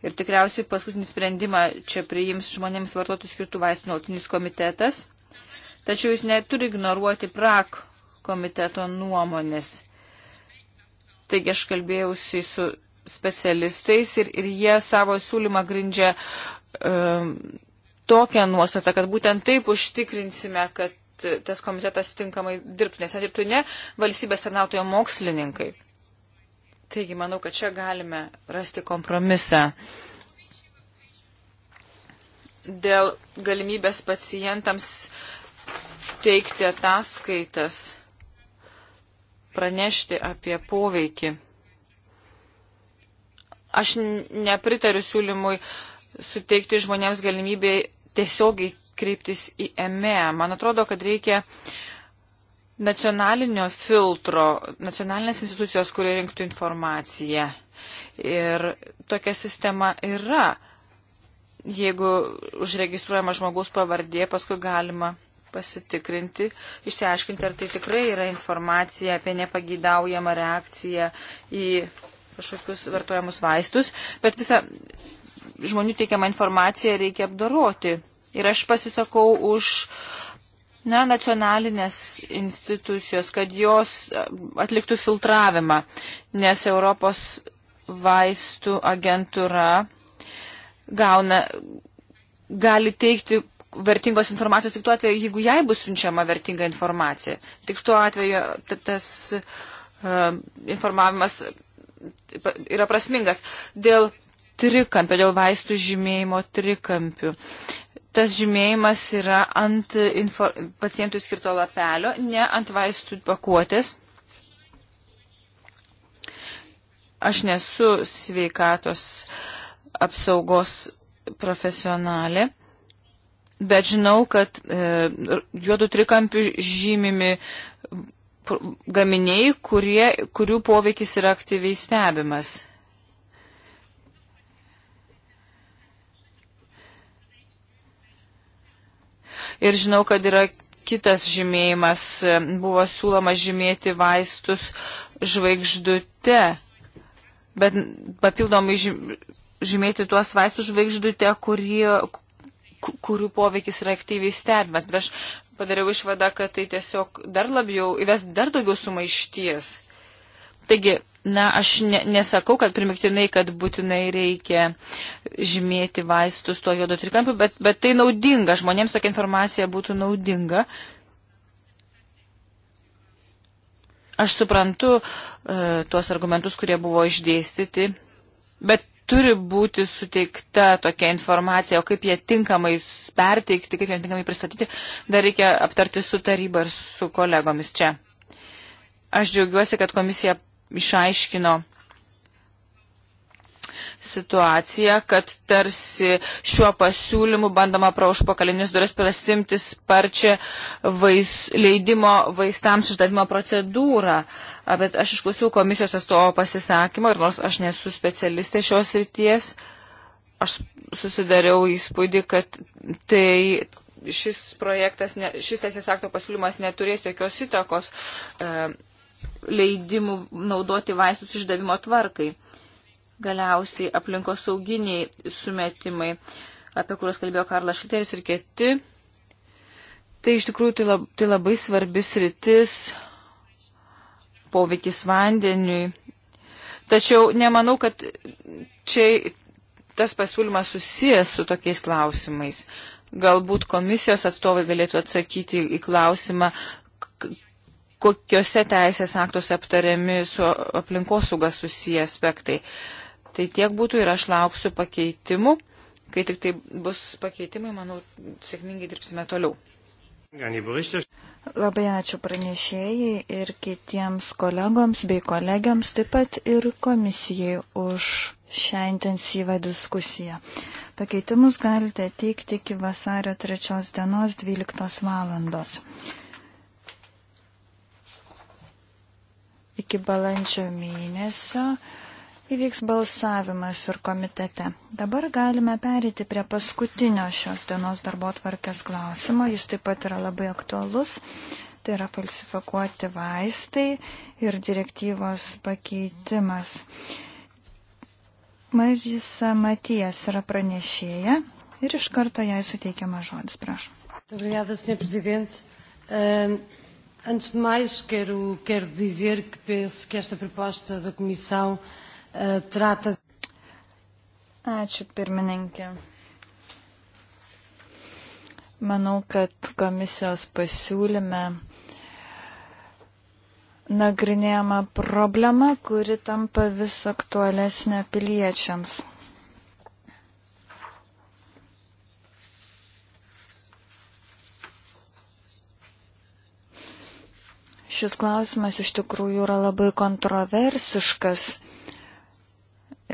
Ir tikriausiai paskutinį sprendimą čia priims žmonėms vartotų skirtų vaistų nuolatinis komitetas. Tačiau jis neturi ignoruoti prak komiteto nuomonės. Taigi aš kalbėjausi su specialistais ir, ir jie savo siūlymą grindžia um, tokią nuostatą, kad būtent taip užtikrinsime, kad tas komitetas tinkamai dirbtų, nes nedirbtų ne valstybės tarnautojo mokslininkai. Taigi, manau, kad čia galime rasti kompromisą dėl galimybės pacientams teikti ataskaitas, pranešti apie poveikį. Aš nepritariu siūlymui suteikti žmonėms galimybę tiesiogiai kreiptis į EME. Man atrodo, kad reikia uh, nacionalinio filtro, nacionalinės institucijos, kurie rinktų informaciją. Ir tokia sistema yra. Jeigu užregistruojama žmogus pavardė, paskui galima pasitikrinti, išsiaiškinti, ar tai tikrai yra informacija apie nepageidaujamą reakciją į kažkokius vartojamus vaistus, bet visą žmonių teikiamą informaciją reikia apdoroti. Ir aš pasisakau už uh, na, nacionalinės institucijos, kad jos atliktų filtravimą, nes Europos vaistų agentūra gauna, gali teikti vertingos informacijos tik tuo atveju, jeigu jai bus siunčiama vertinga informacija. Tik tuo atveju tas uh, informavimas yra prasmingas. Dėl trikampio, dėl vaistų žymėjimo trikampių tas žymėjimas yra ant info, pacientui skirto lapelio, ne ant vaistų pakuotės. Aš nesu sveikatos apsaugos profesionalė, bet žinau, kad e, juodų trikampių žymimi gaminiai, kurie, kurių poveikis yra aktyviai stebimas. ir žinau, kad yra kitas žymėjimas, e, buvo siūloma žymėti vaistus žvaigždute, bet papildomai žymėti tuos vaistus žvaigždute, kurie, kurių poveikis yra aktyviai stebimas. Bet aš padariau išvadą, kad tai tiesiog dar labiau įves dar daugiau sumaišties. Taigi, na, aš ne, nesakau, kad primiktinai, kad būtinai reikia žymėti vaistus tuo juodu trikampiu, bet, bet tai naudinga, žmonėms tokia informacija būtų naudinga. Aš suprantu uh, tuos argumentus, kurie buvo išdėstyti, bet turi būti suteikta tokia informacija, o kaip jie tinkamai perteikti, kaip jie tinkamai pristatyti, dar reikia aptarti su taryba ir su kolegomis čia. Aš džiaugiuosi, kad komisija išaiškino situaciją, kad tarsi šiuo pasiūlymu bandoma pro užpakalinius duris prastimti sparčią vais, leidimo vaistams išdavimo procedūrą. Bet aš išklausiau komisijos atstovo pasisakymo ir nors aš nesu specialistė šios ryties, aš susidariau įspūdį, kad tai. Šis projektas, ne, šis teisės akto pasiūlymas neturės jokios įtakos e, leidimų naudoti vaistus išdavimo tvarkai. Galiausiai aplinkos sauginiai sumetimai, apie kuriuos kalbėjo Karlas Šiteris ir kiti. Tai iš tikrųjų tai, lab, tai labai svarbis rytis, poveikis vandeniui. Tačiau nemanau, kad čia tas pasiūlymas susijęs su tokiais klausimais. Galbūt komisijos atstovai galėtų atsakyti į klausimą, kokiuose teisės aktuose aptariami su aplinkosaugas susiję aspektai. Tai tiek būtų ir aš lauksiu pakeitimų. Kai tik tai bus pakeitimai, manau, sėkmingai dirbsime toliau. Labai ačiū pranešėjai ir kitiems kolegoms bei kolegiams, taip pat ir komisijai už šią intensyvą diskusiją. Pakeitimus galite teikti iki vasario 3 dienos 12 valandos. iki balandžio mėnesio įvyks balsavimas ir komitete. Dabar galime perėti prie paskutinio šios dienos darbo tvarkės klausimo. Jis taip pat yra labai aktualus. Tai yra falsifikuoti vaistai ir direktyvos pakeitimas. Marisa Matijas yra pranešėja ir iš karto jai suteikiama žodis, prašau. Obrigada, senhor Presidente. Uh, Antes de mais, quero, quero dizer que penso que esta proposta da Comissão uh, trata. Ačiū pirmininkė. Manau, kad komisijos pasiūlyme nagrinėjama problema, kuri tampa vis aktualesnė piliečiams. Šis klausimas iš tikrųjų yra labai kontroversiškas.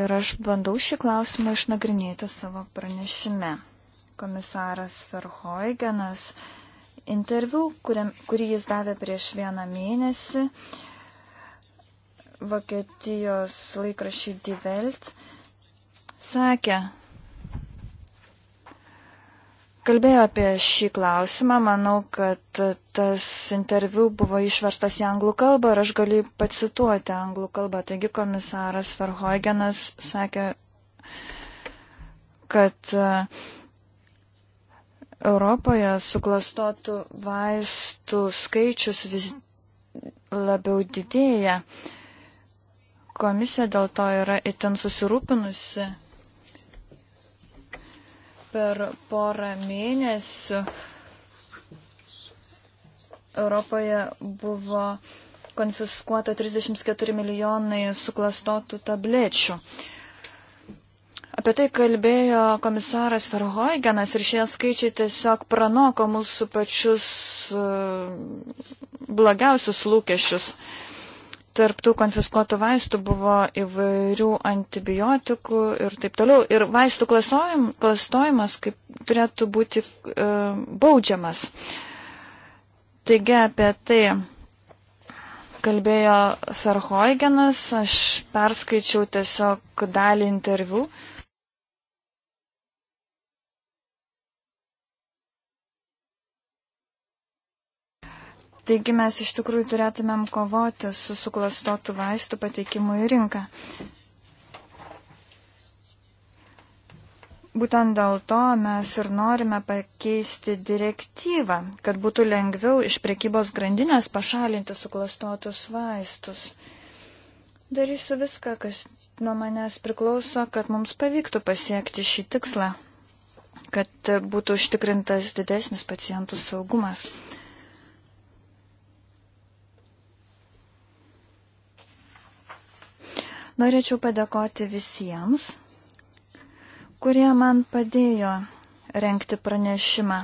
Ir aš bandau šį klausimą išnagrinėti savo pranešime. Komisaras Verhoigenas interviu, kuriam, kurį jis davė prieš vieną mėnesį Vokietijos laikrašį Die Welt, sakė, kalbėjo apie šį klausimą. Manau, kad tas interviu buvo išverstas į anglų kalbą ir aš galiu pacituoti anglų kalbą. Taigi komisaras Verhoigenas sakė, kad e, Europoje suklastotų vaistų skaičius vis labiau didėja. Komisija dėl to yra itin susirūpinusi per porą mėnesių Europoje buvo konfiskuota 34 milijonai suklastotų tablečių. Apie tai kalbėjo komisaras Verhoigenas ir šie skaičiai tiesiog pranoko mūsų pačius e, blogiausius lūkesčius. Uh, tarptų konfiskuotų vaistų buvo įvairių antibiotikų ir taip toliau. Ir vaistų klastojimas kaip turėtų būti e, baudžiamas. Taigi apie tai kalbėjo Ferhoigenas, aš perskaičiau tiesiog dalį interviu. E, Taigi mes iš tikrųjų turėtumėm kovoti su suklastotų vaistų pateikimu į rinką. Būtent dėl to mes ir norime pakeisti direktyvą, kad būtų lengviau iš prekybos grandinės pašalinti suklastotus vaistus. Darysiu viską, kas nuo manęs priklauso, kad mums pavyktų pasiekti šį tikslą, kad būtų užtikrintas didesnis pacientų saugumas. Norėčiau padėkoti visiems, kurie man padėjo renkti pranešimą.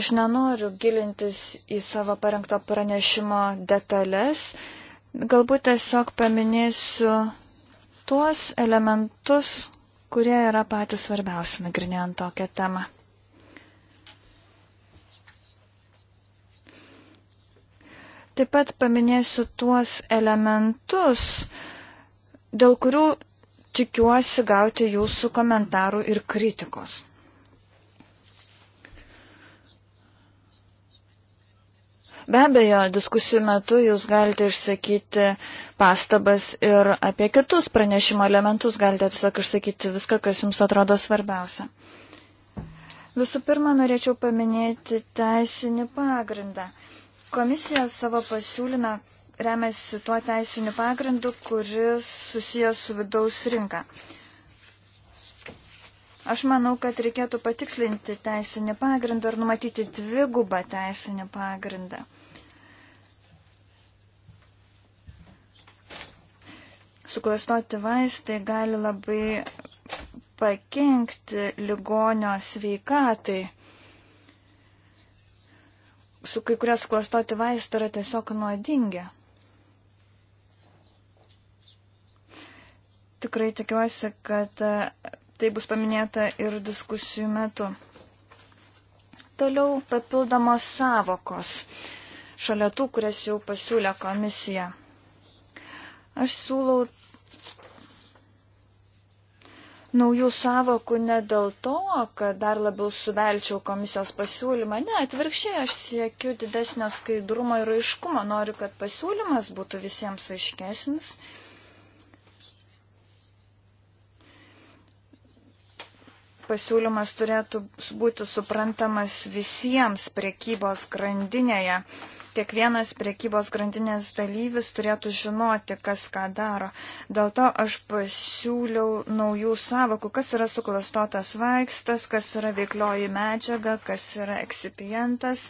Aš nenoriu gilintis į savo parengto pranešimo detalės, galbūt tiesiog paminėsiu tuos elementus, kurie yra patys svarbiausi nagrinėjant tokią temą. taip pat paminėsiu tuos elementus, dėl kurių tikiuosi gauti jūsų komentarų ir kritikos. Be abejo, diskusijų metu jūs galite išsakyti pastabas ir apie kitus pranešimo elementus, galite tiesiog išsakyti viską, kas jums atrodo svarbiausia. Visų pirma, norėčiau paminėti teisinį pagrindą. Komisija savo pasiūlymę remiasi tuo teisiniu pagrindu, kuris susijęs su vidaus rinka. Aš manau, kad reikėtų patikslinti teisinį pagrindą ir numatyti dvigubą teisinį pagrindą. Suklastoti vaistai gali labai pakenkti ligonio sveikatai su kai kurie suklastoti vaistai yra tiesiog nuodingi. Tikrai tikiuosi, kad e, tai bus paminėta ir diskusijų metu. Toliau papildomos savokos šalia tų, kurias jau pasiūlė komisija. Aš siūlau naujų savokų ne dėl to, kad dar labiau suvelčiau komisijos pasiūlymą. Ne, atvirkščiai aš siekiu didesnio skaidrumo ir aiškumo. Noriu, kad pasiūlymas būtų visiems aiškesnis. Pasiūlymas turėtų būti suprantamas visiems priekybos grandinėje kiekvienas priekybos grandinės dalyvis turėtų žinoti, kas ką daro. Dėl to aš pasiūliau naujų savokų, kas yra suklastotas vaikstas, kas yra veiklioji medžiaga, kas yra eksipientas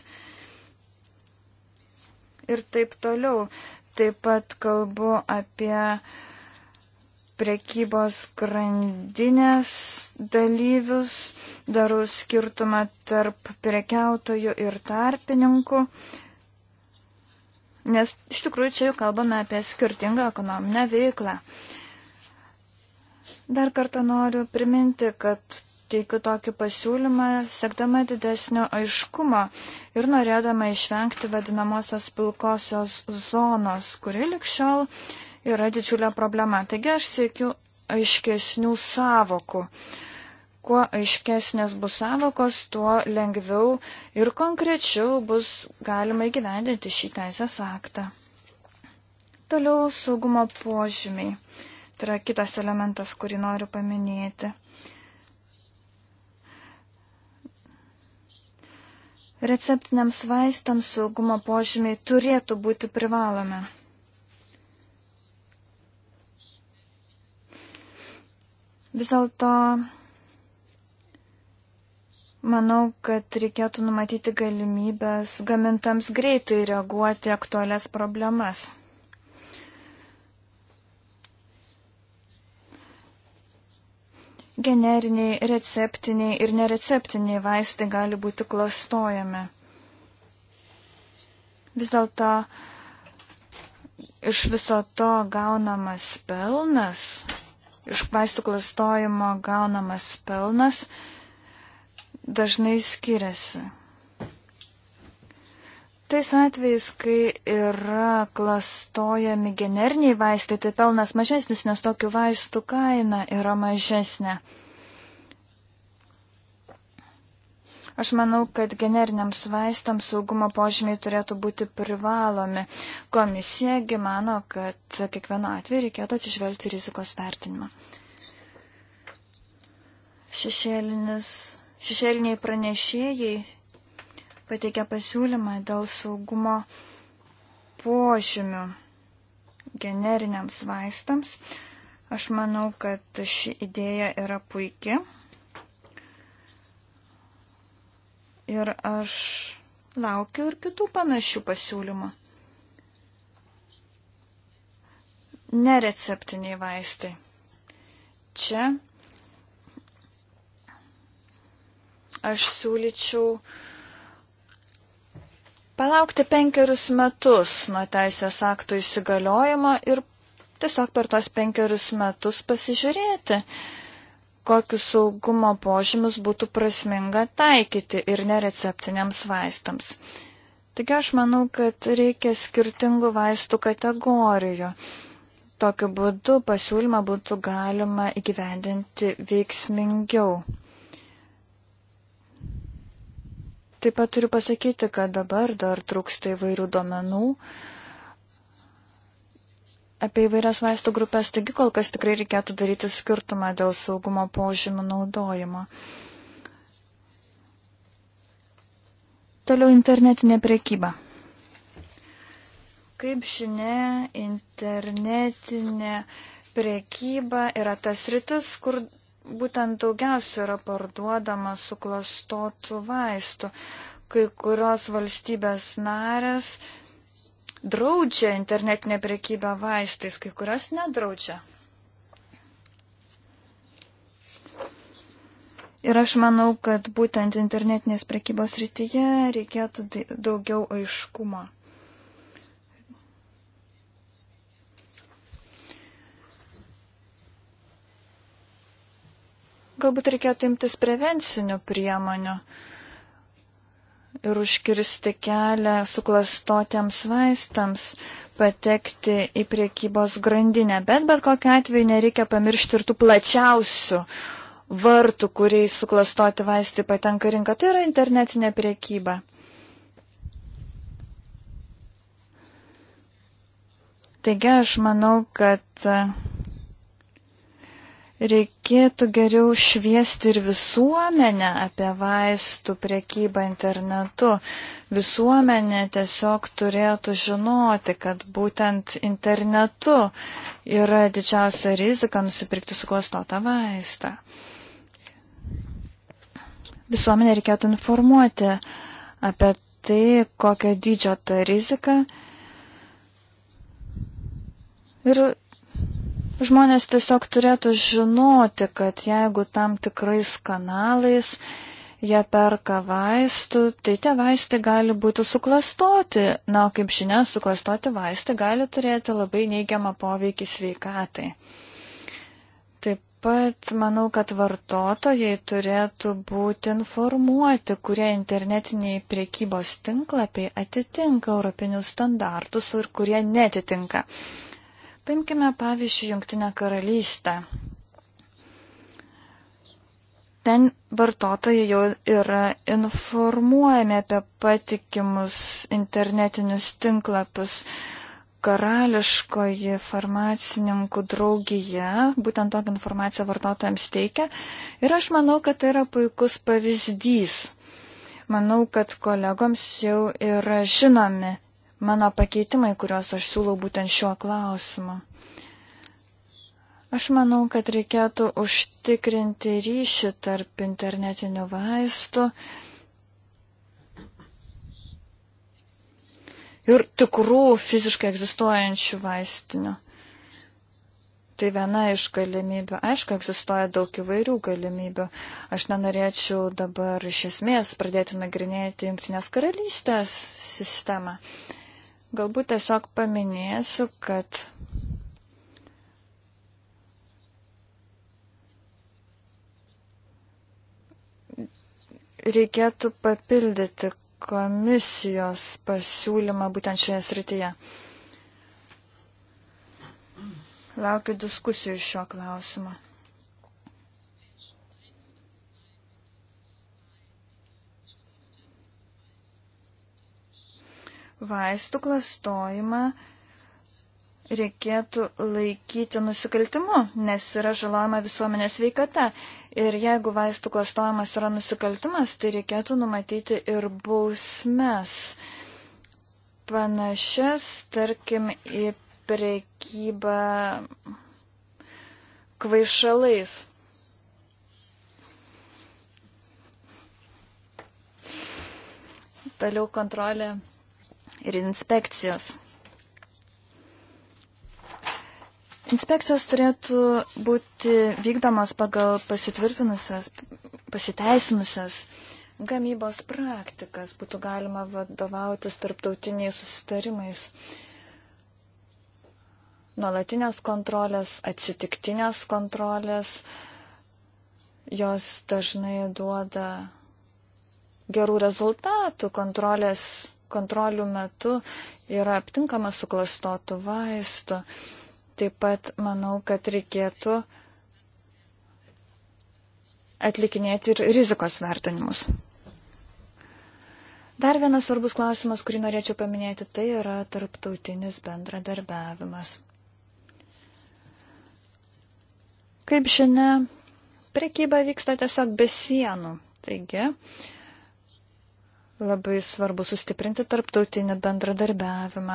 ir taip toliau. Taip pat kalbu apie prekybos grandinės dalyvius, darau skirtumą tarp prekiautojų ir tarpininkų. Nes iš tikrųjų čia jau kalbame apie skirtingą ekonominę veiklą. Dar kartą noriu priminti, kad teikiu tokį pasiūlymą, sekdama didesnio aiškumo ir norėdama išvengti vadinamosios pilkosios zonos, kuri likščiol yra didžiulė problema. Taigi aš siekiu aiškesnių savokų. Uh, Kuo aiškesnės bus savokos, tuo lengviau ir konkrečiau bus galima įgyvendinti šį teisės aktą. Toliau saugumo požymiai. Tai yra kitas elementas, kurį noriu paminėti. Receptiniams vaistams saugumo požymiai turėtų būti privalomi. Vis dėlto Manau, kad reikėtų numatyti galimybės gamintams greitai reaguoti aktualias problemas. Generiniai, receptiniai ir nereceptiniai vaistai gali būti klastojami. Vis dėlto iš viso to gaunamas pelnas, iš vaistų klastojimo gaunamas pelnas dažnai skiriasi. Tais atvejais, kai yra klastojami generiniai vaistai, tai pelnas mažesnis, nes tokių vaistų kaina yra mažesnė. Aš manau, kad generiniams vaistams saugumo požymiai turėtų būti privalomi. Komisijagi mano, kad kiekvieno atveju reikėtų atsižvelgti rizikos vertinimą. Šešėlinis šešėliniai pranešėjai pateikė pasiūlymą dėl saugumo požymių generiniams vaistams. Aš manau, kad ši idėja yra puikia. Ir aš laukiu ir kitų panašių pasiūlymų. Nereceptiniai vaistai. Čia aš siūlyčiau palaukti penkerius metus nuo teisės akto įsigaliojimo ir tiesiog per tos penkerius metus pasižiūrėti, kokius saugumo požymius būtų prasminga taikyti ir nereceptiniams vaistams. Taigi aš manau, kad reikia skirtingų vaistų kategorijų. Tokiu būdu pasiūlymą būtų galima įgyvendinti veiksmingiau. Taip pat turiu pasakyti, kad dabar dar trūksta įvairių duomenų apie įvairias vaistų grupės, taigi kol kas tikrai reikėtų daryti skirtumą dėl saugumo požymių naudojimo. Toliau internetinė priekyba. Kaip žinia, internetinė priekyba yra tas rytis, kur būtent daugiausia yra parduodama suklastotų vaistų. Kai kurios valstybės narės draudžia internetinę priekybę vaistais, kai kurios nedraudžia. Ir aš manau, kad būtent internetinės prekybos rytyje reikėtų daugiau aiškumo. Galbūt reikėtų imtis prevencinių priemonių ir užkirsti kelią suklastotiems vaistams patekti į priekybos grandinę. Bet bet kokiu atveju nereikia pamiršti ir tų plačiausių vartų, kuriais suklastoti vaistai patenka rinka. Tai yra internetinė priekyba. Taigi aš manau, kad Reikėtų geriau šviesti ir visuomenę apie vaistų priekybą internetu. Visuomenė tiesiog turėtų žinoti, kad būtent internetu yra didžiausia rizika nusipirkti suklastotą vaistą. Visuomenė reikėtų informuoti apie tai, kokio dydžio ta rizika. Ir Žmonės tiesiog turėtų žinoti, kad jeigu tam tikrais kanalais jie perka vaistų, tai tie vaistai gali būti suklastoti. Na, o kaip žinia, suklastoti vaistai gali turėti labai neigiamą poveikį sveikatai. Taip pat manau, kad vartotojai turėtų būti informuoti, kurie internetiniai priekybos tinklapiai atitinka europinius standartus ir kurie netitinka. Paimkime pavyzdžiui Junktinę karalystę. Ten vartotojai jau yra informuojami apie patikimus internetinius tinklapius. Karališkoji farmacininkų draugija būtent tokią informaciją vartotojams teikia. Ir aš manau, kad tai yra puikus pavyzdys. Manau, kad kolegoms jau yra žinomi mano pakeitimai, kuriuos aš siūlau būtent šiuo klausimu. Aš manau, kad reikėtų užtikrinti ryšį tarp internetinių vaistų ir tikrų fiziškai egzistuojančių vaistinių. Tai viena iš galimybių. Aišku, egzistuoja daug įvairių galimybių. Aš nenorėčiau dabar iš esmės pradėti nagrinėti Junktinės karalystės sistemą. Uh, Galbūt tiesiog paminėsiu, kad reikėtų papildyti komisijos pasiūlymą būtent šioje srityje. Laukiu diskusijų šio klausimo. vaistų klastojimą reikėtų laikyti nusikaltimu, nes yra žalojama visuomenės veikata. Ir jeigu vaistų klastojimas yra nusikaltimas, tai reikėtų numatyti ir bausmes panašias, tarkim, į prekybą kvaišalais. Toliau kontrolė ir inspekcijas. Inspekcijos turėtų būti vykdomas pagal pasitvirtinusias, pasiteisinusias gamybos praktikas, būtų galima vadovautis tarptautiniais susitarimais. Nuolatinės kontrolės, atsitiktinės kontrolės, jos dažnai duoda gerų rezultatų, kontrolės kontrolių metu yra aptinkama suklastotų vaistų. Taip pat manau, kad reikėtų atlikinėti ir rizikos vertinimus. Dar vienas svarbus klausimas, kurį norėčiau paminėti, tai yra tarptautinis bendradarbiavimas. Kaip žinia, prekyba vyksta tiesiog be sienų. Taigi, uh, Labai svarbu sustiprinti tarptautinį bendradarbiavimą.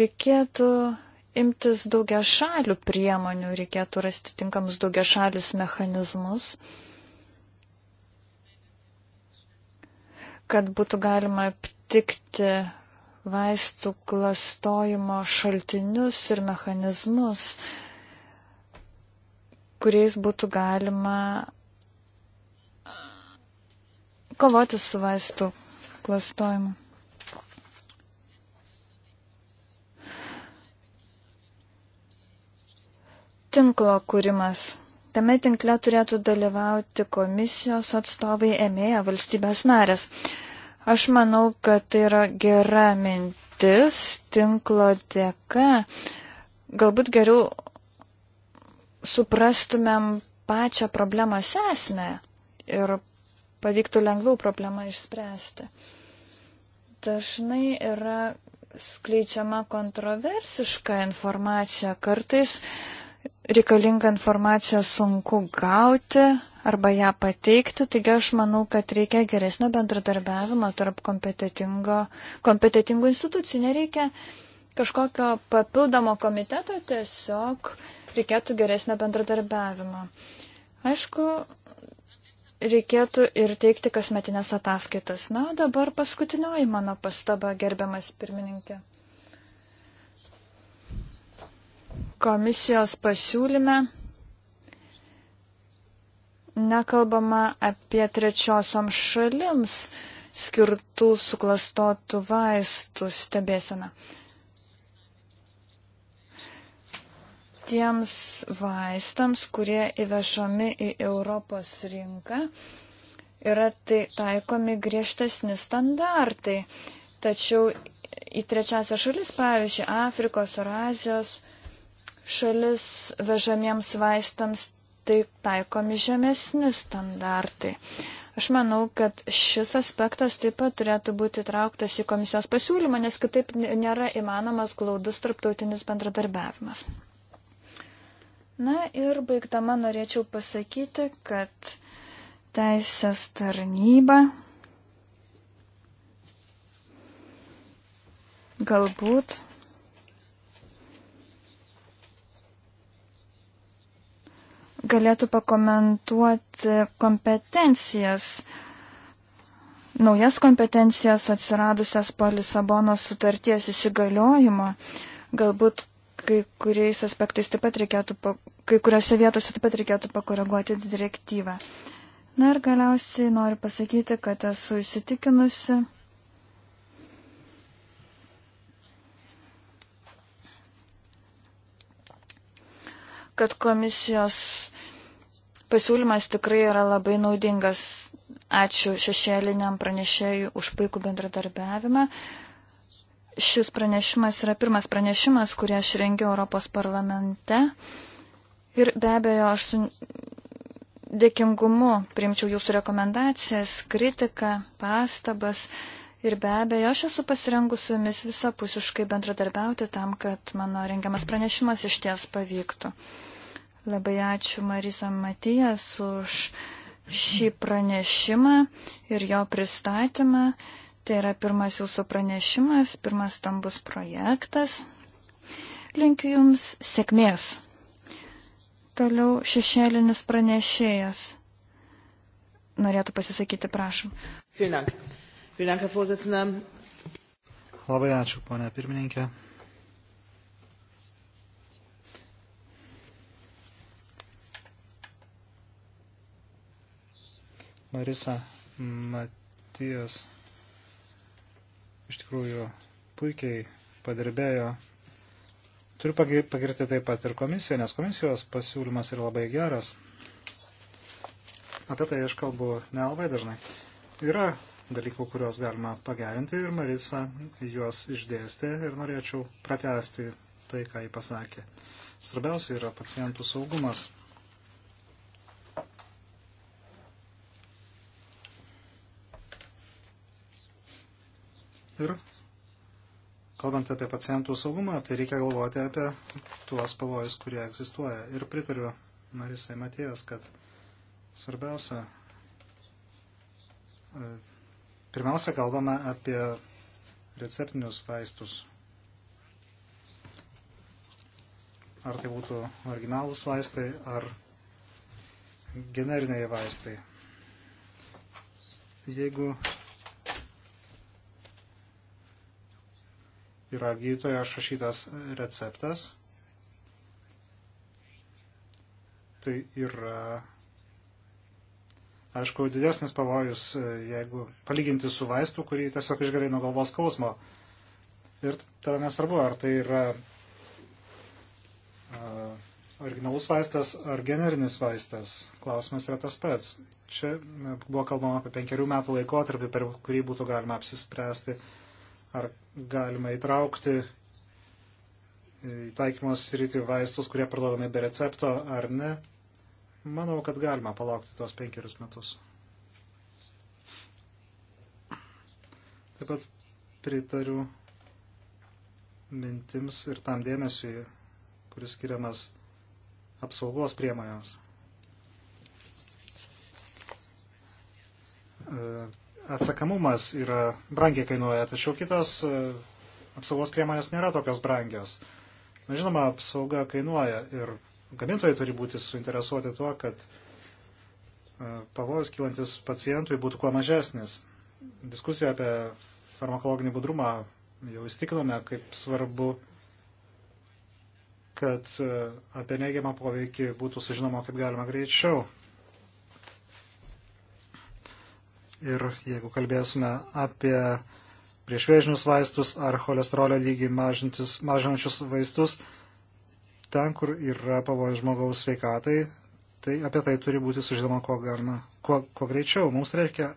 Reikėtų imtis daugia šalių priemonių, reikėtų rasti tinkamus daugia šalius mechanizmus, kad būtų galima aptikti vaistų klastojimo šaltinius ir mechanizmus, kuriais būtų galima kovoti su vaistų klastojimu. Tinklo kūrimas. Tame tinkle turėtų dalyvauti komisijos atstovai emėja valstybės narės. Aš manau, kad tai yra gera mintis tinklo dėka. Galbūt geriau suprastumėm pačią problemos esmę ir pavyktų lengviau problemą išspręsti. Dažnai yra skleidžiama kontroversiška informacija, kartais reikalingą informaciją sunku gauti arba ją pateikti, taigi aš manau, kad reikia geresnio bendradarbiavimo tarp kompetitingų institucijų. Nereikia kažkokio papildomo komiteto, tiesiog reikėtų geresnio bendradarbiavimo. Aišku, reikėtų ir teikti kasmetinės ataskaitas. Na, dabar paskutinioji mano pastaba, gerbiamas pirmininkė. Komisijos pasiūlyme nekalbama apie trečiosiom šalims skirtų suklastotų vaistų stebėseną. tiems vaistams, kurie įvešami į Europos rinką, yra tai taikomi griežtesni standartai. Tačiau į trečiasią šalis, pavyzdžiui, Afrikos ar Azijos šalis vežamiems vaistams tai taikomi žemesni standartai. Aš manau, kad šis aspektas taip pat turėtų būti trauktas į komisijos pasiūlymą, nes kitaip nėra įmanomas glaudus tarptautinis bendradarbiavimas. Na ir baigdama norėčiau pasakyti, kad teisės tarnyba galbūt galėtų pakomentuoti kompetencijas, naujas kompetencijas atsiradusias po Lisabonos sutarties įsigaliojimo. Galbūt kai kuriais aspektais taip pat reikėtų, kai kuriuose vietose taip pat reikėtų pakoreguoti direktyvą. Na ir galiausiai noriu pasakyti, kad esu įsitikinusi, kad komisijos pasiūlymas tikrai yra labai naudingas. Ačiū šešėliniam pranešėjui už puikų bendradarbiavimą. Šis pranešimas yra pirmas pranešimas, kurį aš rengiu Europos parlamente. Ir be abejo, aš su dėkingumu priimčiau jūsų rekomendacijas, kritiką, pastabas. Ir be abejo, aš esu pasirengusi su jumis visapusiškai bendradarbiauti tam, kad mano rengiamas pranešimas iš ties pavyktų. Labai ačiū Marisa Matijas už šį pranešimą ir jo pristatymą. Tai yra pirmas jūsų pranešimas, pirmas stambus projektas. Linkiu Jums sėkmės. Toliau šešėlinis pranešėjas. Norėtų pasisakyti, prašom. Vielen Dank. Vielen Dank, Herr Vorsitzender. Labai ačiū, ponia pirmininkė. Marisa Matijos iš tikrųjų puikiai padirbėjo. Turiu pagirti taip pat ir komisiją, nes komisijos pasiūlymas yra labai geras. Apie tai aš kalbu nelabai dažnai. Yra dalykų, kuriuos galima pagerinti ir Marisa juos išdėstė ir norėčiau pratesti tai, ką jį pasakė. Svarbiausia yra pacientų saugumas. Ir kalbant apie pacientų saugumą, tai reikia galvoti apie tuos pavojus, kurie egzistuoja. Ir pritariu Marisai Matijas, kad svarbiausia, e, pirmiausia, kalbame apie receptinius vaistus. Ar tai būtų originalūs vaistai, ar generiniai vaistai. Jeigu yra gydytojo šašytas receptas. Tai yra, aišku, didesnis pavojus, jeigu palyginti su vaistu, kurį tiesiog išgerai nuo galvos skausmo. Ir tada nesvarbu, ar tai yra originalus vaistas ar generinis vaistas. Klausimas yra tas pats. Čia buvo kalbama apie penkerių metų laikotarpį, per kurį būtų galima apsispręsti, uh, ar galima įtraukti į taikymos sritį vaistus, kurie parduodami be recepto ar ne. Manau, kad galima palaukti tos penkerius metus. Taip pat pritariu mintims ir tam dėmesiui, kuris skiriamas apsaugos priemonėms. E, atsakamumas yra brangiai kainuoja, tačiau kitos e, apsaugos priemonės nėra tokios brangios. Na, žinoma, apsauga kainuoja ir gamintojai turi būti suinteresuoti tuo, kad e, pavojus kylantis pacientui būtų kuo mažesnis. Diskusija apie farmakologinį budrumą jau įstikinome, kaip svarbu, kad e, apie neigiamą poveikį būtų sužinoma kaip galima greičiau. ir jeigu kalbėsime apie priešvėžinius vaistus ar cholesterolio lygį mažinančius vaistus, ten, kur yra pavojus žmogaus sveikatai, tai apie tai turi būti sužinoma, ko galima, kuo, kuo greičiau. Mums reikia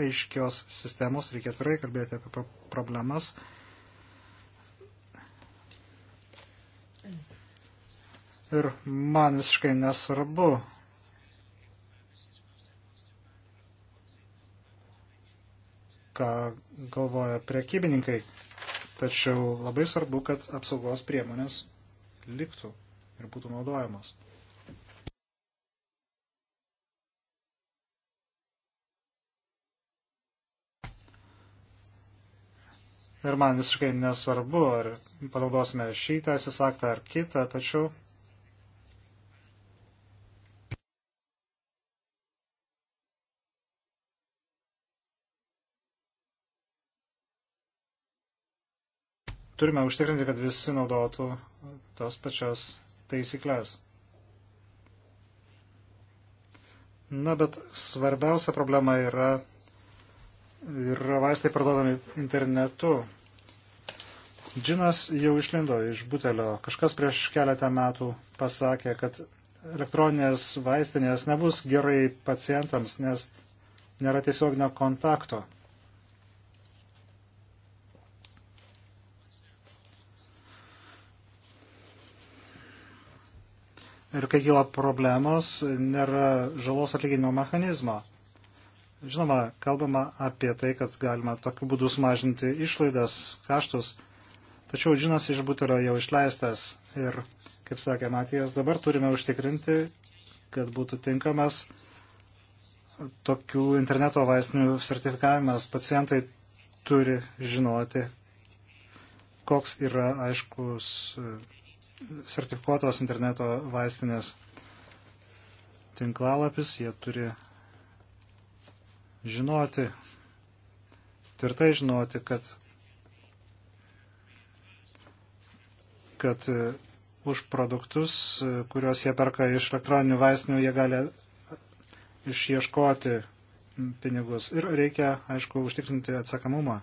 aiškios sistemos, reikia atvirai kalbėti apie problemas. Ir man visiškai nesvarbu, ką galvoja prekybininkai. Tačiau labai svarbu, kad apsaugos priemonės liktų ir būtų naudojamos. Ir man visiškai nesvarbu, ar panaudosime šį teisės aktą ar kitą, tačiau turime užtikrinti, kad visi naudotų tas pačias taisyklės. Na, bet svarbiausia problema yra, yra vaistai parduodami internetu. Džinas jau išlindo iš butelio. Kažkas prieš keletą metų pasakė, kad elektroninės vaistinės nebus gerai pacientams, nes nėra tiesioginio kontakto. ir kai kyla problemos, nėra žalos atlyginimo mechanizmo. Žinoma, kalbama apie tai, kad galima tokiu būdu sumažinti išlaidas, kaštus, tačiau džinas iš butelio jau išleistas ir, kaip sakė Matijas, dabar turime užtikrinti, kad būtų tinkamas tokių interneto vaistinių sertifikavimas. Pacientai turi žinoti, koks yra aiškus sertifikuotos interneto vaistinės tinklalapis, jie turi žinoti, tvirtai žinoti, kad, kad e, už produktus, e, kuriuos jie perka iš elektroninių vaistinių, jie gali išieškoti pinigus. Ir reikia, aišku, užtikrinti atsakamumą.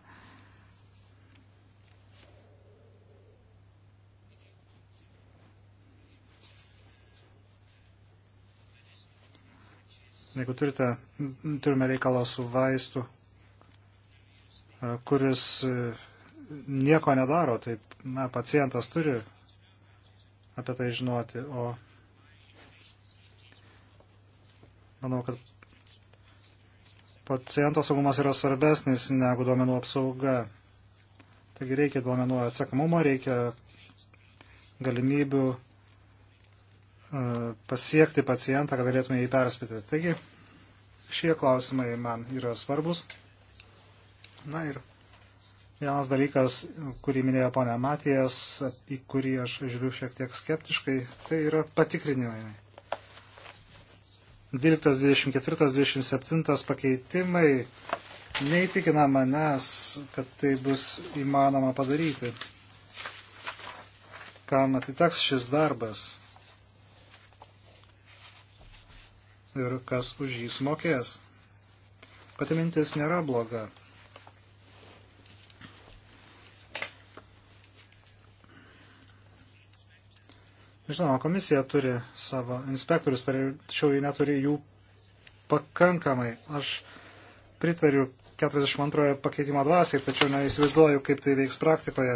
Jeigu turite, turime reikalą su vaistu, e, kuris e, nieko nedaro, tai na, pacientas turi apie tai žinoti, o manau, kad paciento saugumas yra svarbesnis negu duomenų apsauga. Taigi reikia duomenų atsakomumo, reikia galimybių E, pasiekti pacientą, kad galėtume jį perspėti. Taigi, šie klausimai man yra svarbus. Na ir vienas dalykas, kurį minėjo ponia Matijas, į kurį aš žiūriu šiek tiek skeptiškai, tai yra patikrinimai. 12, 24, 27 pakeitimai neįtikina manęs, kad tai bus įmanoma padaryti. Kam atiteks šis darbas? ir kas už jį sumokės. Pati mintis nėra bloga. Žinoma, komisija turi savo inspektorius, tačiau jie neturi jų pakankamai. Aš pritariu 42 pakeitimo dvasiai, tačiau neįsivaizduoju, kaip tai veiks praktikoje.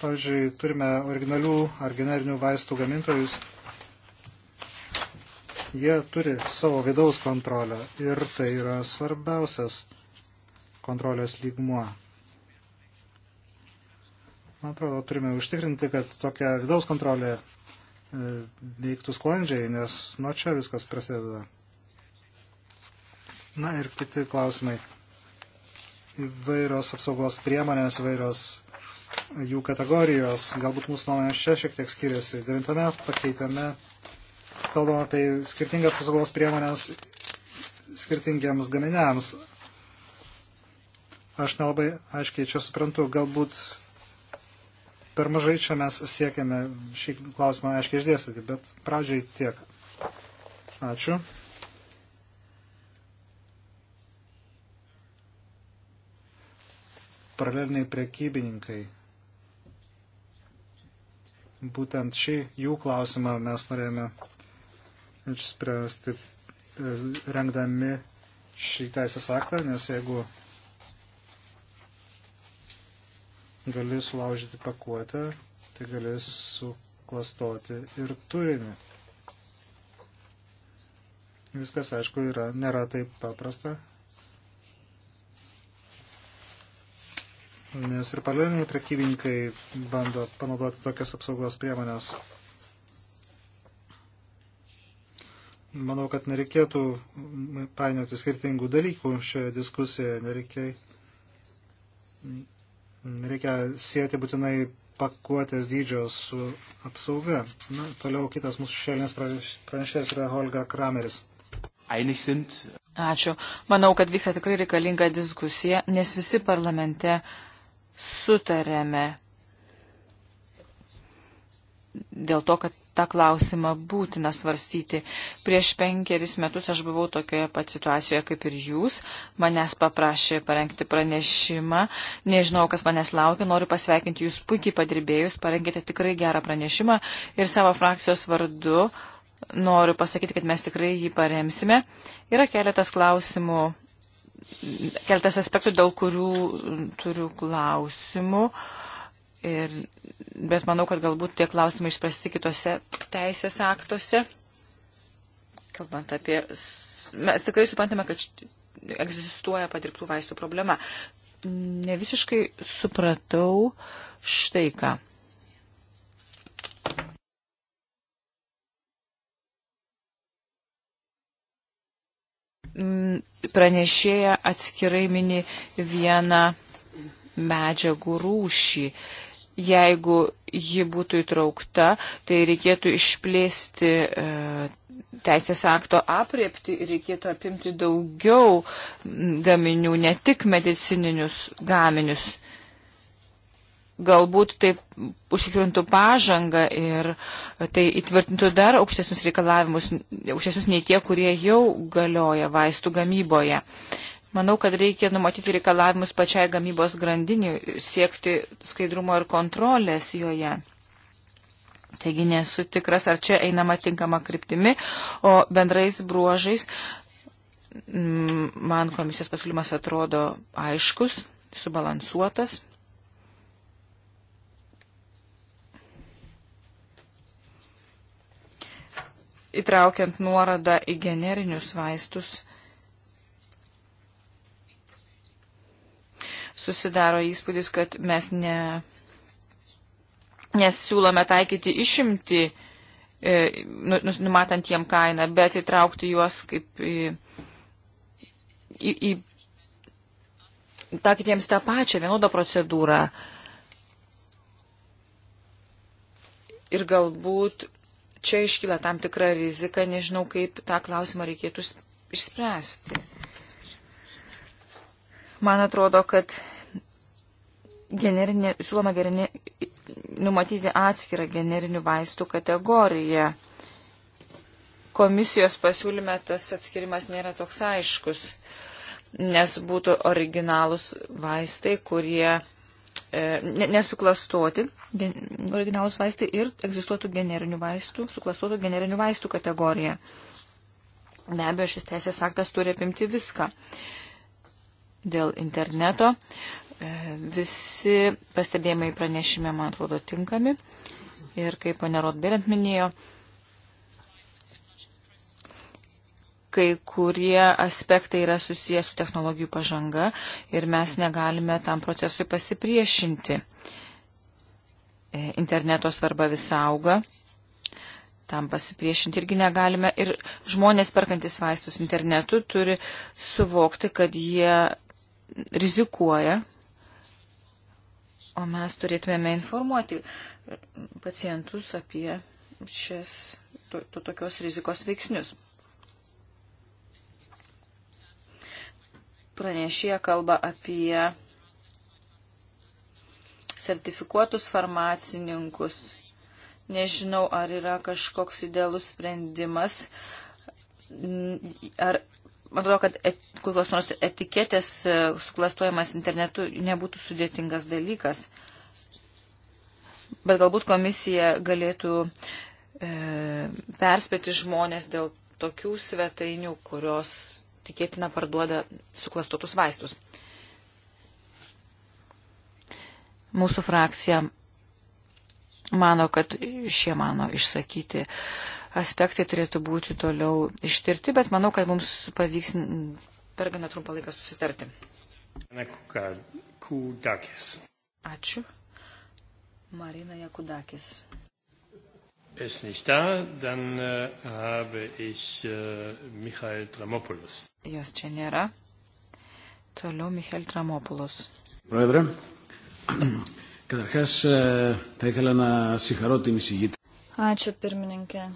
Pavyzdžiui, turime originalių ar generinių vaistų gamintojus, jie turi savo vidaus kontrolę ir tai yra svarbiausias kontrolės lygmuo. Man atrodo, turime užtikrinti, kad tokia vidaus kontrolė e, veiktų sklandžiai, nes nuo čia viskas prasideda. Na ir kiti klausimai. Įvairios apsaugos priemonės, įvairios jų kategorijos, galbūt mūsų nuomonės čia šiek tiek skiriasi. Devintame pakeitame kalbame apie skirtingas apsaugos priemonės skirtingiems gaminiams. Aš nelabai aiškiai čia suprantu, galbūt per mažai čia mes siekiame šį klausimą aiškiai išdėstyti, bet pradžiai tiek. Ačiū. Paraleliniai prekybininkai. Būtent šį jų klausimą mes norėjome išspręsti e, rengdami šį teisės aktą, nes jeigu gali sulaužyti pakuotę, tai gali suklastoti ir turinį. Viskas, aišku, yra, nėra taip paprasta, nes ir paraleliniai prekybininkai bando panaudoti tokias apsaugos priemonės manau, kad nereikėtų painioti skirtingų dalykų šioje diskusijoje. Nereikia, nereikia sieti būtinai pakuotės dydžio su apsauga. Na, toliau kitas mūsų šešėlinis pranešėjas yra Holga Krameris. Ačiū. Manau, kad vyksta tikrai reikalinga diskusija, nes visi parlamente sutarėme dėl to, kad tą klausimą būtina svarstyti. Prieš penkeris metus aš buvau tokioje pat situacijoje kaip ir jūs. Manęs paprašė parengti pranešimą. Nežinau, kas manęs laukia. Noriu pasveikinti jūs puikiai padirbėjus. Parengėte tikrai gerą pranešimą ir savo frakcijos vardu. Noriu pasakyti, kad mes tikrai jį paremsime. Yra keletas klausimų, keletas aspektų, dėl kurių turiu klausimų. Ir bet manau, kad galbūt tie klausimai išspręsti kitose teisės aktuose. Kalbant apie. Mes tikrai suprantame, kad egzistuoja padirbtų vaistų problema. Ne visiškai supratau štai ką. Pranešėja atskirai mini vieną medžiagų rūšį jeigu ji būtų įtraukta, tai reikėtų išplėsti e, teisės akto apriepti ir reikėtų apimti daugiau gaminių, ne tik medicininius gaminius. Galbūt taip užtikrintų pažangą ir tai įtvirtintų dar aukštesnius reikalavimus, aukštesnius nei tie, kurie jau galioja vaistų gamyboje. E, Manau, kad reikia numatyti reikalavimus pačiai gamybos grandiniai, siekti skaidrumo ir kontrolės joje. Taigi nesu tikras, ar čia einama tinkama kryptimi, o bendrais bruožais mm, man komisijos pasiūlymas atrodo aiškus, subalansuotas. Įtraukiant nuorodą į generinius vaistus susidaro įspūdis, kad mes ne, nesiūlome taikyti išimti, e, nu, nu, numatant jiem kainą, bet įtraukti juos kaip į, į, į taikyti jiems tą pačią vienodą procedūrą. Ir galbūt čia iškyla tam tikra rizika, nežinau, kaip tą klausimą reikėtų išspręsti. Man atrodo, kad generinė, siūloma gerinė, numatyti atskirą generinių vaistų kategoriją. Komisijos pasiūlyme tas atskirimas nėra toks aiškus, nes būtų originalūs vaistai, kurie e, nesuklastoti, gen, originalūs vaistai ir egzistuotų generinių vaistų, suklastotų generinių vaistų kategorija. Be abejo, šis teisės aktas turi apimti viską. Dėl interneto E, visi pastebėjimai pranešime, man atrodo, tinkami. Ir kaip ponė Rotberent minėjo, kai kurie aspektai yra susijęs su technologijų pažanga ir mes negalime tam procesui pasipriešinti. E, interneto svarba visą auga, tam pasipriešinti irgi negalime. Ir žmonės perkantis vaistus internetu turi suvokti, kad jie rizikuoja O mes turėtumėme informuoti pacientus apie šias to, to, tokios rizikos veiksnius. Pranešėja kalba apie sertifikuotus farmacininkus. Nežinau, ar yra kažkoks idealus sprendimas, ar atrodo, kad et, kokios nors etiketės e, suklastojimas internetu nebūtų sudėtingas dalykas. Bet galbūt komisija galėtų e, perspėti žmonės dėl tokių svetainių, kurios tikėtina parduoda suklastotus vaistus. Mūsų frakcija mano, kad šie mano išsakyti aspektai turėtų būti toliau ištirti, bet manau, kad mums pavyks per gana trumpą laiką susitarti. Ačiū. Marina Jakudakis. Ist nicht da, dann äh, habe ich äh, Michael Tramopoulos. Jos čia nėra. Toliau Michael Tramopoulos. Πρόεδρε, καταρχάς θα ήθελα να συγχαρώ την εισηγήτρια. Ačiū pirmininkė.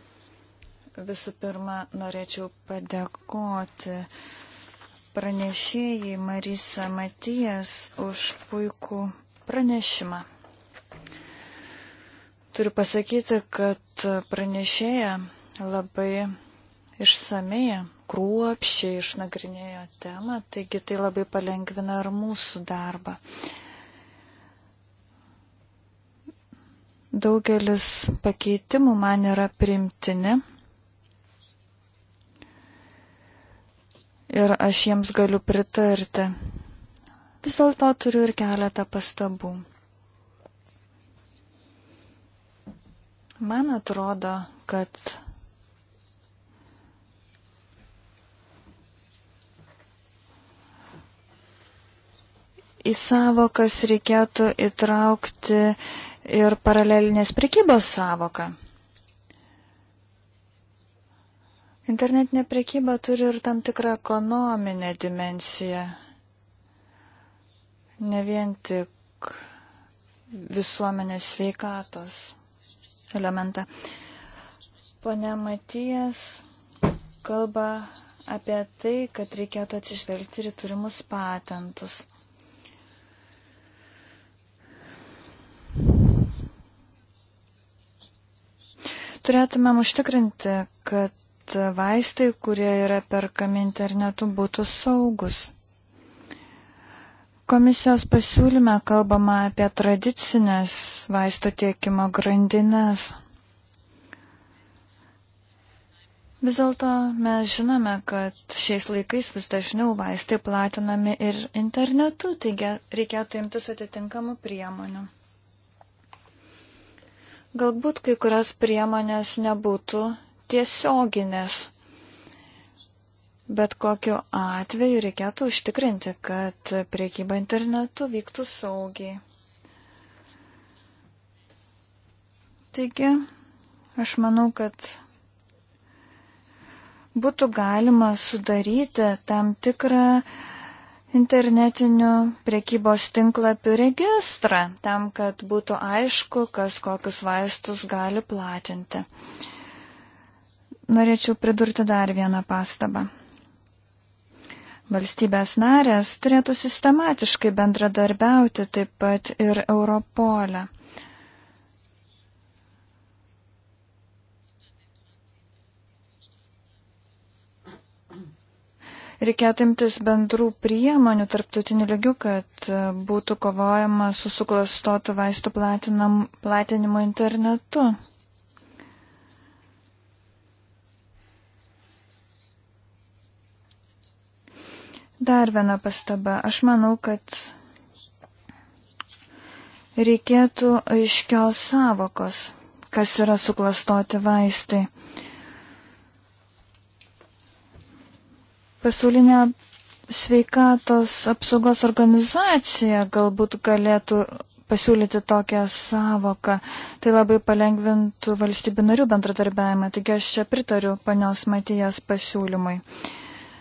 Visų pirma, norėčiau padėkoti pranešėjai Marisa Matijas už puikų pranešimą. Turiu pasakyti, kad pranešėja labai išsamei, kruopščiai išnagrinėjo temą, taigi tai labai palengvina ir mūsų darbą. Daugelis pakeitimų man yra primtini. ir aš jiems galiu pritarti. Vis dėlto turiu ir keletą pastabų. Man atrodo, kad į savokas reikėtų įtraukti ir paralelinės prekybos savoką. Internetinė prekyba turi ir tam tikrą ekonominę dimensiją. Ne vien tik visuomenės sveikatos elementą. Pone Matijas kalba apie tai, kad reikėtų atsižvelgti ir turimus patentus. turėtumėm užtikrinti, kad kad vaistai, kurie yra perkami internetu, būtų saugus. Komisijos pasiūlyme kalbama apie tradicinės vaisto tiekimo grandinės. Vis dėlto mes žinome, kad šiais laikais vis dažniau vaistai platinami ir internetu, taigi reikėtų imtis atitinkamų priemonių. Galbūt kai kurios priemonės nebūtų tiesioginės. Bet kokiu atveju reikėtų užtikrinti, kad priekyba internetu vyktų saugiai. Taigi, aš manau, kad būtų galima sudaryti tam tikrą internetinių priekybos tinklapių registrą, tam, kad būtų aišku, kas kokius vaistus gali platinti norėčiau pridurti dar vieną pastabą. Valstybės narės turėtų sistematiškai bendradarbiauti taip pat ir Europolę. Reikėtų imtis bendrų priemonių tarptautinių lygių, kad būtų kovojama su suklastotų vaistų platinam, platinimu internetu. Dar viena pastaba. Aš manau, kad reikėtų aiškios savokos, kas yra suklastoti vaistai. Pasaulinė sveikatos apsaugos organizacija galbūt galėtų pasiūlyti tokią savoką. Tai labai palengvintų valstybių narių bendradarbiavimą. Taigi aš čia pritariu panios Matijas pasiūlymui. Uh,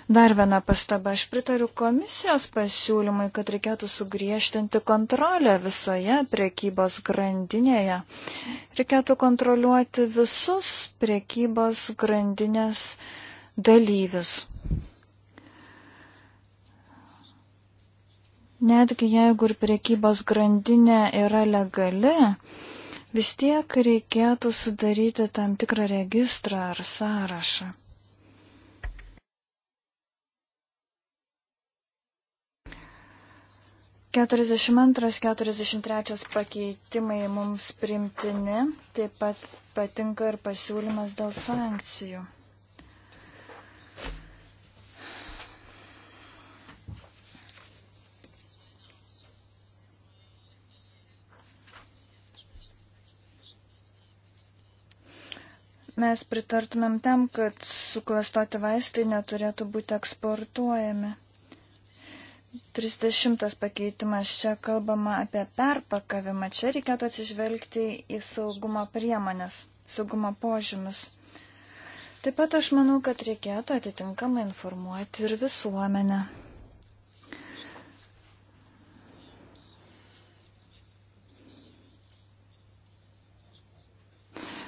Dar viena pastaba. Aš pritariu komisijos pasiūlymui, kad reikėtų sugriežtinti kontrolę visoje priekybos grandinėje. Reikėtų kontroliuoti visus priekybos grandinės dalyvius. Netgi jeigu ir priekybos grandinė yra legali, vis tiek reikėtų sudaryti tam tikrą registrą ar sąrašą. 42-43 pakeitimai mums primtini, taip pat patinka ir pasiūlymas dėl sankcijų. Mes pritartumėm tam, kad suklastoti vaistai neturėtų būti eksportuojami. 30 pakeitimas, čia kalbama apie perpakavimą, čia reikėtų atsižvelgti į saugumo priemonės, saugumo požymius. Taip pat aš manau, kad reikėtų atitinkamai informuoti ir visuomenę.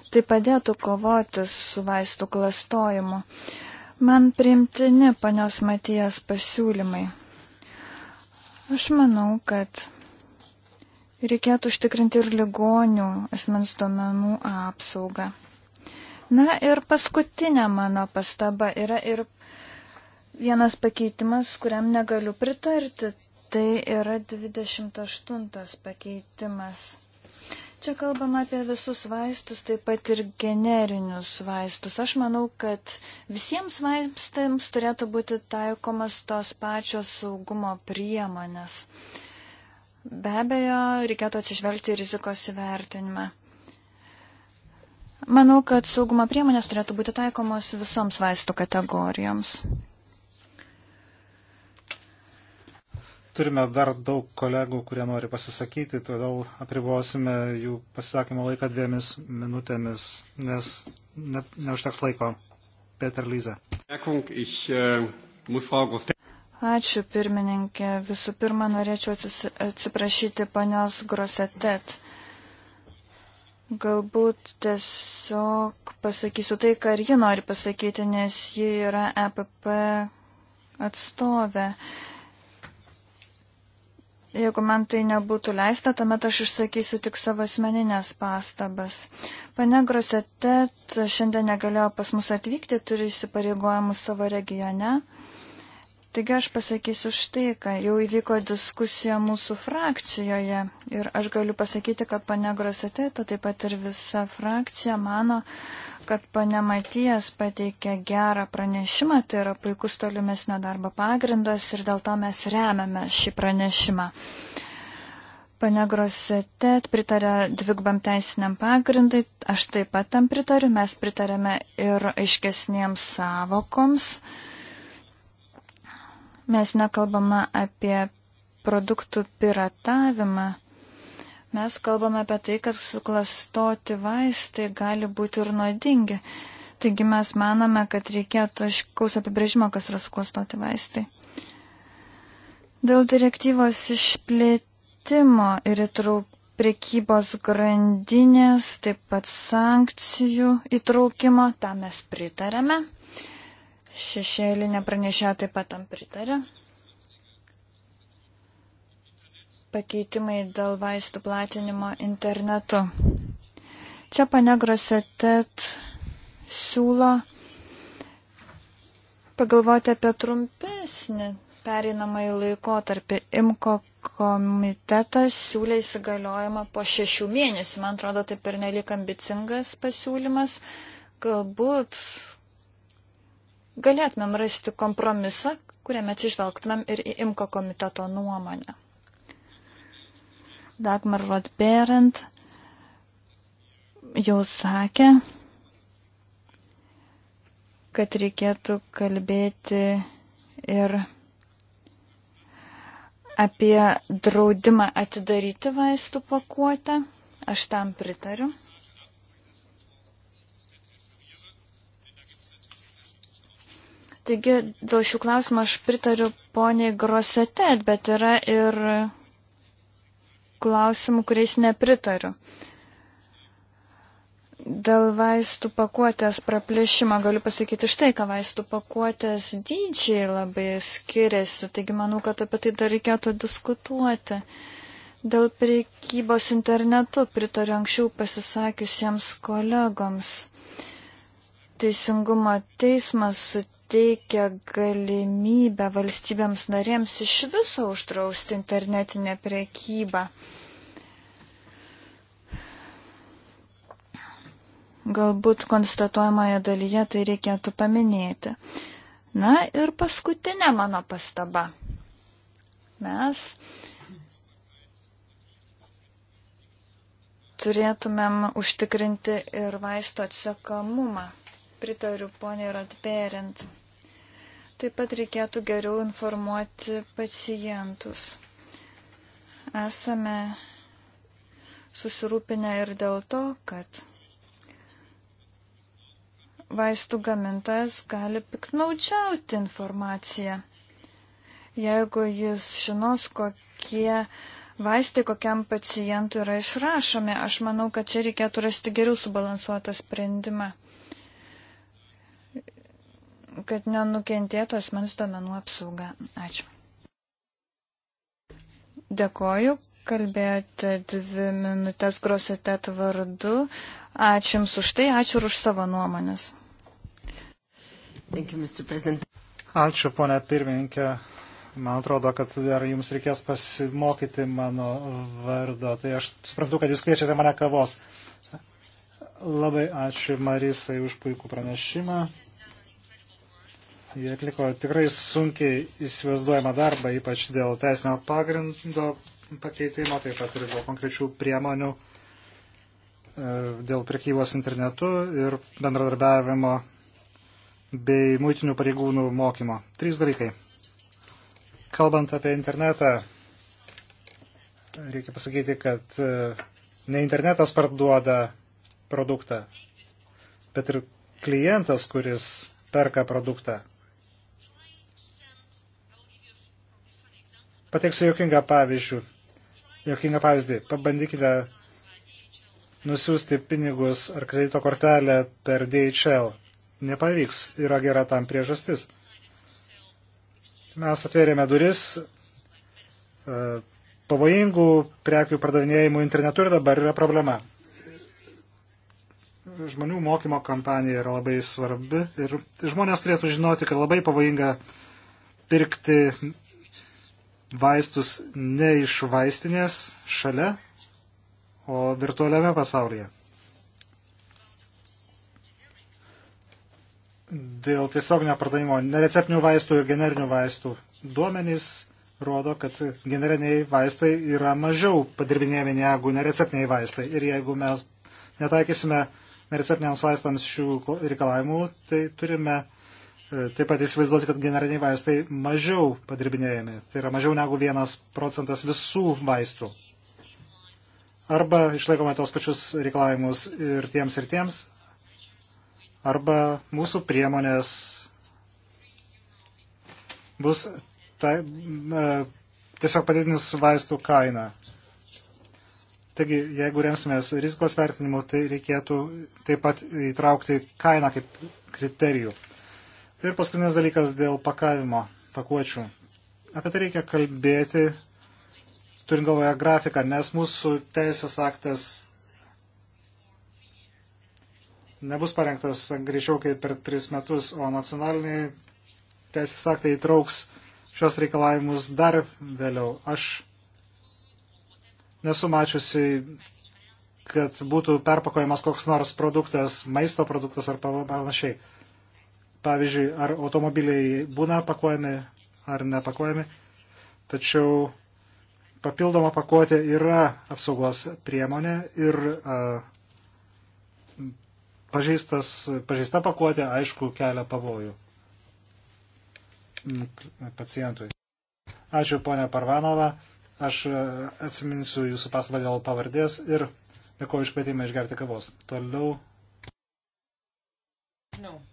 Tai padėtų kovoti su vaistų klastojimu. Man priimtini panios Matijas pasiūlymai. Aš manau, kad reikėtų užtikrinti ir ligonių asmens duomenų apsaugą. Na ir paskutinė mano pastaba yra ir vienas pakeitimas, kuriam negaliu pritarti. Tai yra 28 pakeitimas. Čia kalbama apie visus vaistus, taip pat ir generinius vaistus. Aš manau, kad visiems vaistams turėtų būti taikomas tos pačios saugumo priemonės. Be abejo, reikėtų atsižvelgti rizikos įvertinimą. Manau, kad saugumo priemonės turėtų būti taikomos visoms vaistų kategorijoms. Turime dar daug kolegų, kurie nori pasisakyti, todėl apribosime jų pasisakymo laiką dviemis minutėmis, nes ne, neužteks laiko. Peter Lyze. Äh, Ačiū, pirmininkė. Visų pirma, norėčiau atsiprašyti panios Grosetet. Galbūt tiesiog pasakysiu tai, ką ir ji nori pasakyti, nes ji yra EPP atstovė. Jeigu man tai nebūtų leista, tuomet aš išsakysiu tik savo asmeninės pastabas. Pane Grosetet šiandien negalėjo pas mus atvykti, turi įsipareigojimų savo regione. Taigi aš pasakysiu štai, ką jau įvyko diskusija mūsų frakcijoje ir aš galiu pasakyti, kad pane Grosetet, taip pat ir visa frakcija mano, kad pane Matijas pateikė gerą pranešimą, tai yra puikus tolimesnio darbo pagrindas ir dėl to mes remiame šį pranešimą. Pane Grosete pritarė dvigubam teisiniam pagrindai, aš taip pat tam pritariu, mes pritarėme ir aiškesniems savokoms. Mes nekalbame apie produktų piratavimą mes kalbame apie tai, kad suklastoti vaistai gali būti ir nuodingi. Taigi mes manome, kad reikėtų aiškaus apibrėžimo, kas yra suklastoti vaistai. Dėl direktyvos išplėtimo ir įtraukimo priekybos grandinės, taip pat sankcijų įtraukimo, tam mes pritarėme. Šešėlinė pranešė taip pat tam pritarė pakeitimai dėl vaistų platinimo internetu. Čia panegrosetet siūlo pagalvoti apie trumpesnį pereinamąjį laikotarpį. Imko komitetas siūlė įsigaliojimą po šešių mėnesių. Man atrodo, tai per nelik ambicingas pasiūlymas. Galbūt galėtumėm rasti kompromisą, kuriame atsižvelgtumėm ir į Imko komiteto nuomonę. Dagmar Rodberent jau sakė, kad reikėtų kalbėti ir apie draudimą atidaryti vaistų pakuotę. Aš tam pritariu. Taigi dėl šių klausimų aš pritariu poniai Grosetet, bet yra ir klausimų, kuriais nepritariu. Dėl vaistų pakuotės praplėšimo galiu pasakyti štai, ką vaistų pakuotės dydžiai labai skiriasi, taigi manau, kad apie tai dar reikėtų diskutuoti. Dėl priekybos internetu pritariu anksčiau pasisakiusiems kolegoms. Teisingumo teismas suteikia galimybę valstybėms narėms iš viso uždrausti internetinę priekybą. Galbūt konstatuojamoje dalyje tai reikėtų paminėti. Na ir paskutinė mano pastaba. Mes turėtumėm užtikrinti ir vaisto atsekamumą. Pritariu poniai Ratperint. Taip pat reikėtų geriau informuoti pacientus. Esame susirūpinę ir dėl to, kad vaistų gamintojas gali piknaudžiauti informaciją. Jeigu jis žinos, kokie vaistai kokiam pacientui yra išrašomi, aš manau, kad čia reikėtų rasti geriau subalansuotą sprendimą, kad nenukentėtų asmens duomenų apsauga. Ačiū. Dėkoju, kalbėjote dvi minutės grosetet vardu. Ačiū Jums už tai, ačiū ir už savo nuomonės. You, ačiū, ponė pirmininkė. Man atrodo, kad dar jums reikės pasimokyti mano vardo. Tai aš suprantu, kad jūs kviečiate mane kavos. Labai ačiū Marisai už puikų pranešimą. Jie atliko tikrai sunkiai įsivaizduojamą darbą, ypač dėl teisinio pagrindo pakeitimo, taip pat ir dėl konkrečių priemonių e, dėl prekybos internetu ir bendradarbiavimo bei muitinių pareigūnų mokymo. Trys dalykai. Kalbant apie internetą, reikia pasakyti, kad e, ne internetas parduoda produktą, bet ir klientas, kuris perka produktą. Pateiksiu jokingą pavyzdžių jokingą pavyzdį. Pabandykite nusiųsti pinigus ar kredito kortelę per DHL. Nepavyks, yra gera tam priežastis. Mes atvėrėme duris e, pavojingų prekių pardavinėjimų internetu ir dabar yra problema. Žmonių mokymo kampanija yra labai svarbi ir žmonės turėtų žinoti, kad labai pavojinga pirkti vaistus ne iš vaistinės šalia, o virtualiame pasaulyje. Dėl tiesioginio pardavimo nereceptinių vaistų ir generinių vaistų duomenys rodo, kad generiniai vaistai yra mažiau padirbinėjami negu nereceptiniai vaistai. Ir jeigu mes netaikysime nereceptiniams vaistams šių reikalavimų, tai turime uh, E, taip pat įsivaizduoti, kad generiniai vaistai mažiau padirbinėjami, tai yra mažiau negu vienas procentas visų vaistų. Arba išlaikome tos pačius reikalavimus ir tiems ir tiems, arba mūsų priemonės bus tai, e, tiesiog padidins vaistų kainą. Taigi, jeigu remsimės rizikos vertinimu, tai reikėtų taip pat įtraukti kainą kaip kriterijų. Ir paskutinis dalykas dėl pakavimo pakuočių. Apie tai reikia kalbėti, turint galvoje grafiką, nes mūsų teisės aktas nebus parengtas greičiau kaip per tris metus, o nacionaliniai teisės aktai įtrauks šios reikalavimus dar vėliau. Aš nesu mačiusi, kad būtų perpakojamas koks nors produktas, maisto produktas ar panašiai pavyzdžiui, ar automobiliai būna pakuojami ar nepakuojami, tačiau papildoma pakuotė yra apsaugos priemonė ir a, pažeistas, pažeista pakuotė, aišku, kelia pavojų mm, pacientui. Ačiū, ponia Parvanova. Aš atsiminsiu jūsų pastabą dėl pavardės ir dėkuoju iš kvietimą išgerti kavos. Toliau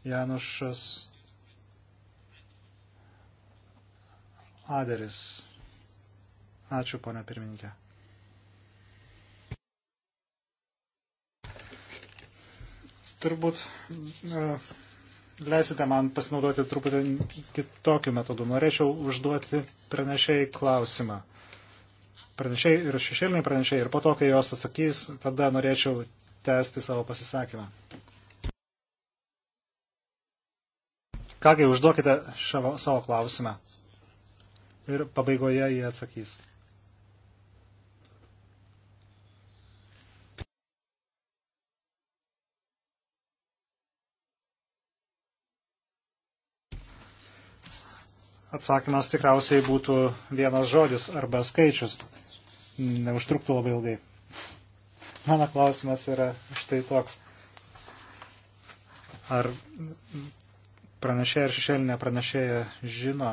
Janušas Aderis. Ačiū, ponia pirmininkė. Turbūt e, leisite man pasinaudoti truputį kitokiu metodu. Norėčiau užduoti pranešėjai klausimą. Pranešėjai ir šešėliniai pranešėjai. Ir po to, kai jos atsakys, tada norėčiau tęsti savo pasisakymą. Kągi, užduokite šavo, savo klausimą ir pabaigoje jie atsakys. Atsakymas tikriausiai būtų vienas žodis arba skaičius. Neužtruktų labai ilgai. Mano klausimas yra štai toks. Ar pranešėja ir šešėlinė pranešėja žino,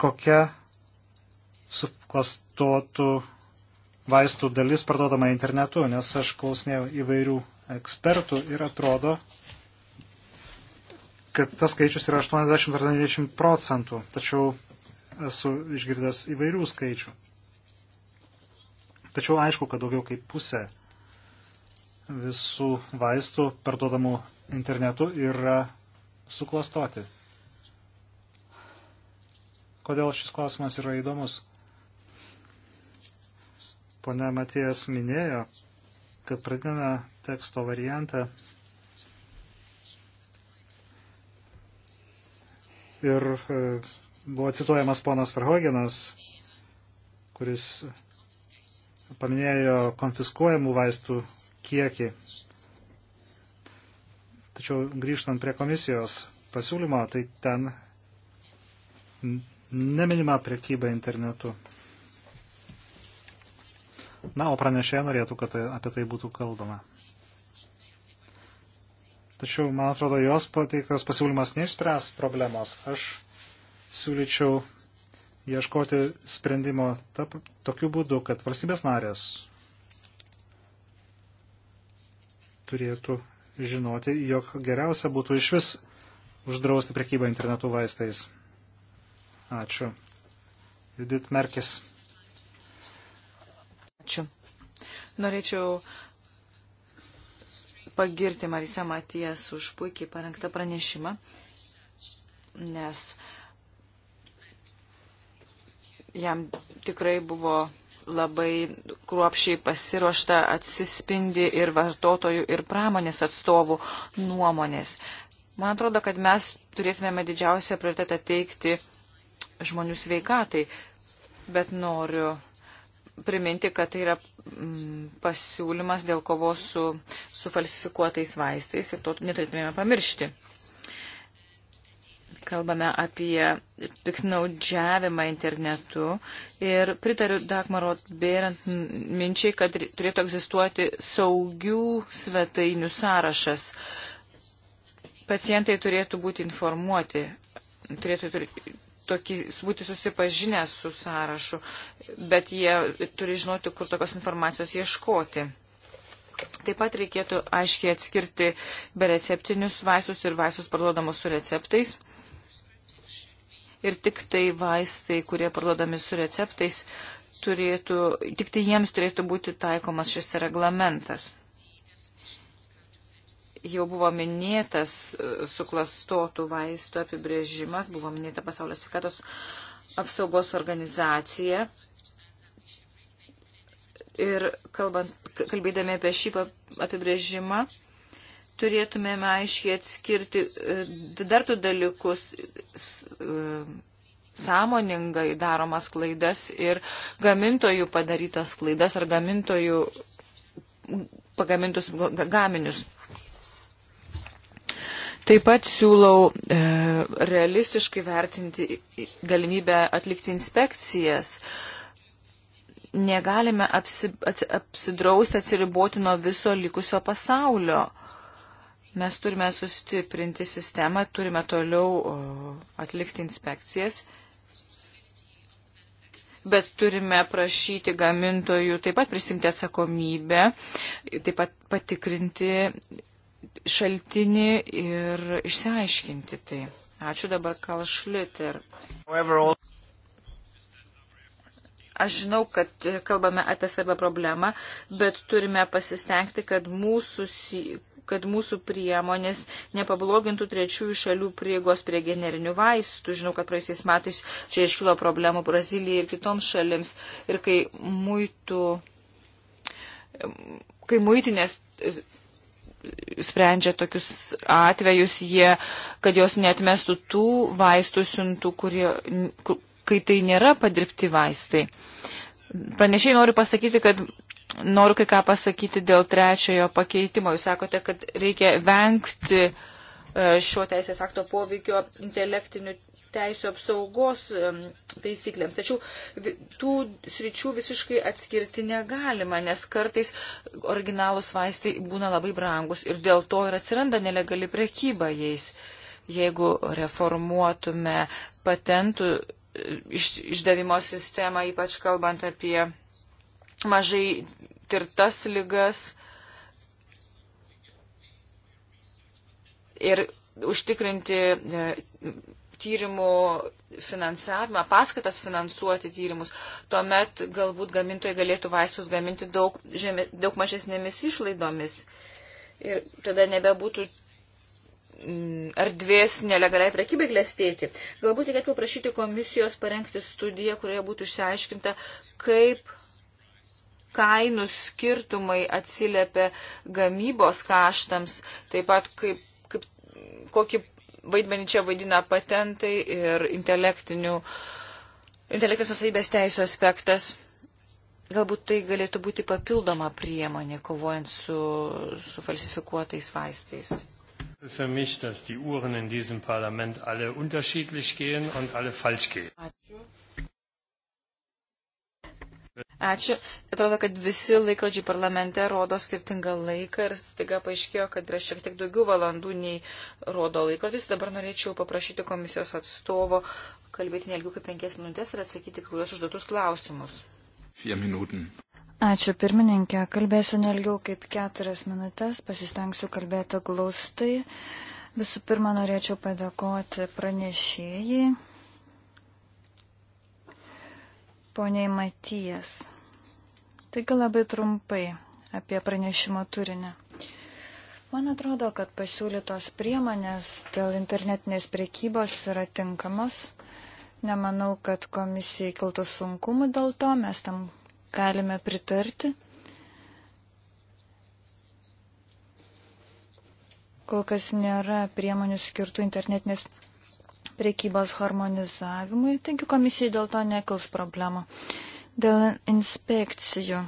kokia suklastotų vaistų dalis parduodama internetu, nes aš klausinėjau įvairių ekspertų ir atrodo, kad tas skaičius yra 80 ar 90 procentų, tačiau esu išgirdęs įvairių skaičių. Tačiau aišku, kad daugiau kaip pusė visų vaistų parduodamų internetu yra suklastoti. Kodėl šis klausimas yra įdomus? Pone Matijas minėjo, kad pradinėme teksto variantą ir e, buvo cituojamas ponas Verhogenas, kuris paminėjo konfiskuojamų vaistų kiekį. Tačiau grįžtant prie komisijos pasiūlymo, tai ten neminima priekyba internetu. Na, o pranešėja norėtų, kad tai- apie tai būtų kalbama. Tačiau, man atrodo, jos pateiktas pasiūlymas neišspręs problemos. Aš siūlyčiau ieškoti sprendimo ta, tokiu būdu, kad valstybės narės turėtų žinoti, jog geriausia būtų iš vis uždrausti prekybą internetų vaistais. Ačiū. Judit Merkis. Ačiū. Norėčiau pagirti Marisą Matijas už puikiai parengtą pranešimą, nes jam tikrai buvo labai kruopšiai pasiruošta atsispindi ir vartotojų, ir pramonės atstovų nuomonės. Man atrodo, kad mes turėtumėme didžiausią prioritetą teikti žmonių sveikatai, bet noriu priminti, kad tai yra mm, pasiūlymas dėl kovos su, su falsifikuotais vaistais ir to neturėtumėme pamiršti kalbame apie piknaudžiavimą internetu ir pritariu Dagmaro Bėrant minčiai, kad turėtų egzistuoti saugių svetainių sąrašas. Pacientai turėtų būti informuoti, turėtų tokį, būti susipažinę su sąrašu, bet jie turi žinoti, kur tokios informacijos ieškoti. Taip pat reikėtų aiškiai atskirti bereceptinius vaistus ir vaistus parduodamus su receptais ir tik tai vaistai, kurie parduodami su receptais, turėtų, tik tai jiems turėtų būti taikomas šis reglamentas. Jau buvo minėtas e, suklastotų vaistų apibrėžimas, buvo minėta pasaulio sveikatos apsaugos organizacija. Ir kalbant, kalbėdami apie šį apibrėžimą, turėtumėme aiškiai atskirti e, dar du dalykus e, sąmoningai daromas klaidas ir gamintojų padarytas klaidas ar gamintojų pagamintus gaminius. Taip pat siūlau e, realistiškai vertinti galimybę atlikti inspekcijas. Negalime apsi, ats, apsidrausti, atsiriboti nuo viso likusio pasaulio. E, Mes turime sustiprinti sistemą, turime toliau atlikti inspekcijas, bet turime prašyti gamintojų taip pat prisimti atsakomybę, taip pat patikrinti šaltinį ir išsiaiškinti tai. Ačiū dabar Kalšliter. Aš žinau, kad kalbame apie svarbę problemą, bet turime pasistengti, kad mūsų, kad mūsų priemonės nepablogintų trečiųjų šalių prieigos prie generinių vaistų. Žinau, kad praeisiais metais čia iškilo problemų Brazilijai ir kitoms šalims. Ir kai, muitų, kai muitinės sprendžia tokius atvejus, jie, kad jos netmestų tų vaistų siuntų, kurie, kai tai nėra padirbti vaistai. Pranešiai noriu pasakyti, kad noriu kai ką pasakyti dėl trečiojo pakeitimo. Jūs sakote, kad reikia vengti e, šio teisės akto poveikio intelektinių teisų apsaugos e, taisyklėms. Tačiau tų sričių visiškai atskirti negalima, nes kartais originalus vaistai būna labai brangus ir dėl to ir atsiranda nelegali prekyba jais. Jeigu reformuotume patentų iš, išdavimo sistemą, ypač kalbant apie mažai tirtas lygas. Ir užtikrinti e, tyrimų finansavimą, paskatas finansuoti tyrimus, tuomet galbūt gamintojai galėtų vaistus gaminti daug, žemė, daug mažesnėmis išlaidomis. Ir tada nebebūtų Mm, erdvės nelegaliai prekybai klestėti. Galbūt reikėtų paprašyti komisijos parengti studiją, kurioje būtų išsiaiškinta, kaip kainų skirtumai atsiliepia gamybos kaštams, taip pat kaip, kaip, kokį vaidmenį čia vaidina patentai ir intelektinės nusavybės teisų aspektas. Galbūt tai galėtų būti papildoma priemonė, kovojant su, su falsifikuotais vaistais. Für mich, dass die Uhren in diesem Parlament alle unterschiedlich gehen und alle falsch gehen. Ačiū. Ačiū. Atrodo, kad visi laikrodžiai parlamente rodo skirtingą laiką ir staiga paaiškėjo, kad yra šiek tiek daugiau valandų nei rodo laikrodis. Dabar norėčiau paprašyti komisijos atstovo kalbėti nelgiau kaip penkias minutės ir atsakyti kuriuos užduotus klausimus. Vier Minuten. Ačiū pirmininkė, kalbėsiu nelgiau kaip keturias minutės, pasistengsiu kalbėti glaustai. Visų pirma, norėčiau padėkoti pranešėjai, poniai Matijas. Taigi labai trumpai apie pranešimo turinę. Man atrodo, kad pasiūlytos priemonės dėl internetinės priekybos yra tinkamos. Nemanau, kad komisijai kiltų sunkumų dėl to, mes tam galime pritarti. Kol kas nėra priemonių skirtų internetinės priekybos harmonizavimui, taigi komisijai dėl to nekils problemų. Dėl inspekcijų.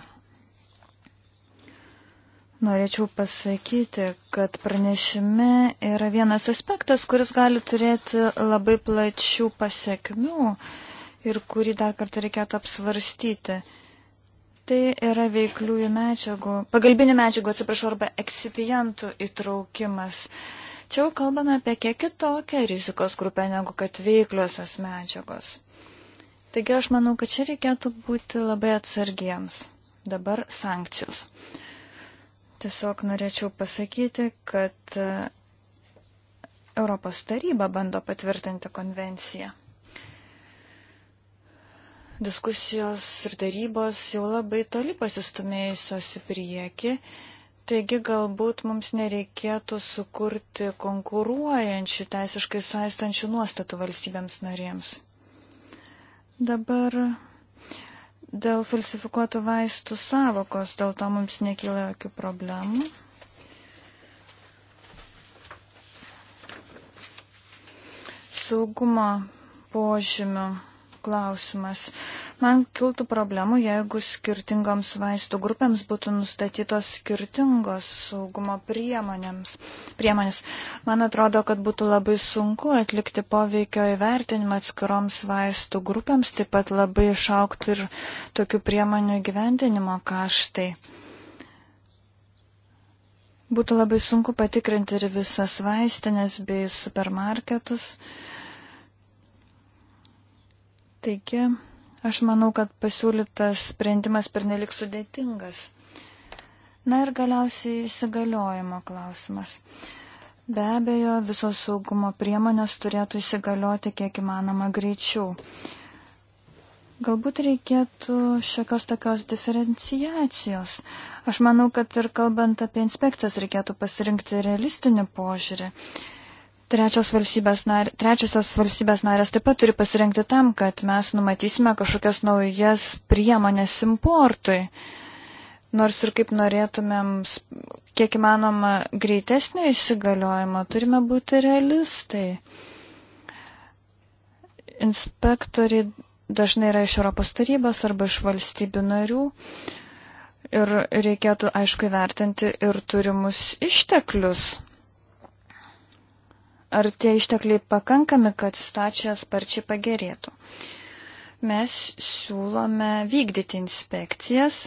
Norėčiau pasakyti, kad pranešime yra vienas aspektas, kuris gali turėti labai plačių pasiekmių ir kurį dar kartą reikėtų apsvarstyti tai yra veikliųjų medžiagų, pagalbinių medžiagų, atsiprašau, arba eksipijantų įtraukimas. Čia jau kalbame apie kiek kitokią rizikos grupę negu kad veikliosios medžiagos. Taigi aš manau, kad čia reikėtų būti labai atsargiems. Dabar sankcijos. Tiesiog norėčiau pasakyti, kad e, Europos taryba bando patvirtinti konvenciją diskusijos ir darybos jau labai toli pasistumėjusios į priekį, taigi galbūt mums nereikėtų sukurti konkuruojančių teisiškai saistančių nuostatų valstybėms narėms. Dabar dėl falsifikuotų vaistų savokos, dėl to mums nekyla jokių problemų. Saugumo požymių klausimas. Man kiltų problemų, jeigu skirtingoms vaistų grupėms būtų nustatytos skirtingos saugumo priemonės. Man atrodo, kad būtų labai sunku atlikti poveikio įvertinimą atskiroms vaistų grupėms, taip pat labai išauktų ir tokių priemonių gyventinimo kaštai. Būtų labai sunku patikrinti ir visas vaistinės bei supermarketus. Uh, Taigi, aš manau, kad pasiūlytas sprendimas pernelik sudėtingas. Na ir galiausiai įsigaliojimo klausimas. Be abejo, visos saugumo priemonės turėtų įsigalioti kiek įmanoma greičiau. Galbūt reikėtų šiokios tokios diferenciacijos. Aš manau, kad ir kalbant apie inspekcijas reikėtų pasirinkti realistinį požiūrį. Trečios valstybės nar, trečiosios valstybės narės taip pat turi pasirengti tam, kad mes numatysime kažkokias naujas priemonės importui. Nors ir kaip norėtumėm, kiek įmanoma, greitesnio įsigaliojimo, turime būti realistai. Inspektoriai dažnai yra iš Europos tarybos arba iš valstybių narių. Ir reikėtų, aišku, vertinti ir turimus išteklius ar tie ištekliai pakankami, kad situacija sparčiai pagerėtų. Mes siūlome vykdyti inspekcijas,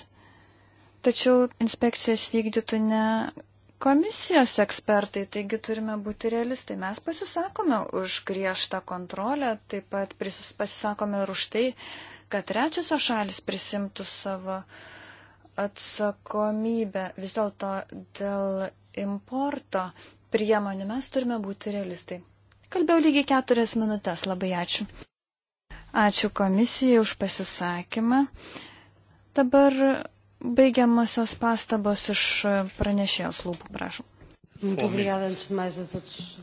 tačiau inspekcijas vykdytų ne komisijos ekspertai, taigi turime būti realistai. Mes pasisakome už griežtą kontrolę, taip pat pasisakome ir už tai, kad trečiosios šalis prisimtų savo atsakomybę vis dėlto dėl importo priemonių. Mes turime būti realistai. Kalbėjau lygiai keturias minutės. Labai ačiū. Ačiū komisijai už pasisakymą. Dabar baigiamosios pastabos iš pranešėjos lūpų, prašom. Muito obrigada, antes de mais, a todos.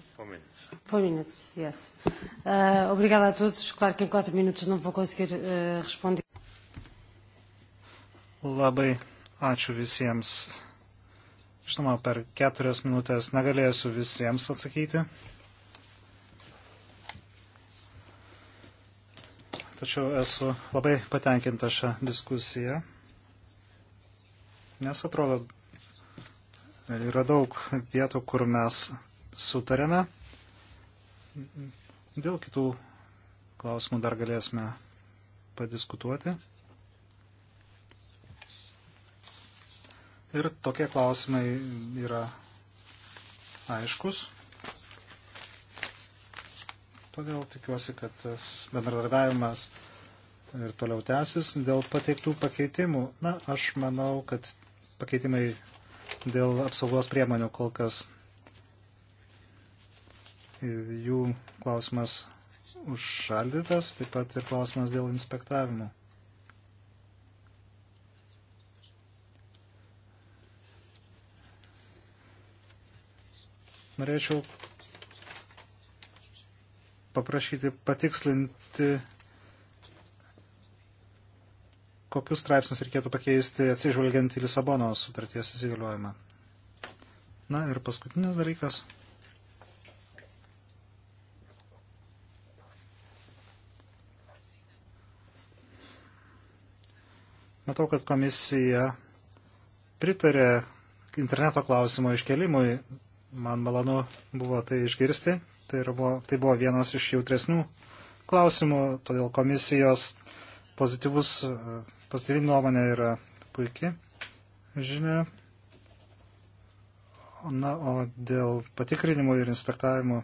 Four minutes, yes. Uh, obrigada a todos. Claro que em quatro minutos não vou conseguir uh, responder. Labai ačiū visiems Žinoma, per keturias minutės negalėsiu visiems atsakyti. Tačiau esu labai patenkinta šią diskusiją, nes atrodo, yra daug vietų, kur mes sutarėme. Dėl kitų klausimų dar galėsime padiskutuoti. Ir tokie klausimai yra aiškus. Todėl tikiuosi, kad bendradarbiavimas ir toliau tęsis dėl pateiktų pakeitimų. Na, aš manau, kad pakeitimai dėl apsaugos priemonių kol kas jų klausimas užšaldytas, taip pat ir klausimas dėl inspektavimo. Norėčiau paprašyti patikslinti, kokius straipsnius reikėtų pakeisti atsižvelgiant į Lisabono sutarties įsigaliojimą. Na ir paskutinis dalykas. Matau, kad komisija pritarė interneto klausimo iškelimui Man malonu buvo tai išgirsti. Tai, buvo, tai buvo vienas iš jautresnių klausimų, todėl komisijos pozityvus, pozityvi nuomonė yra puikiai žinia. Na, o dėl patikrinimo ir inspektavimo,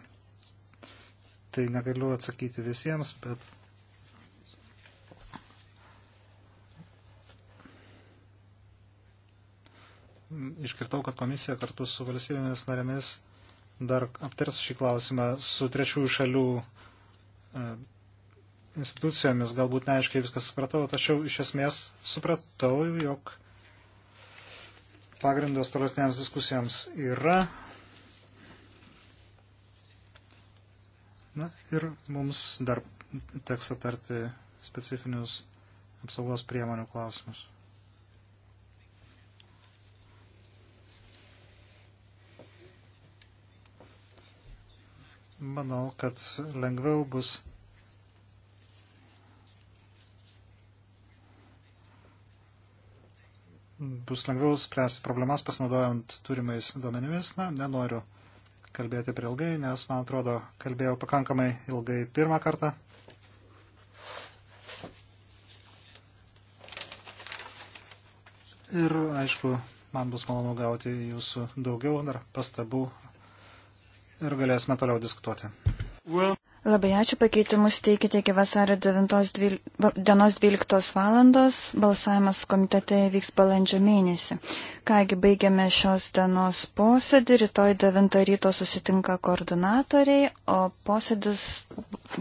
tai negaliu atsakyti visiems, bet iškirtau, kad komisija kartu su valstybėmis narėmis dar aptars šį klausimą su trečiųjų šalių e, institucijomis, galbūt neaiškiai viskas supratau, tačiau iš esmės supratau, jog pagrindas tolesnėms diskusijoms yra. Na ir mums dar teks aptarti specifinius apsaugos priemonių klausimus. manau, kad lengviau bus bus lengviau spręsti problemas pasinaudojant turimais duomenimis. Na, nenoriu kalbėti per ilgai, nes, man atrodo, kalbėjau pakankamai ilgai pirmą kartą. Ir, aišku, man bus malonu gauti jūsų daugiau dar pastabų ir galėsime toliau diskutuoti. Labai ačiū, pakeitimus teikite iki vasario 9 dvyl... dienos 12 valandos, balsavimas komitete vyks balandžio mėnesį. Kągi, baigiame šios dienos posėdį, rytoj 9 ryto susitinka koordinatoriai, o posėdis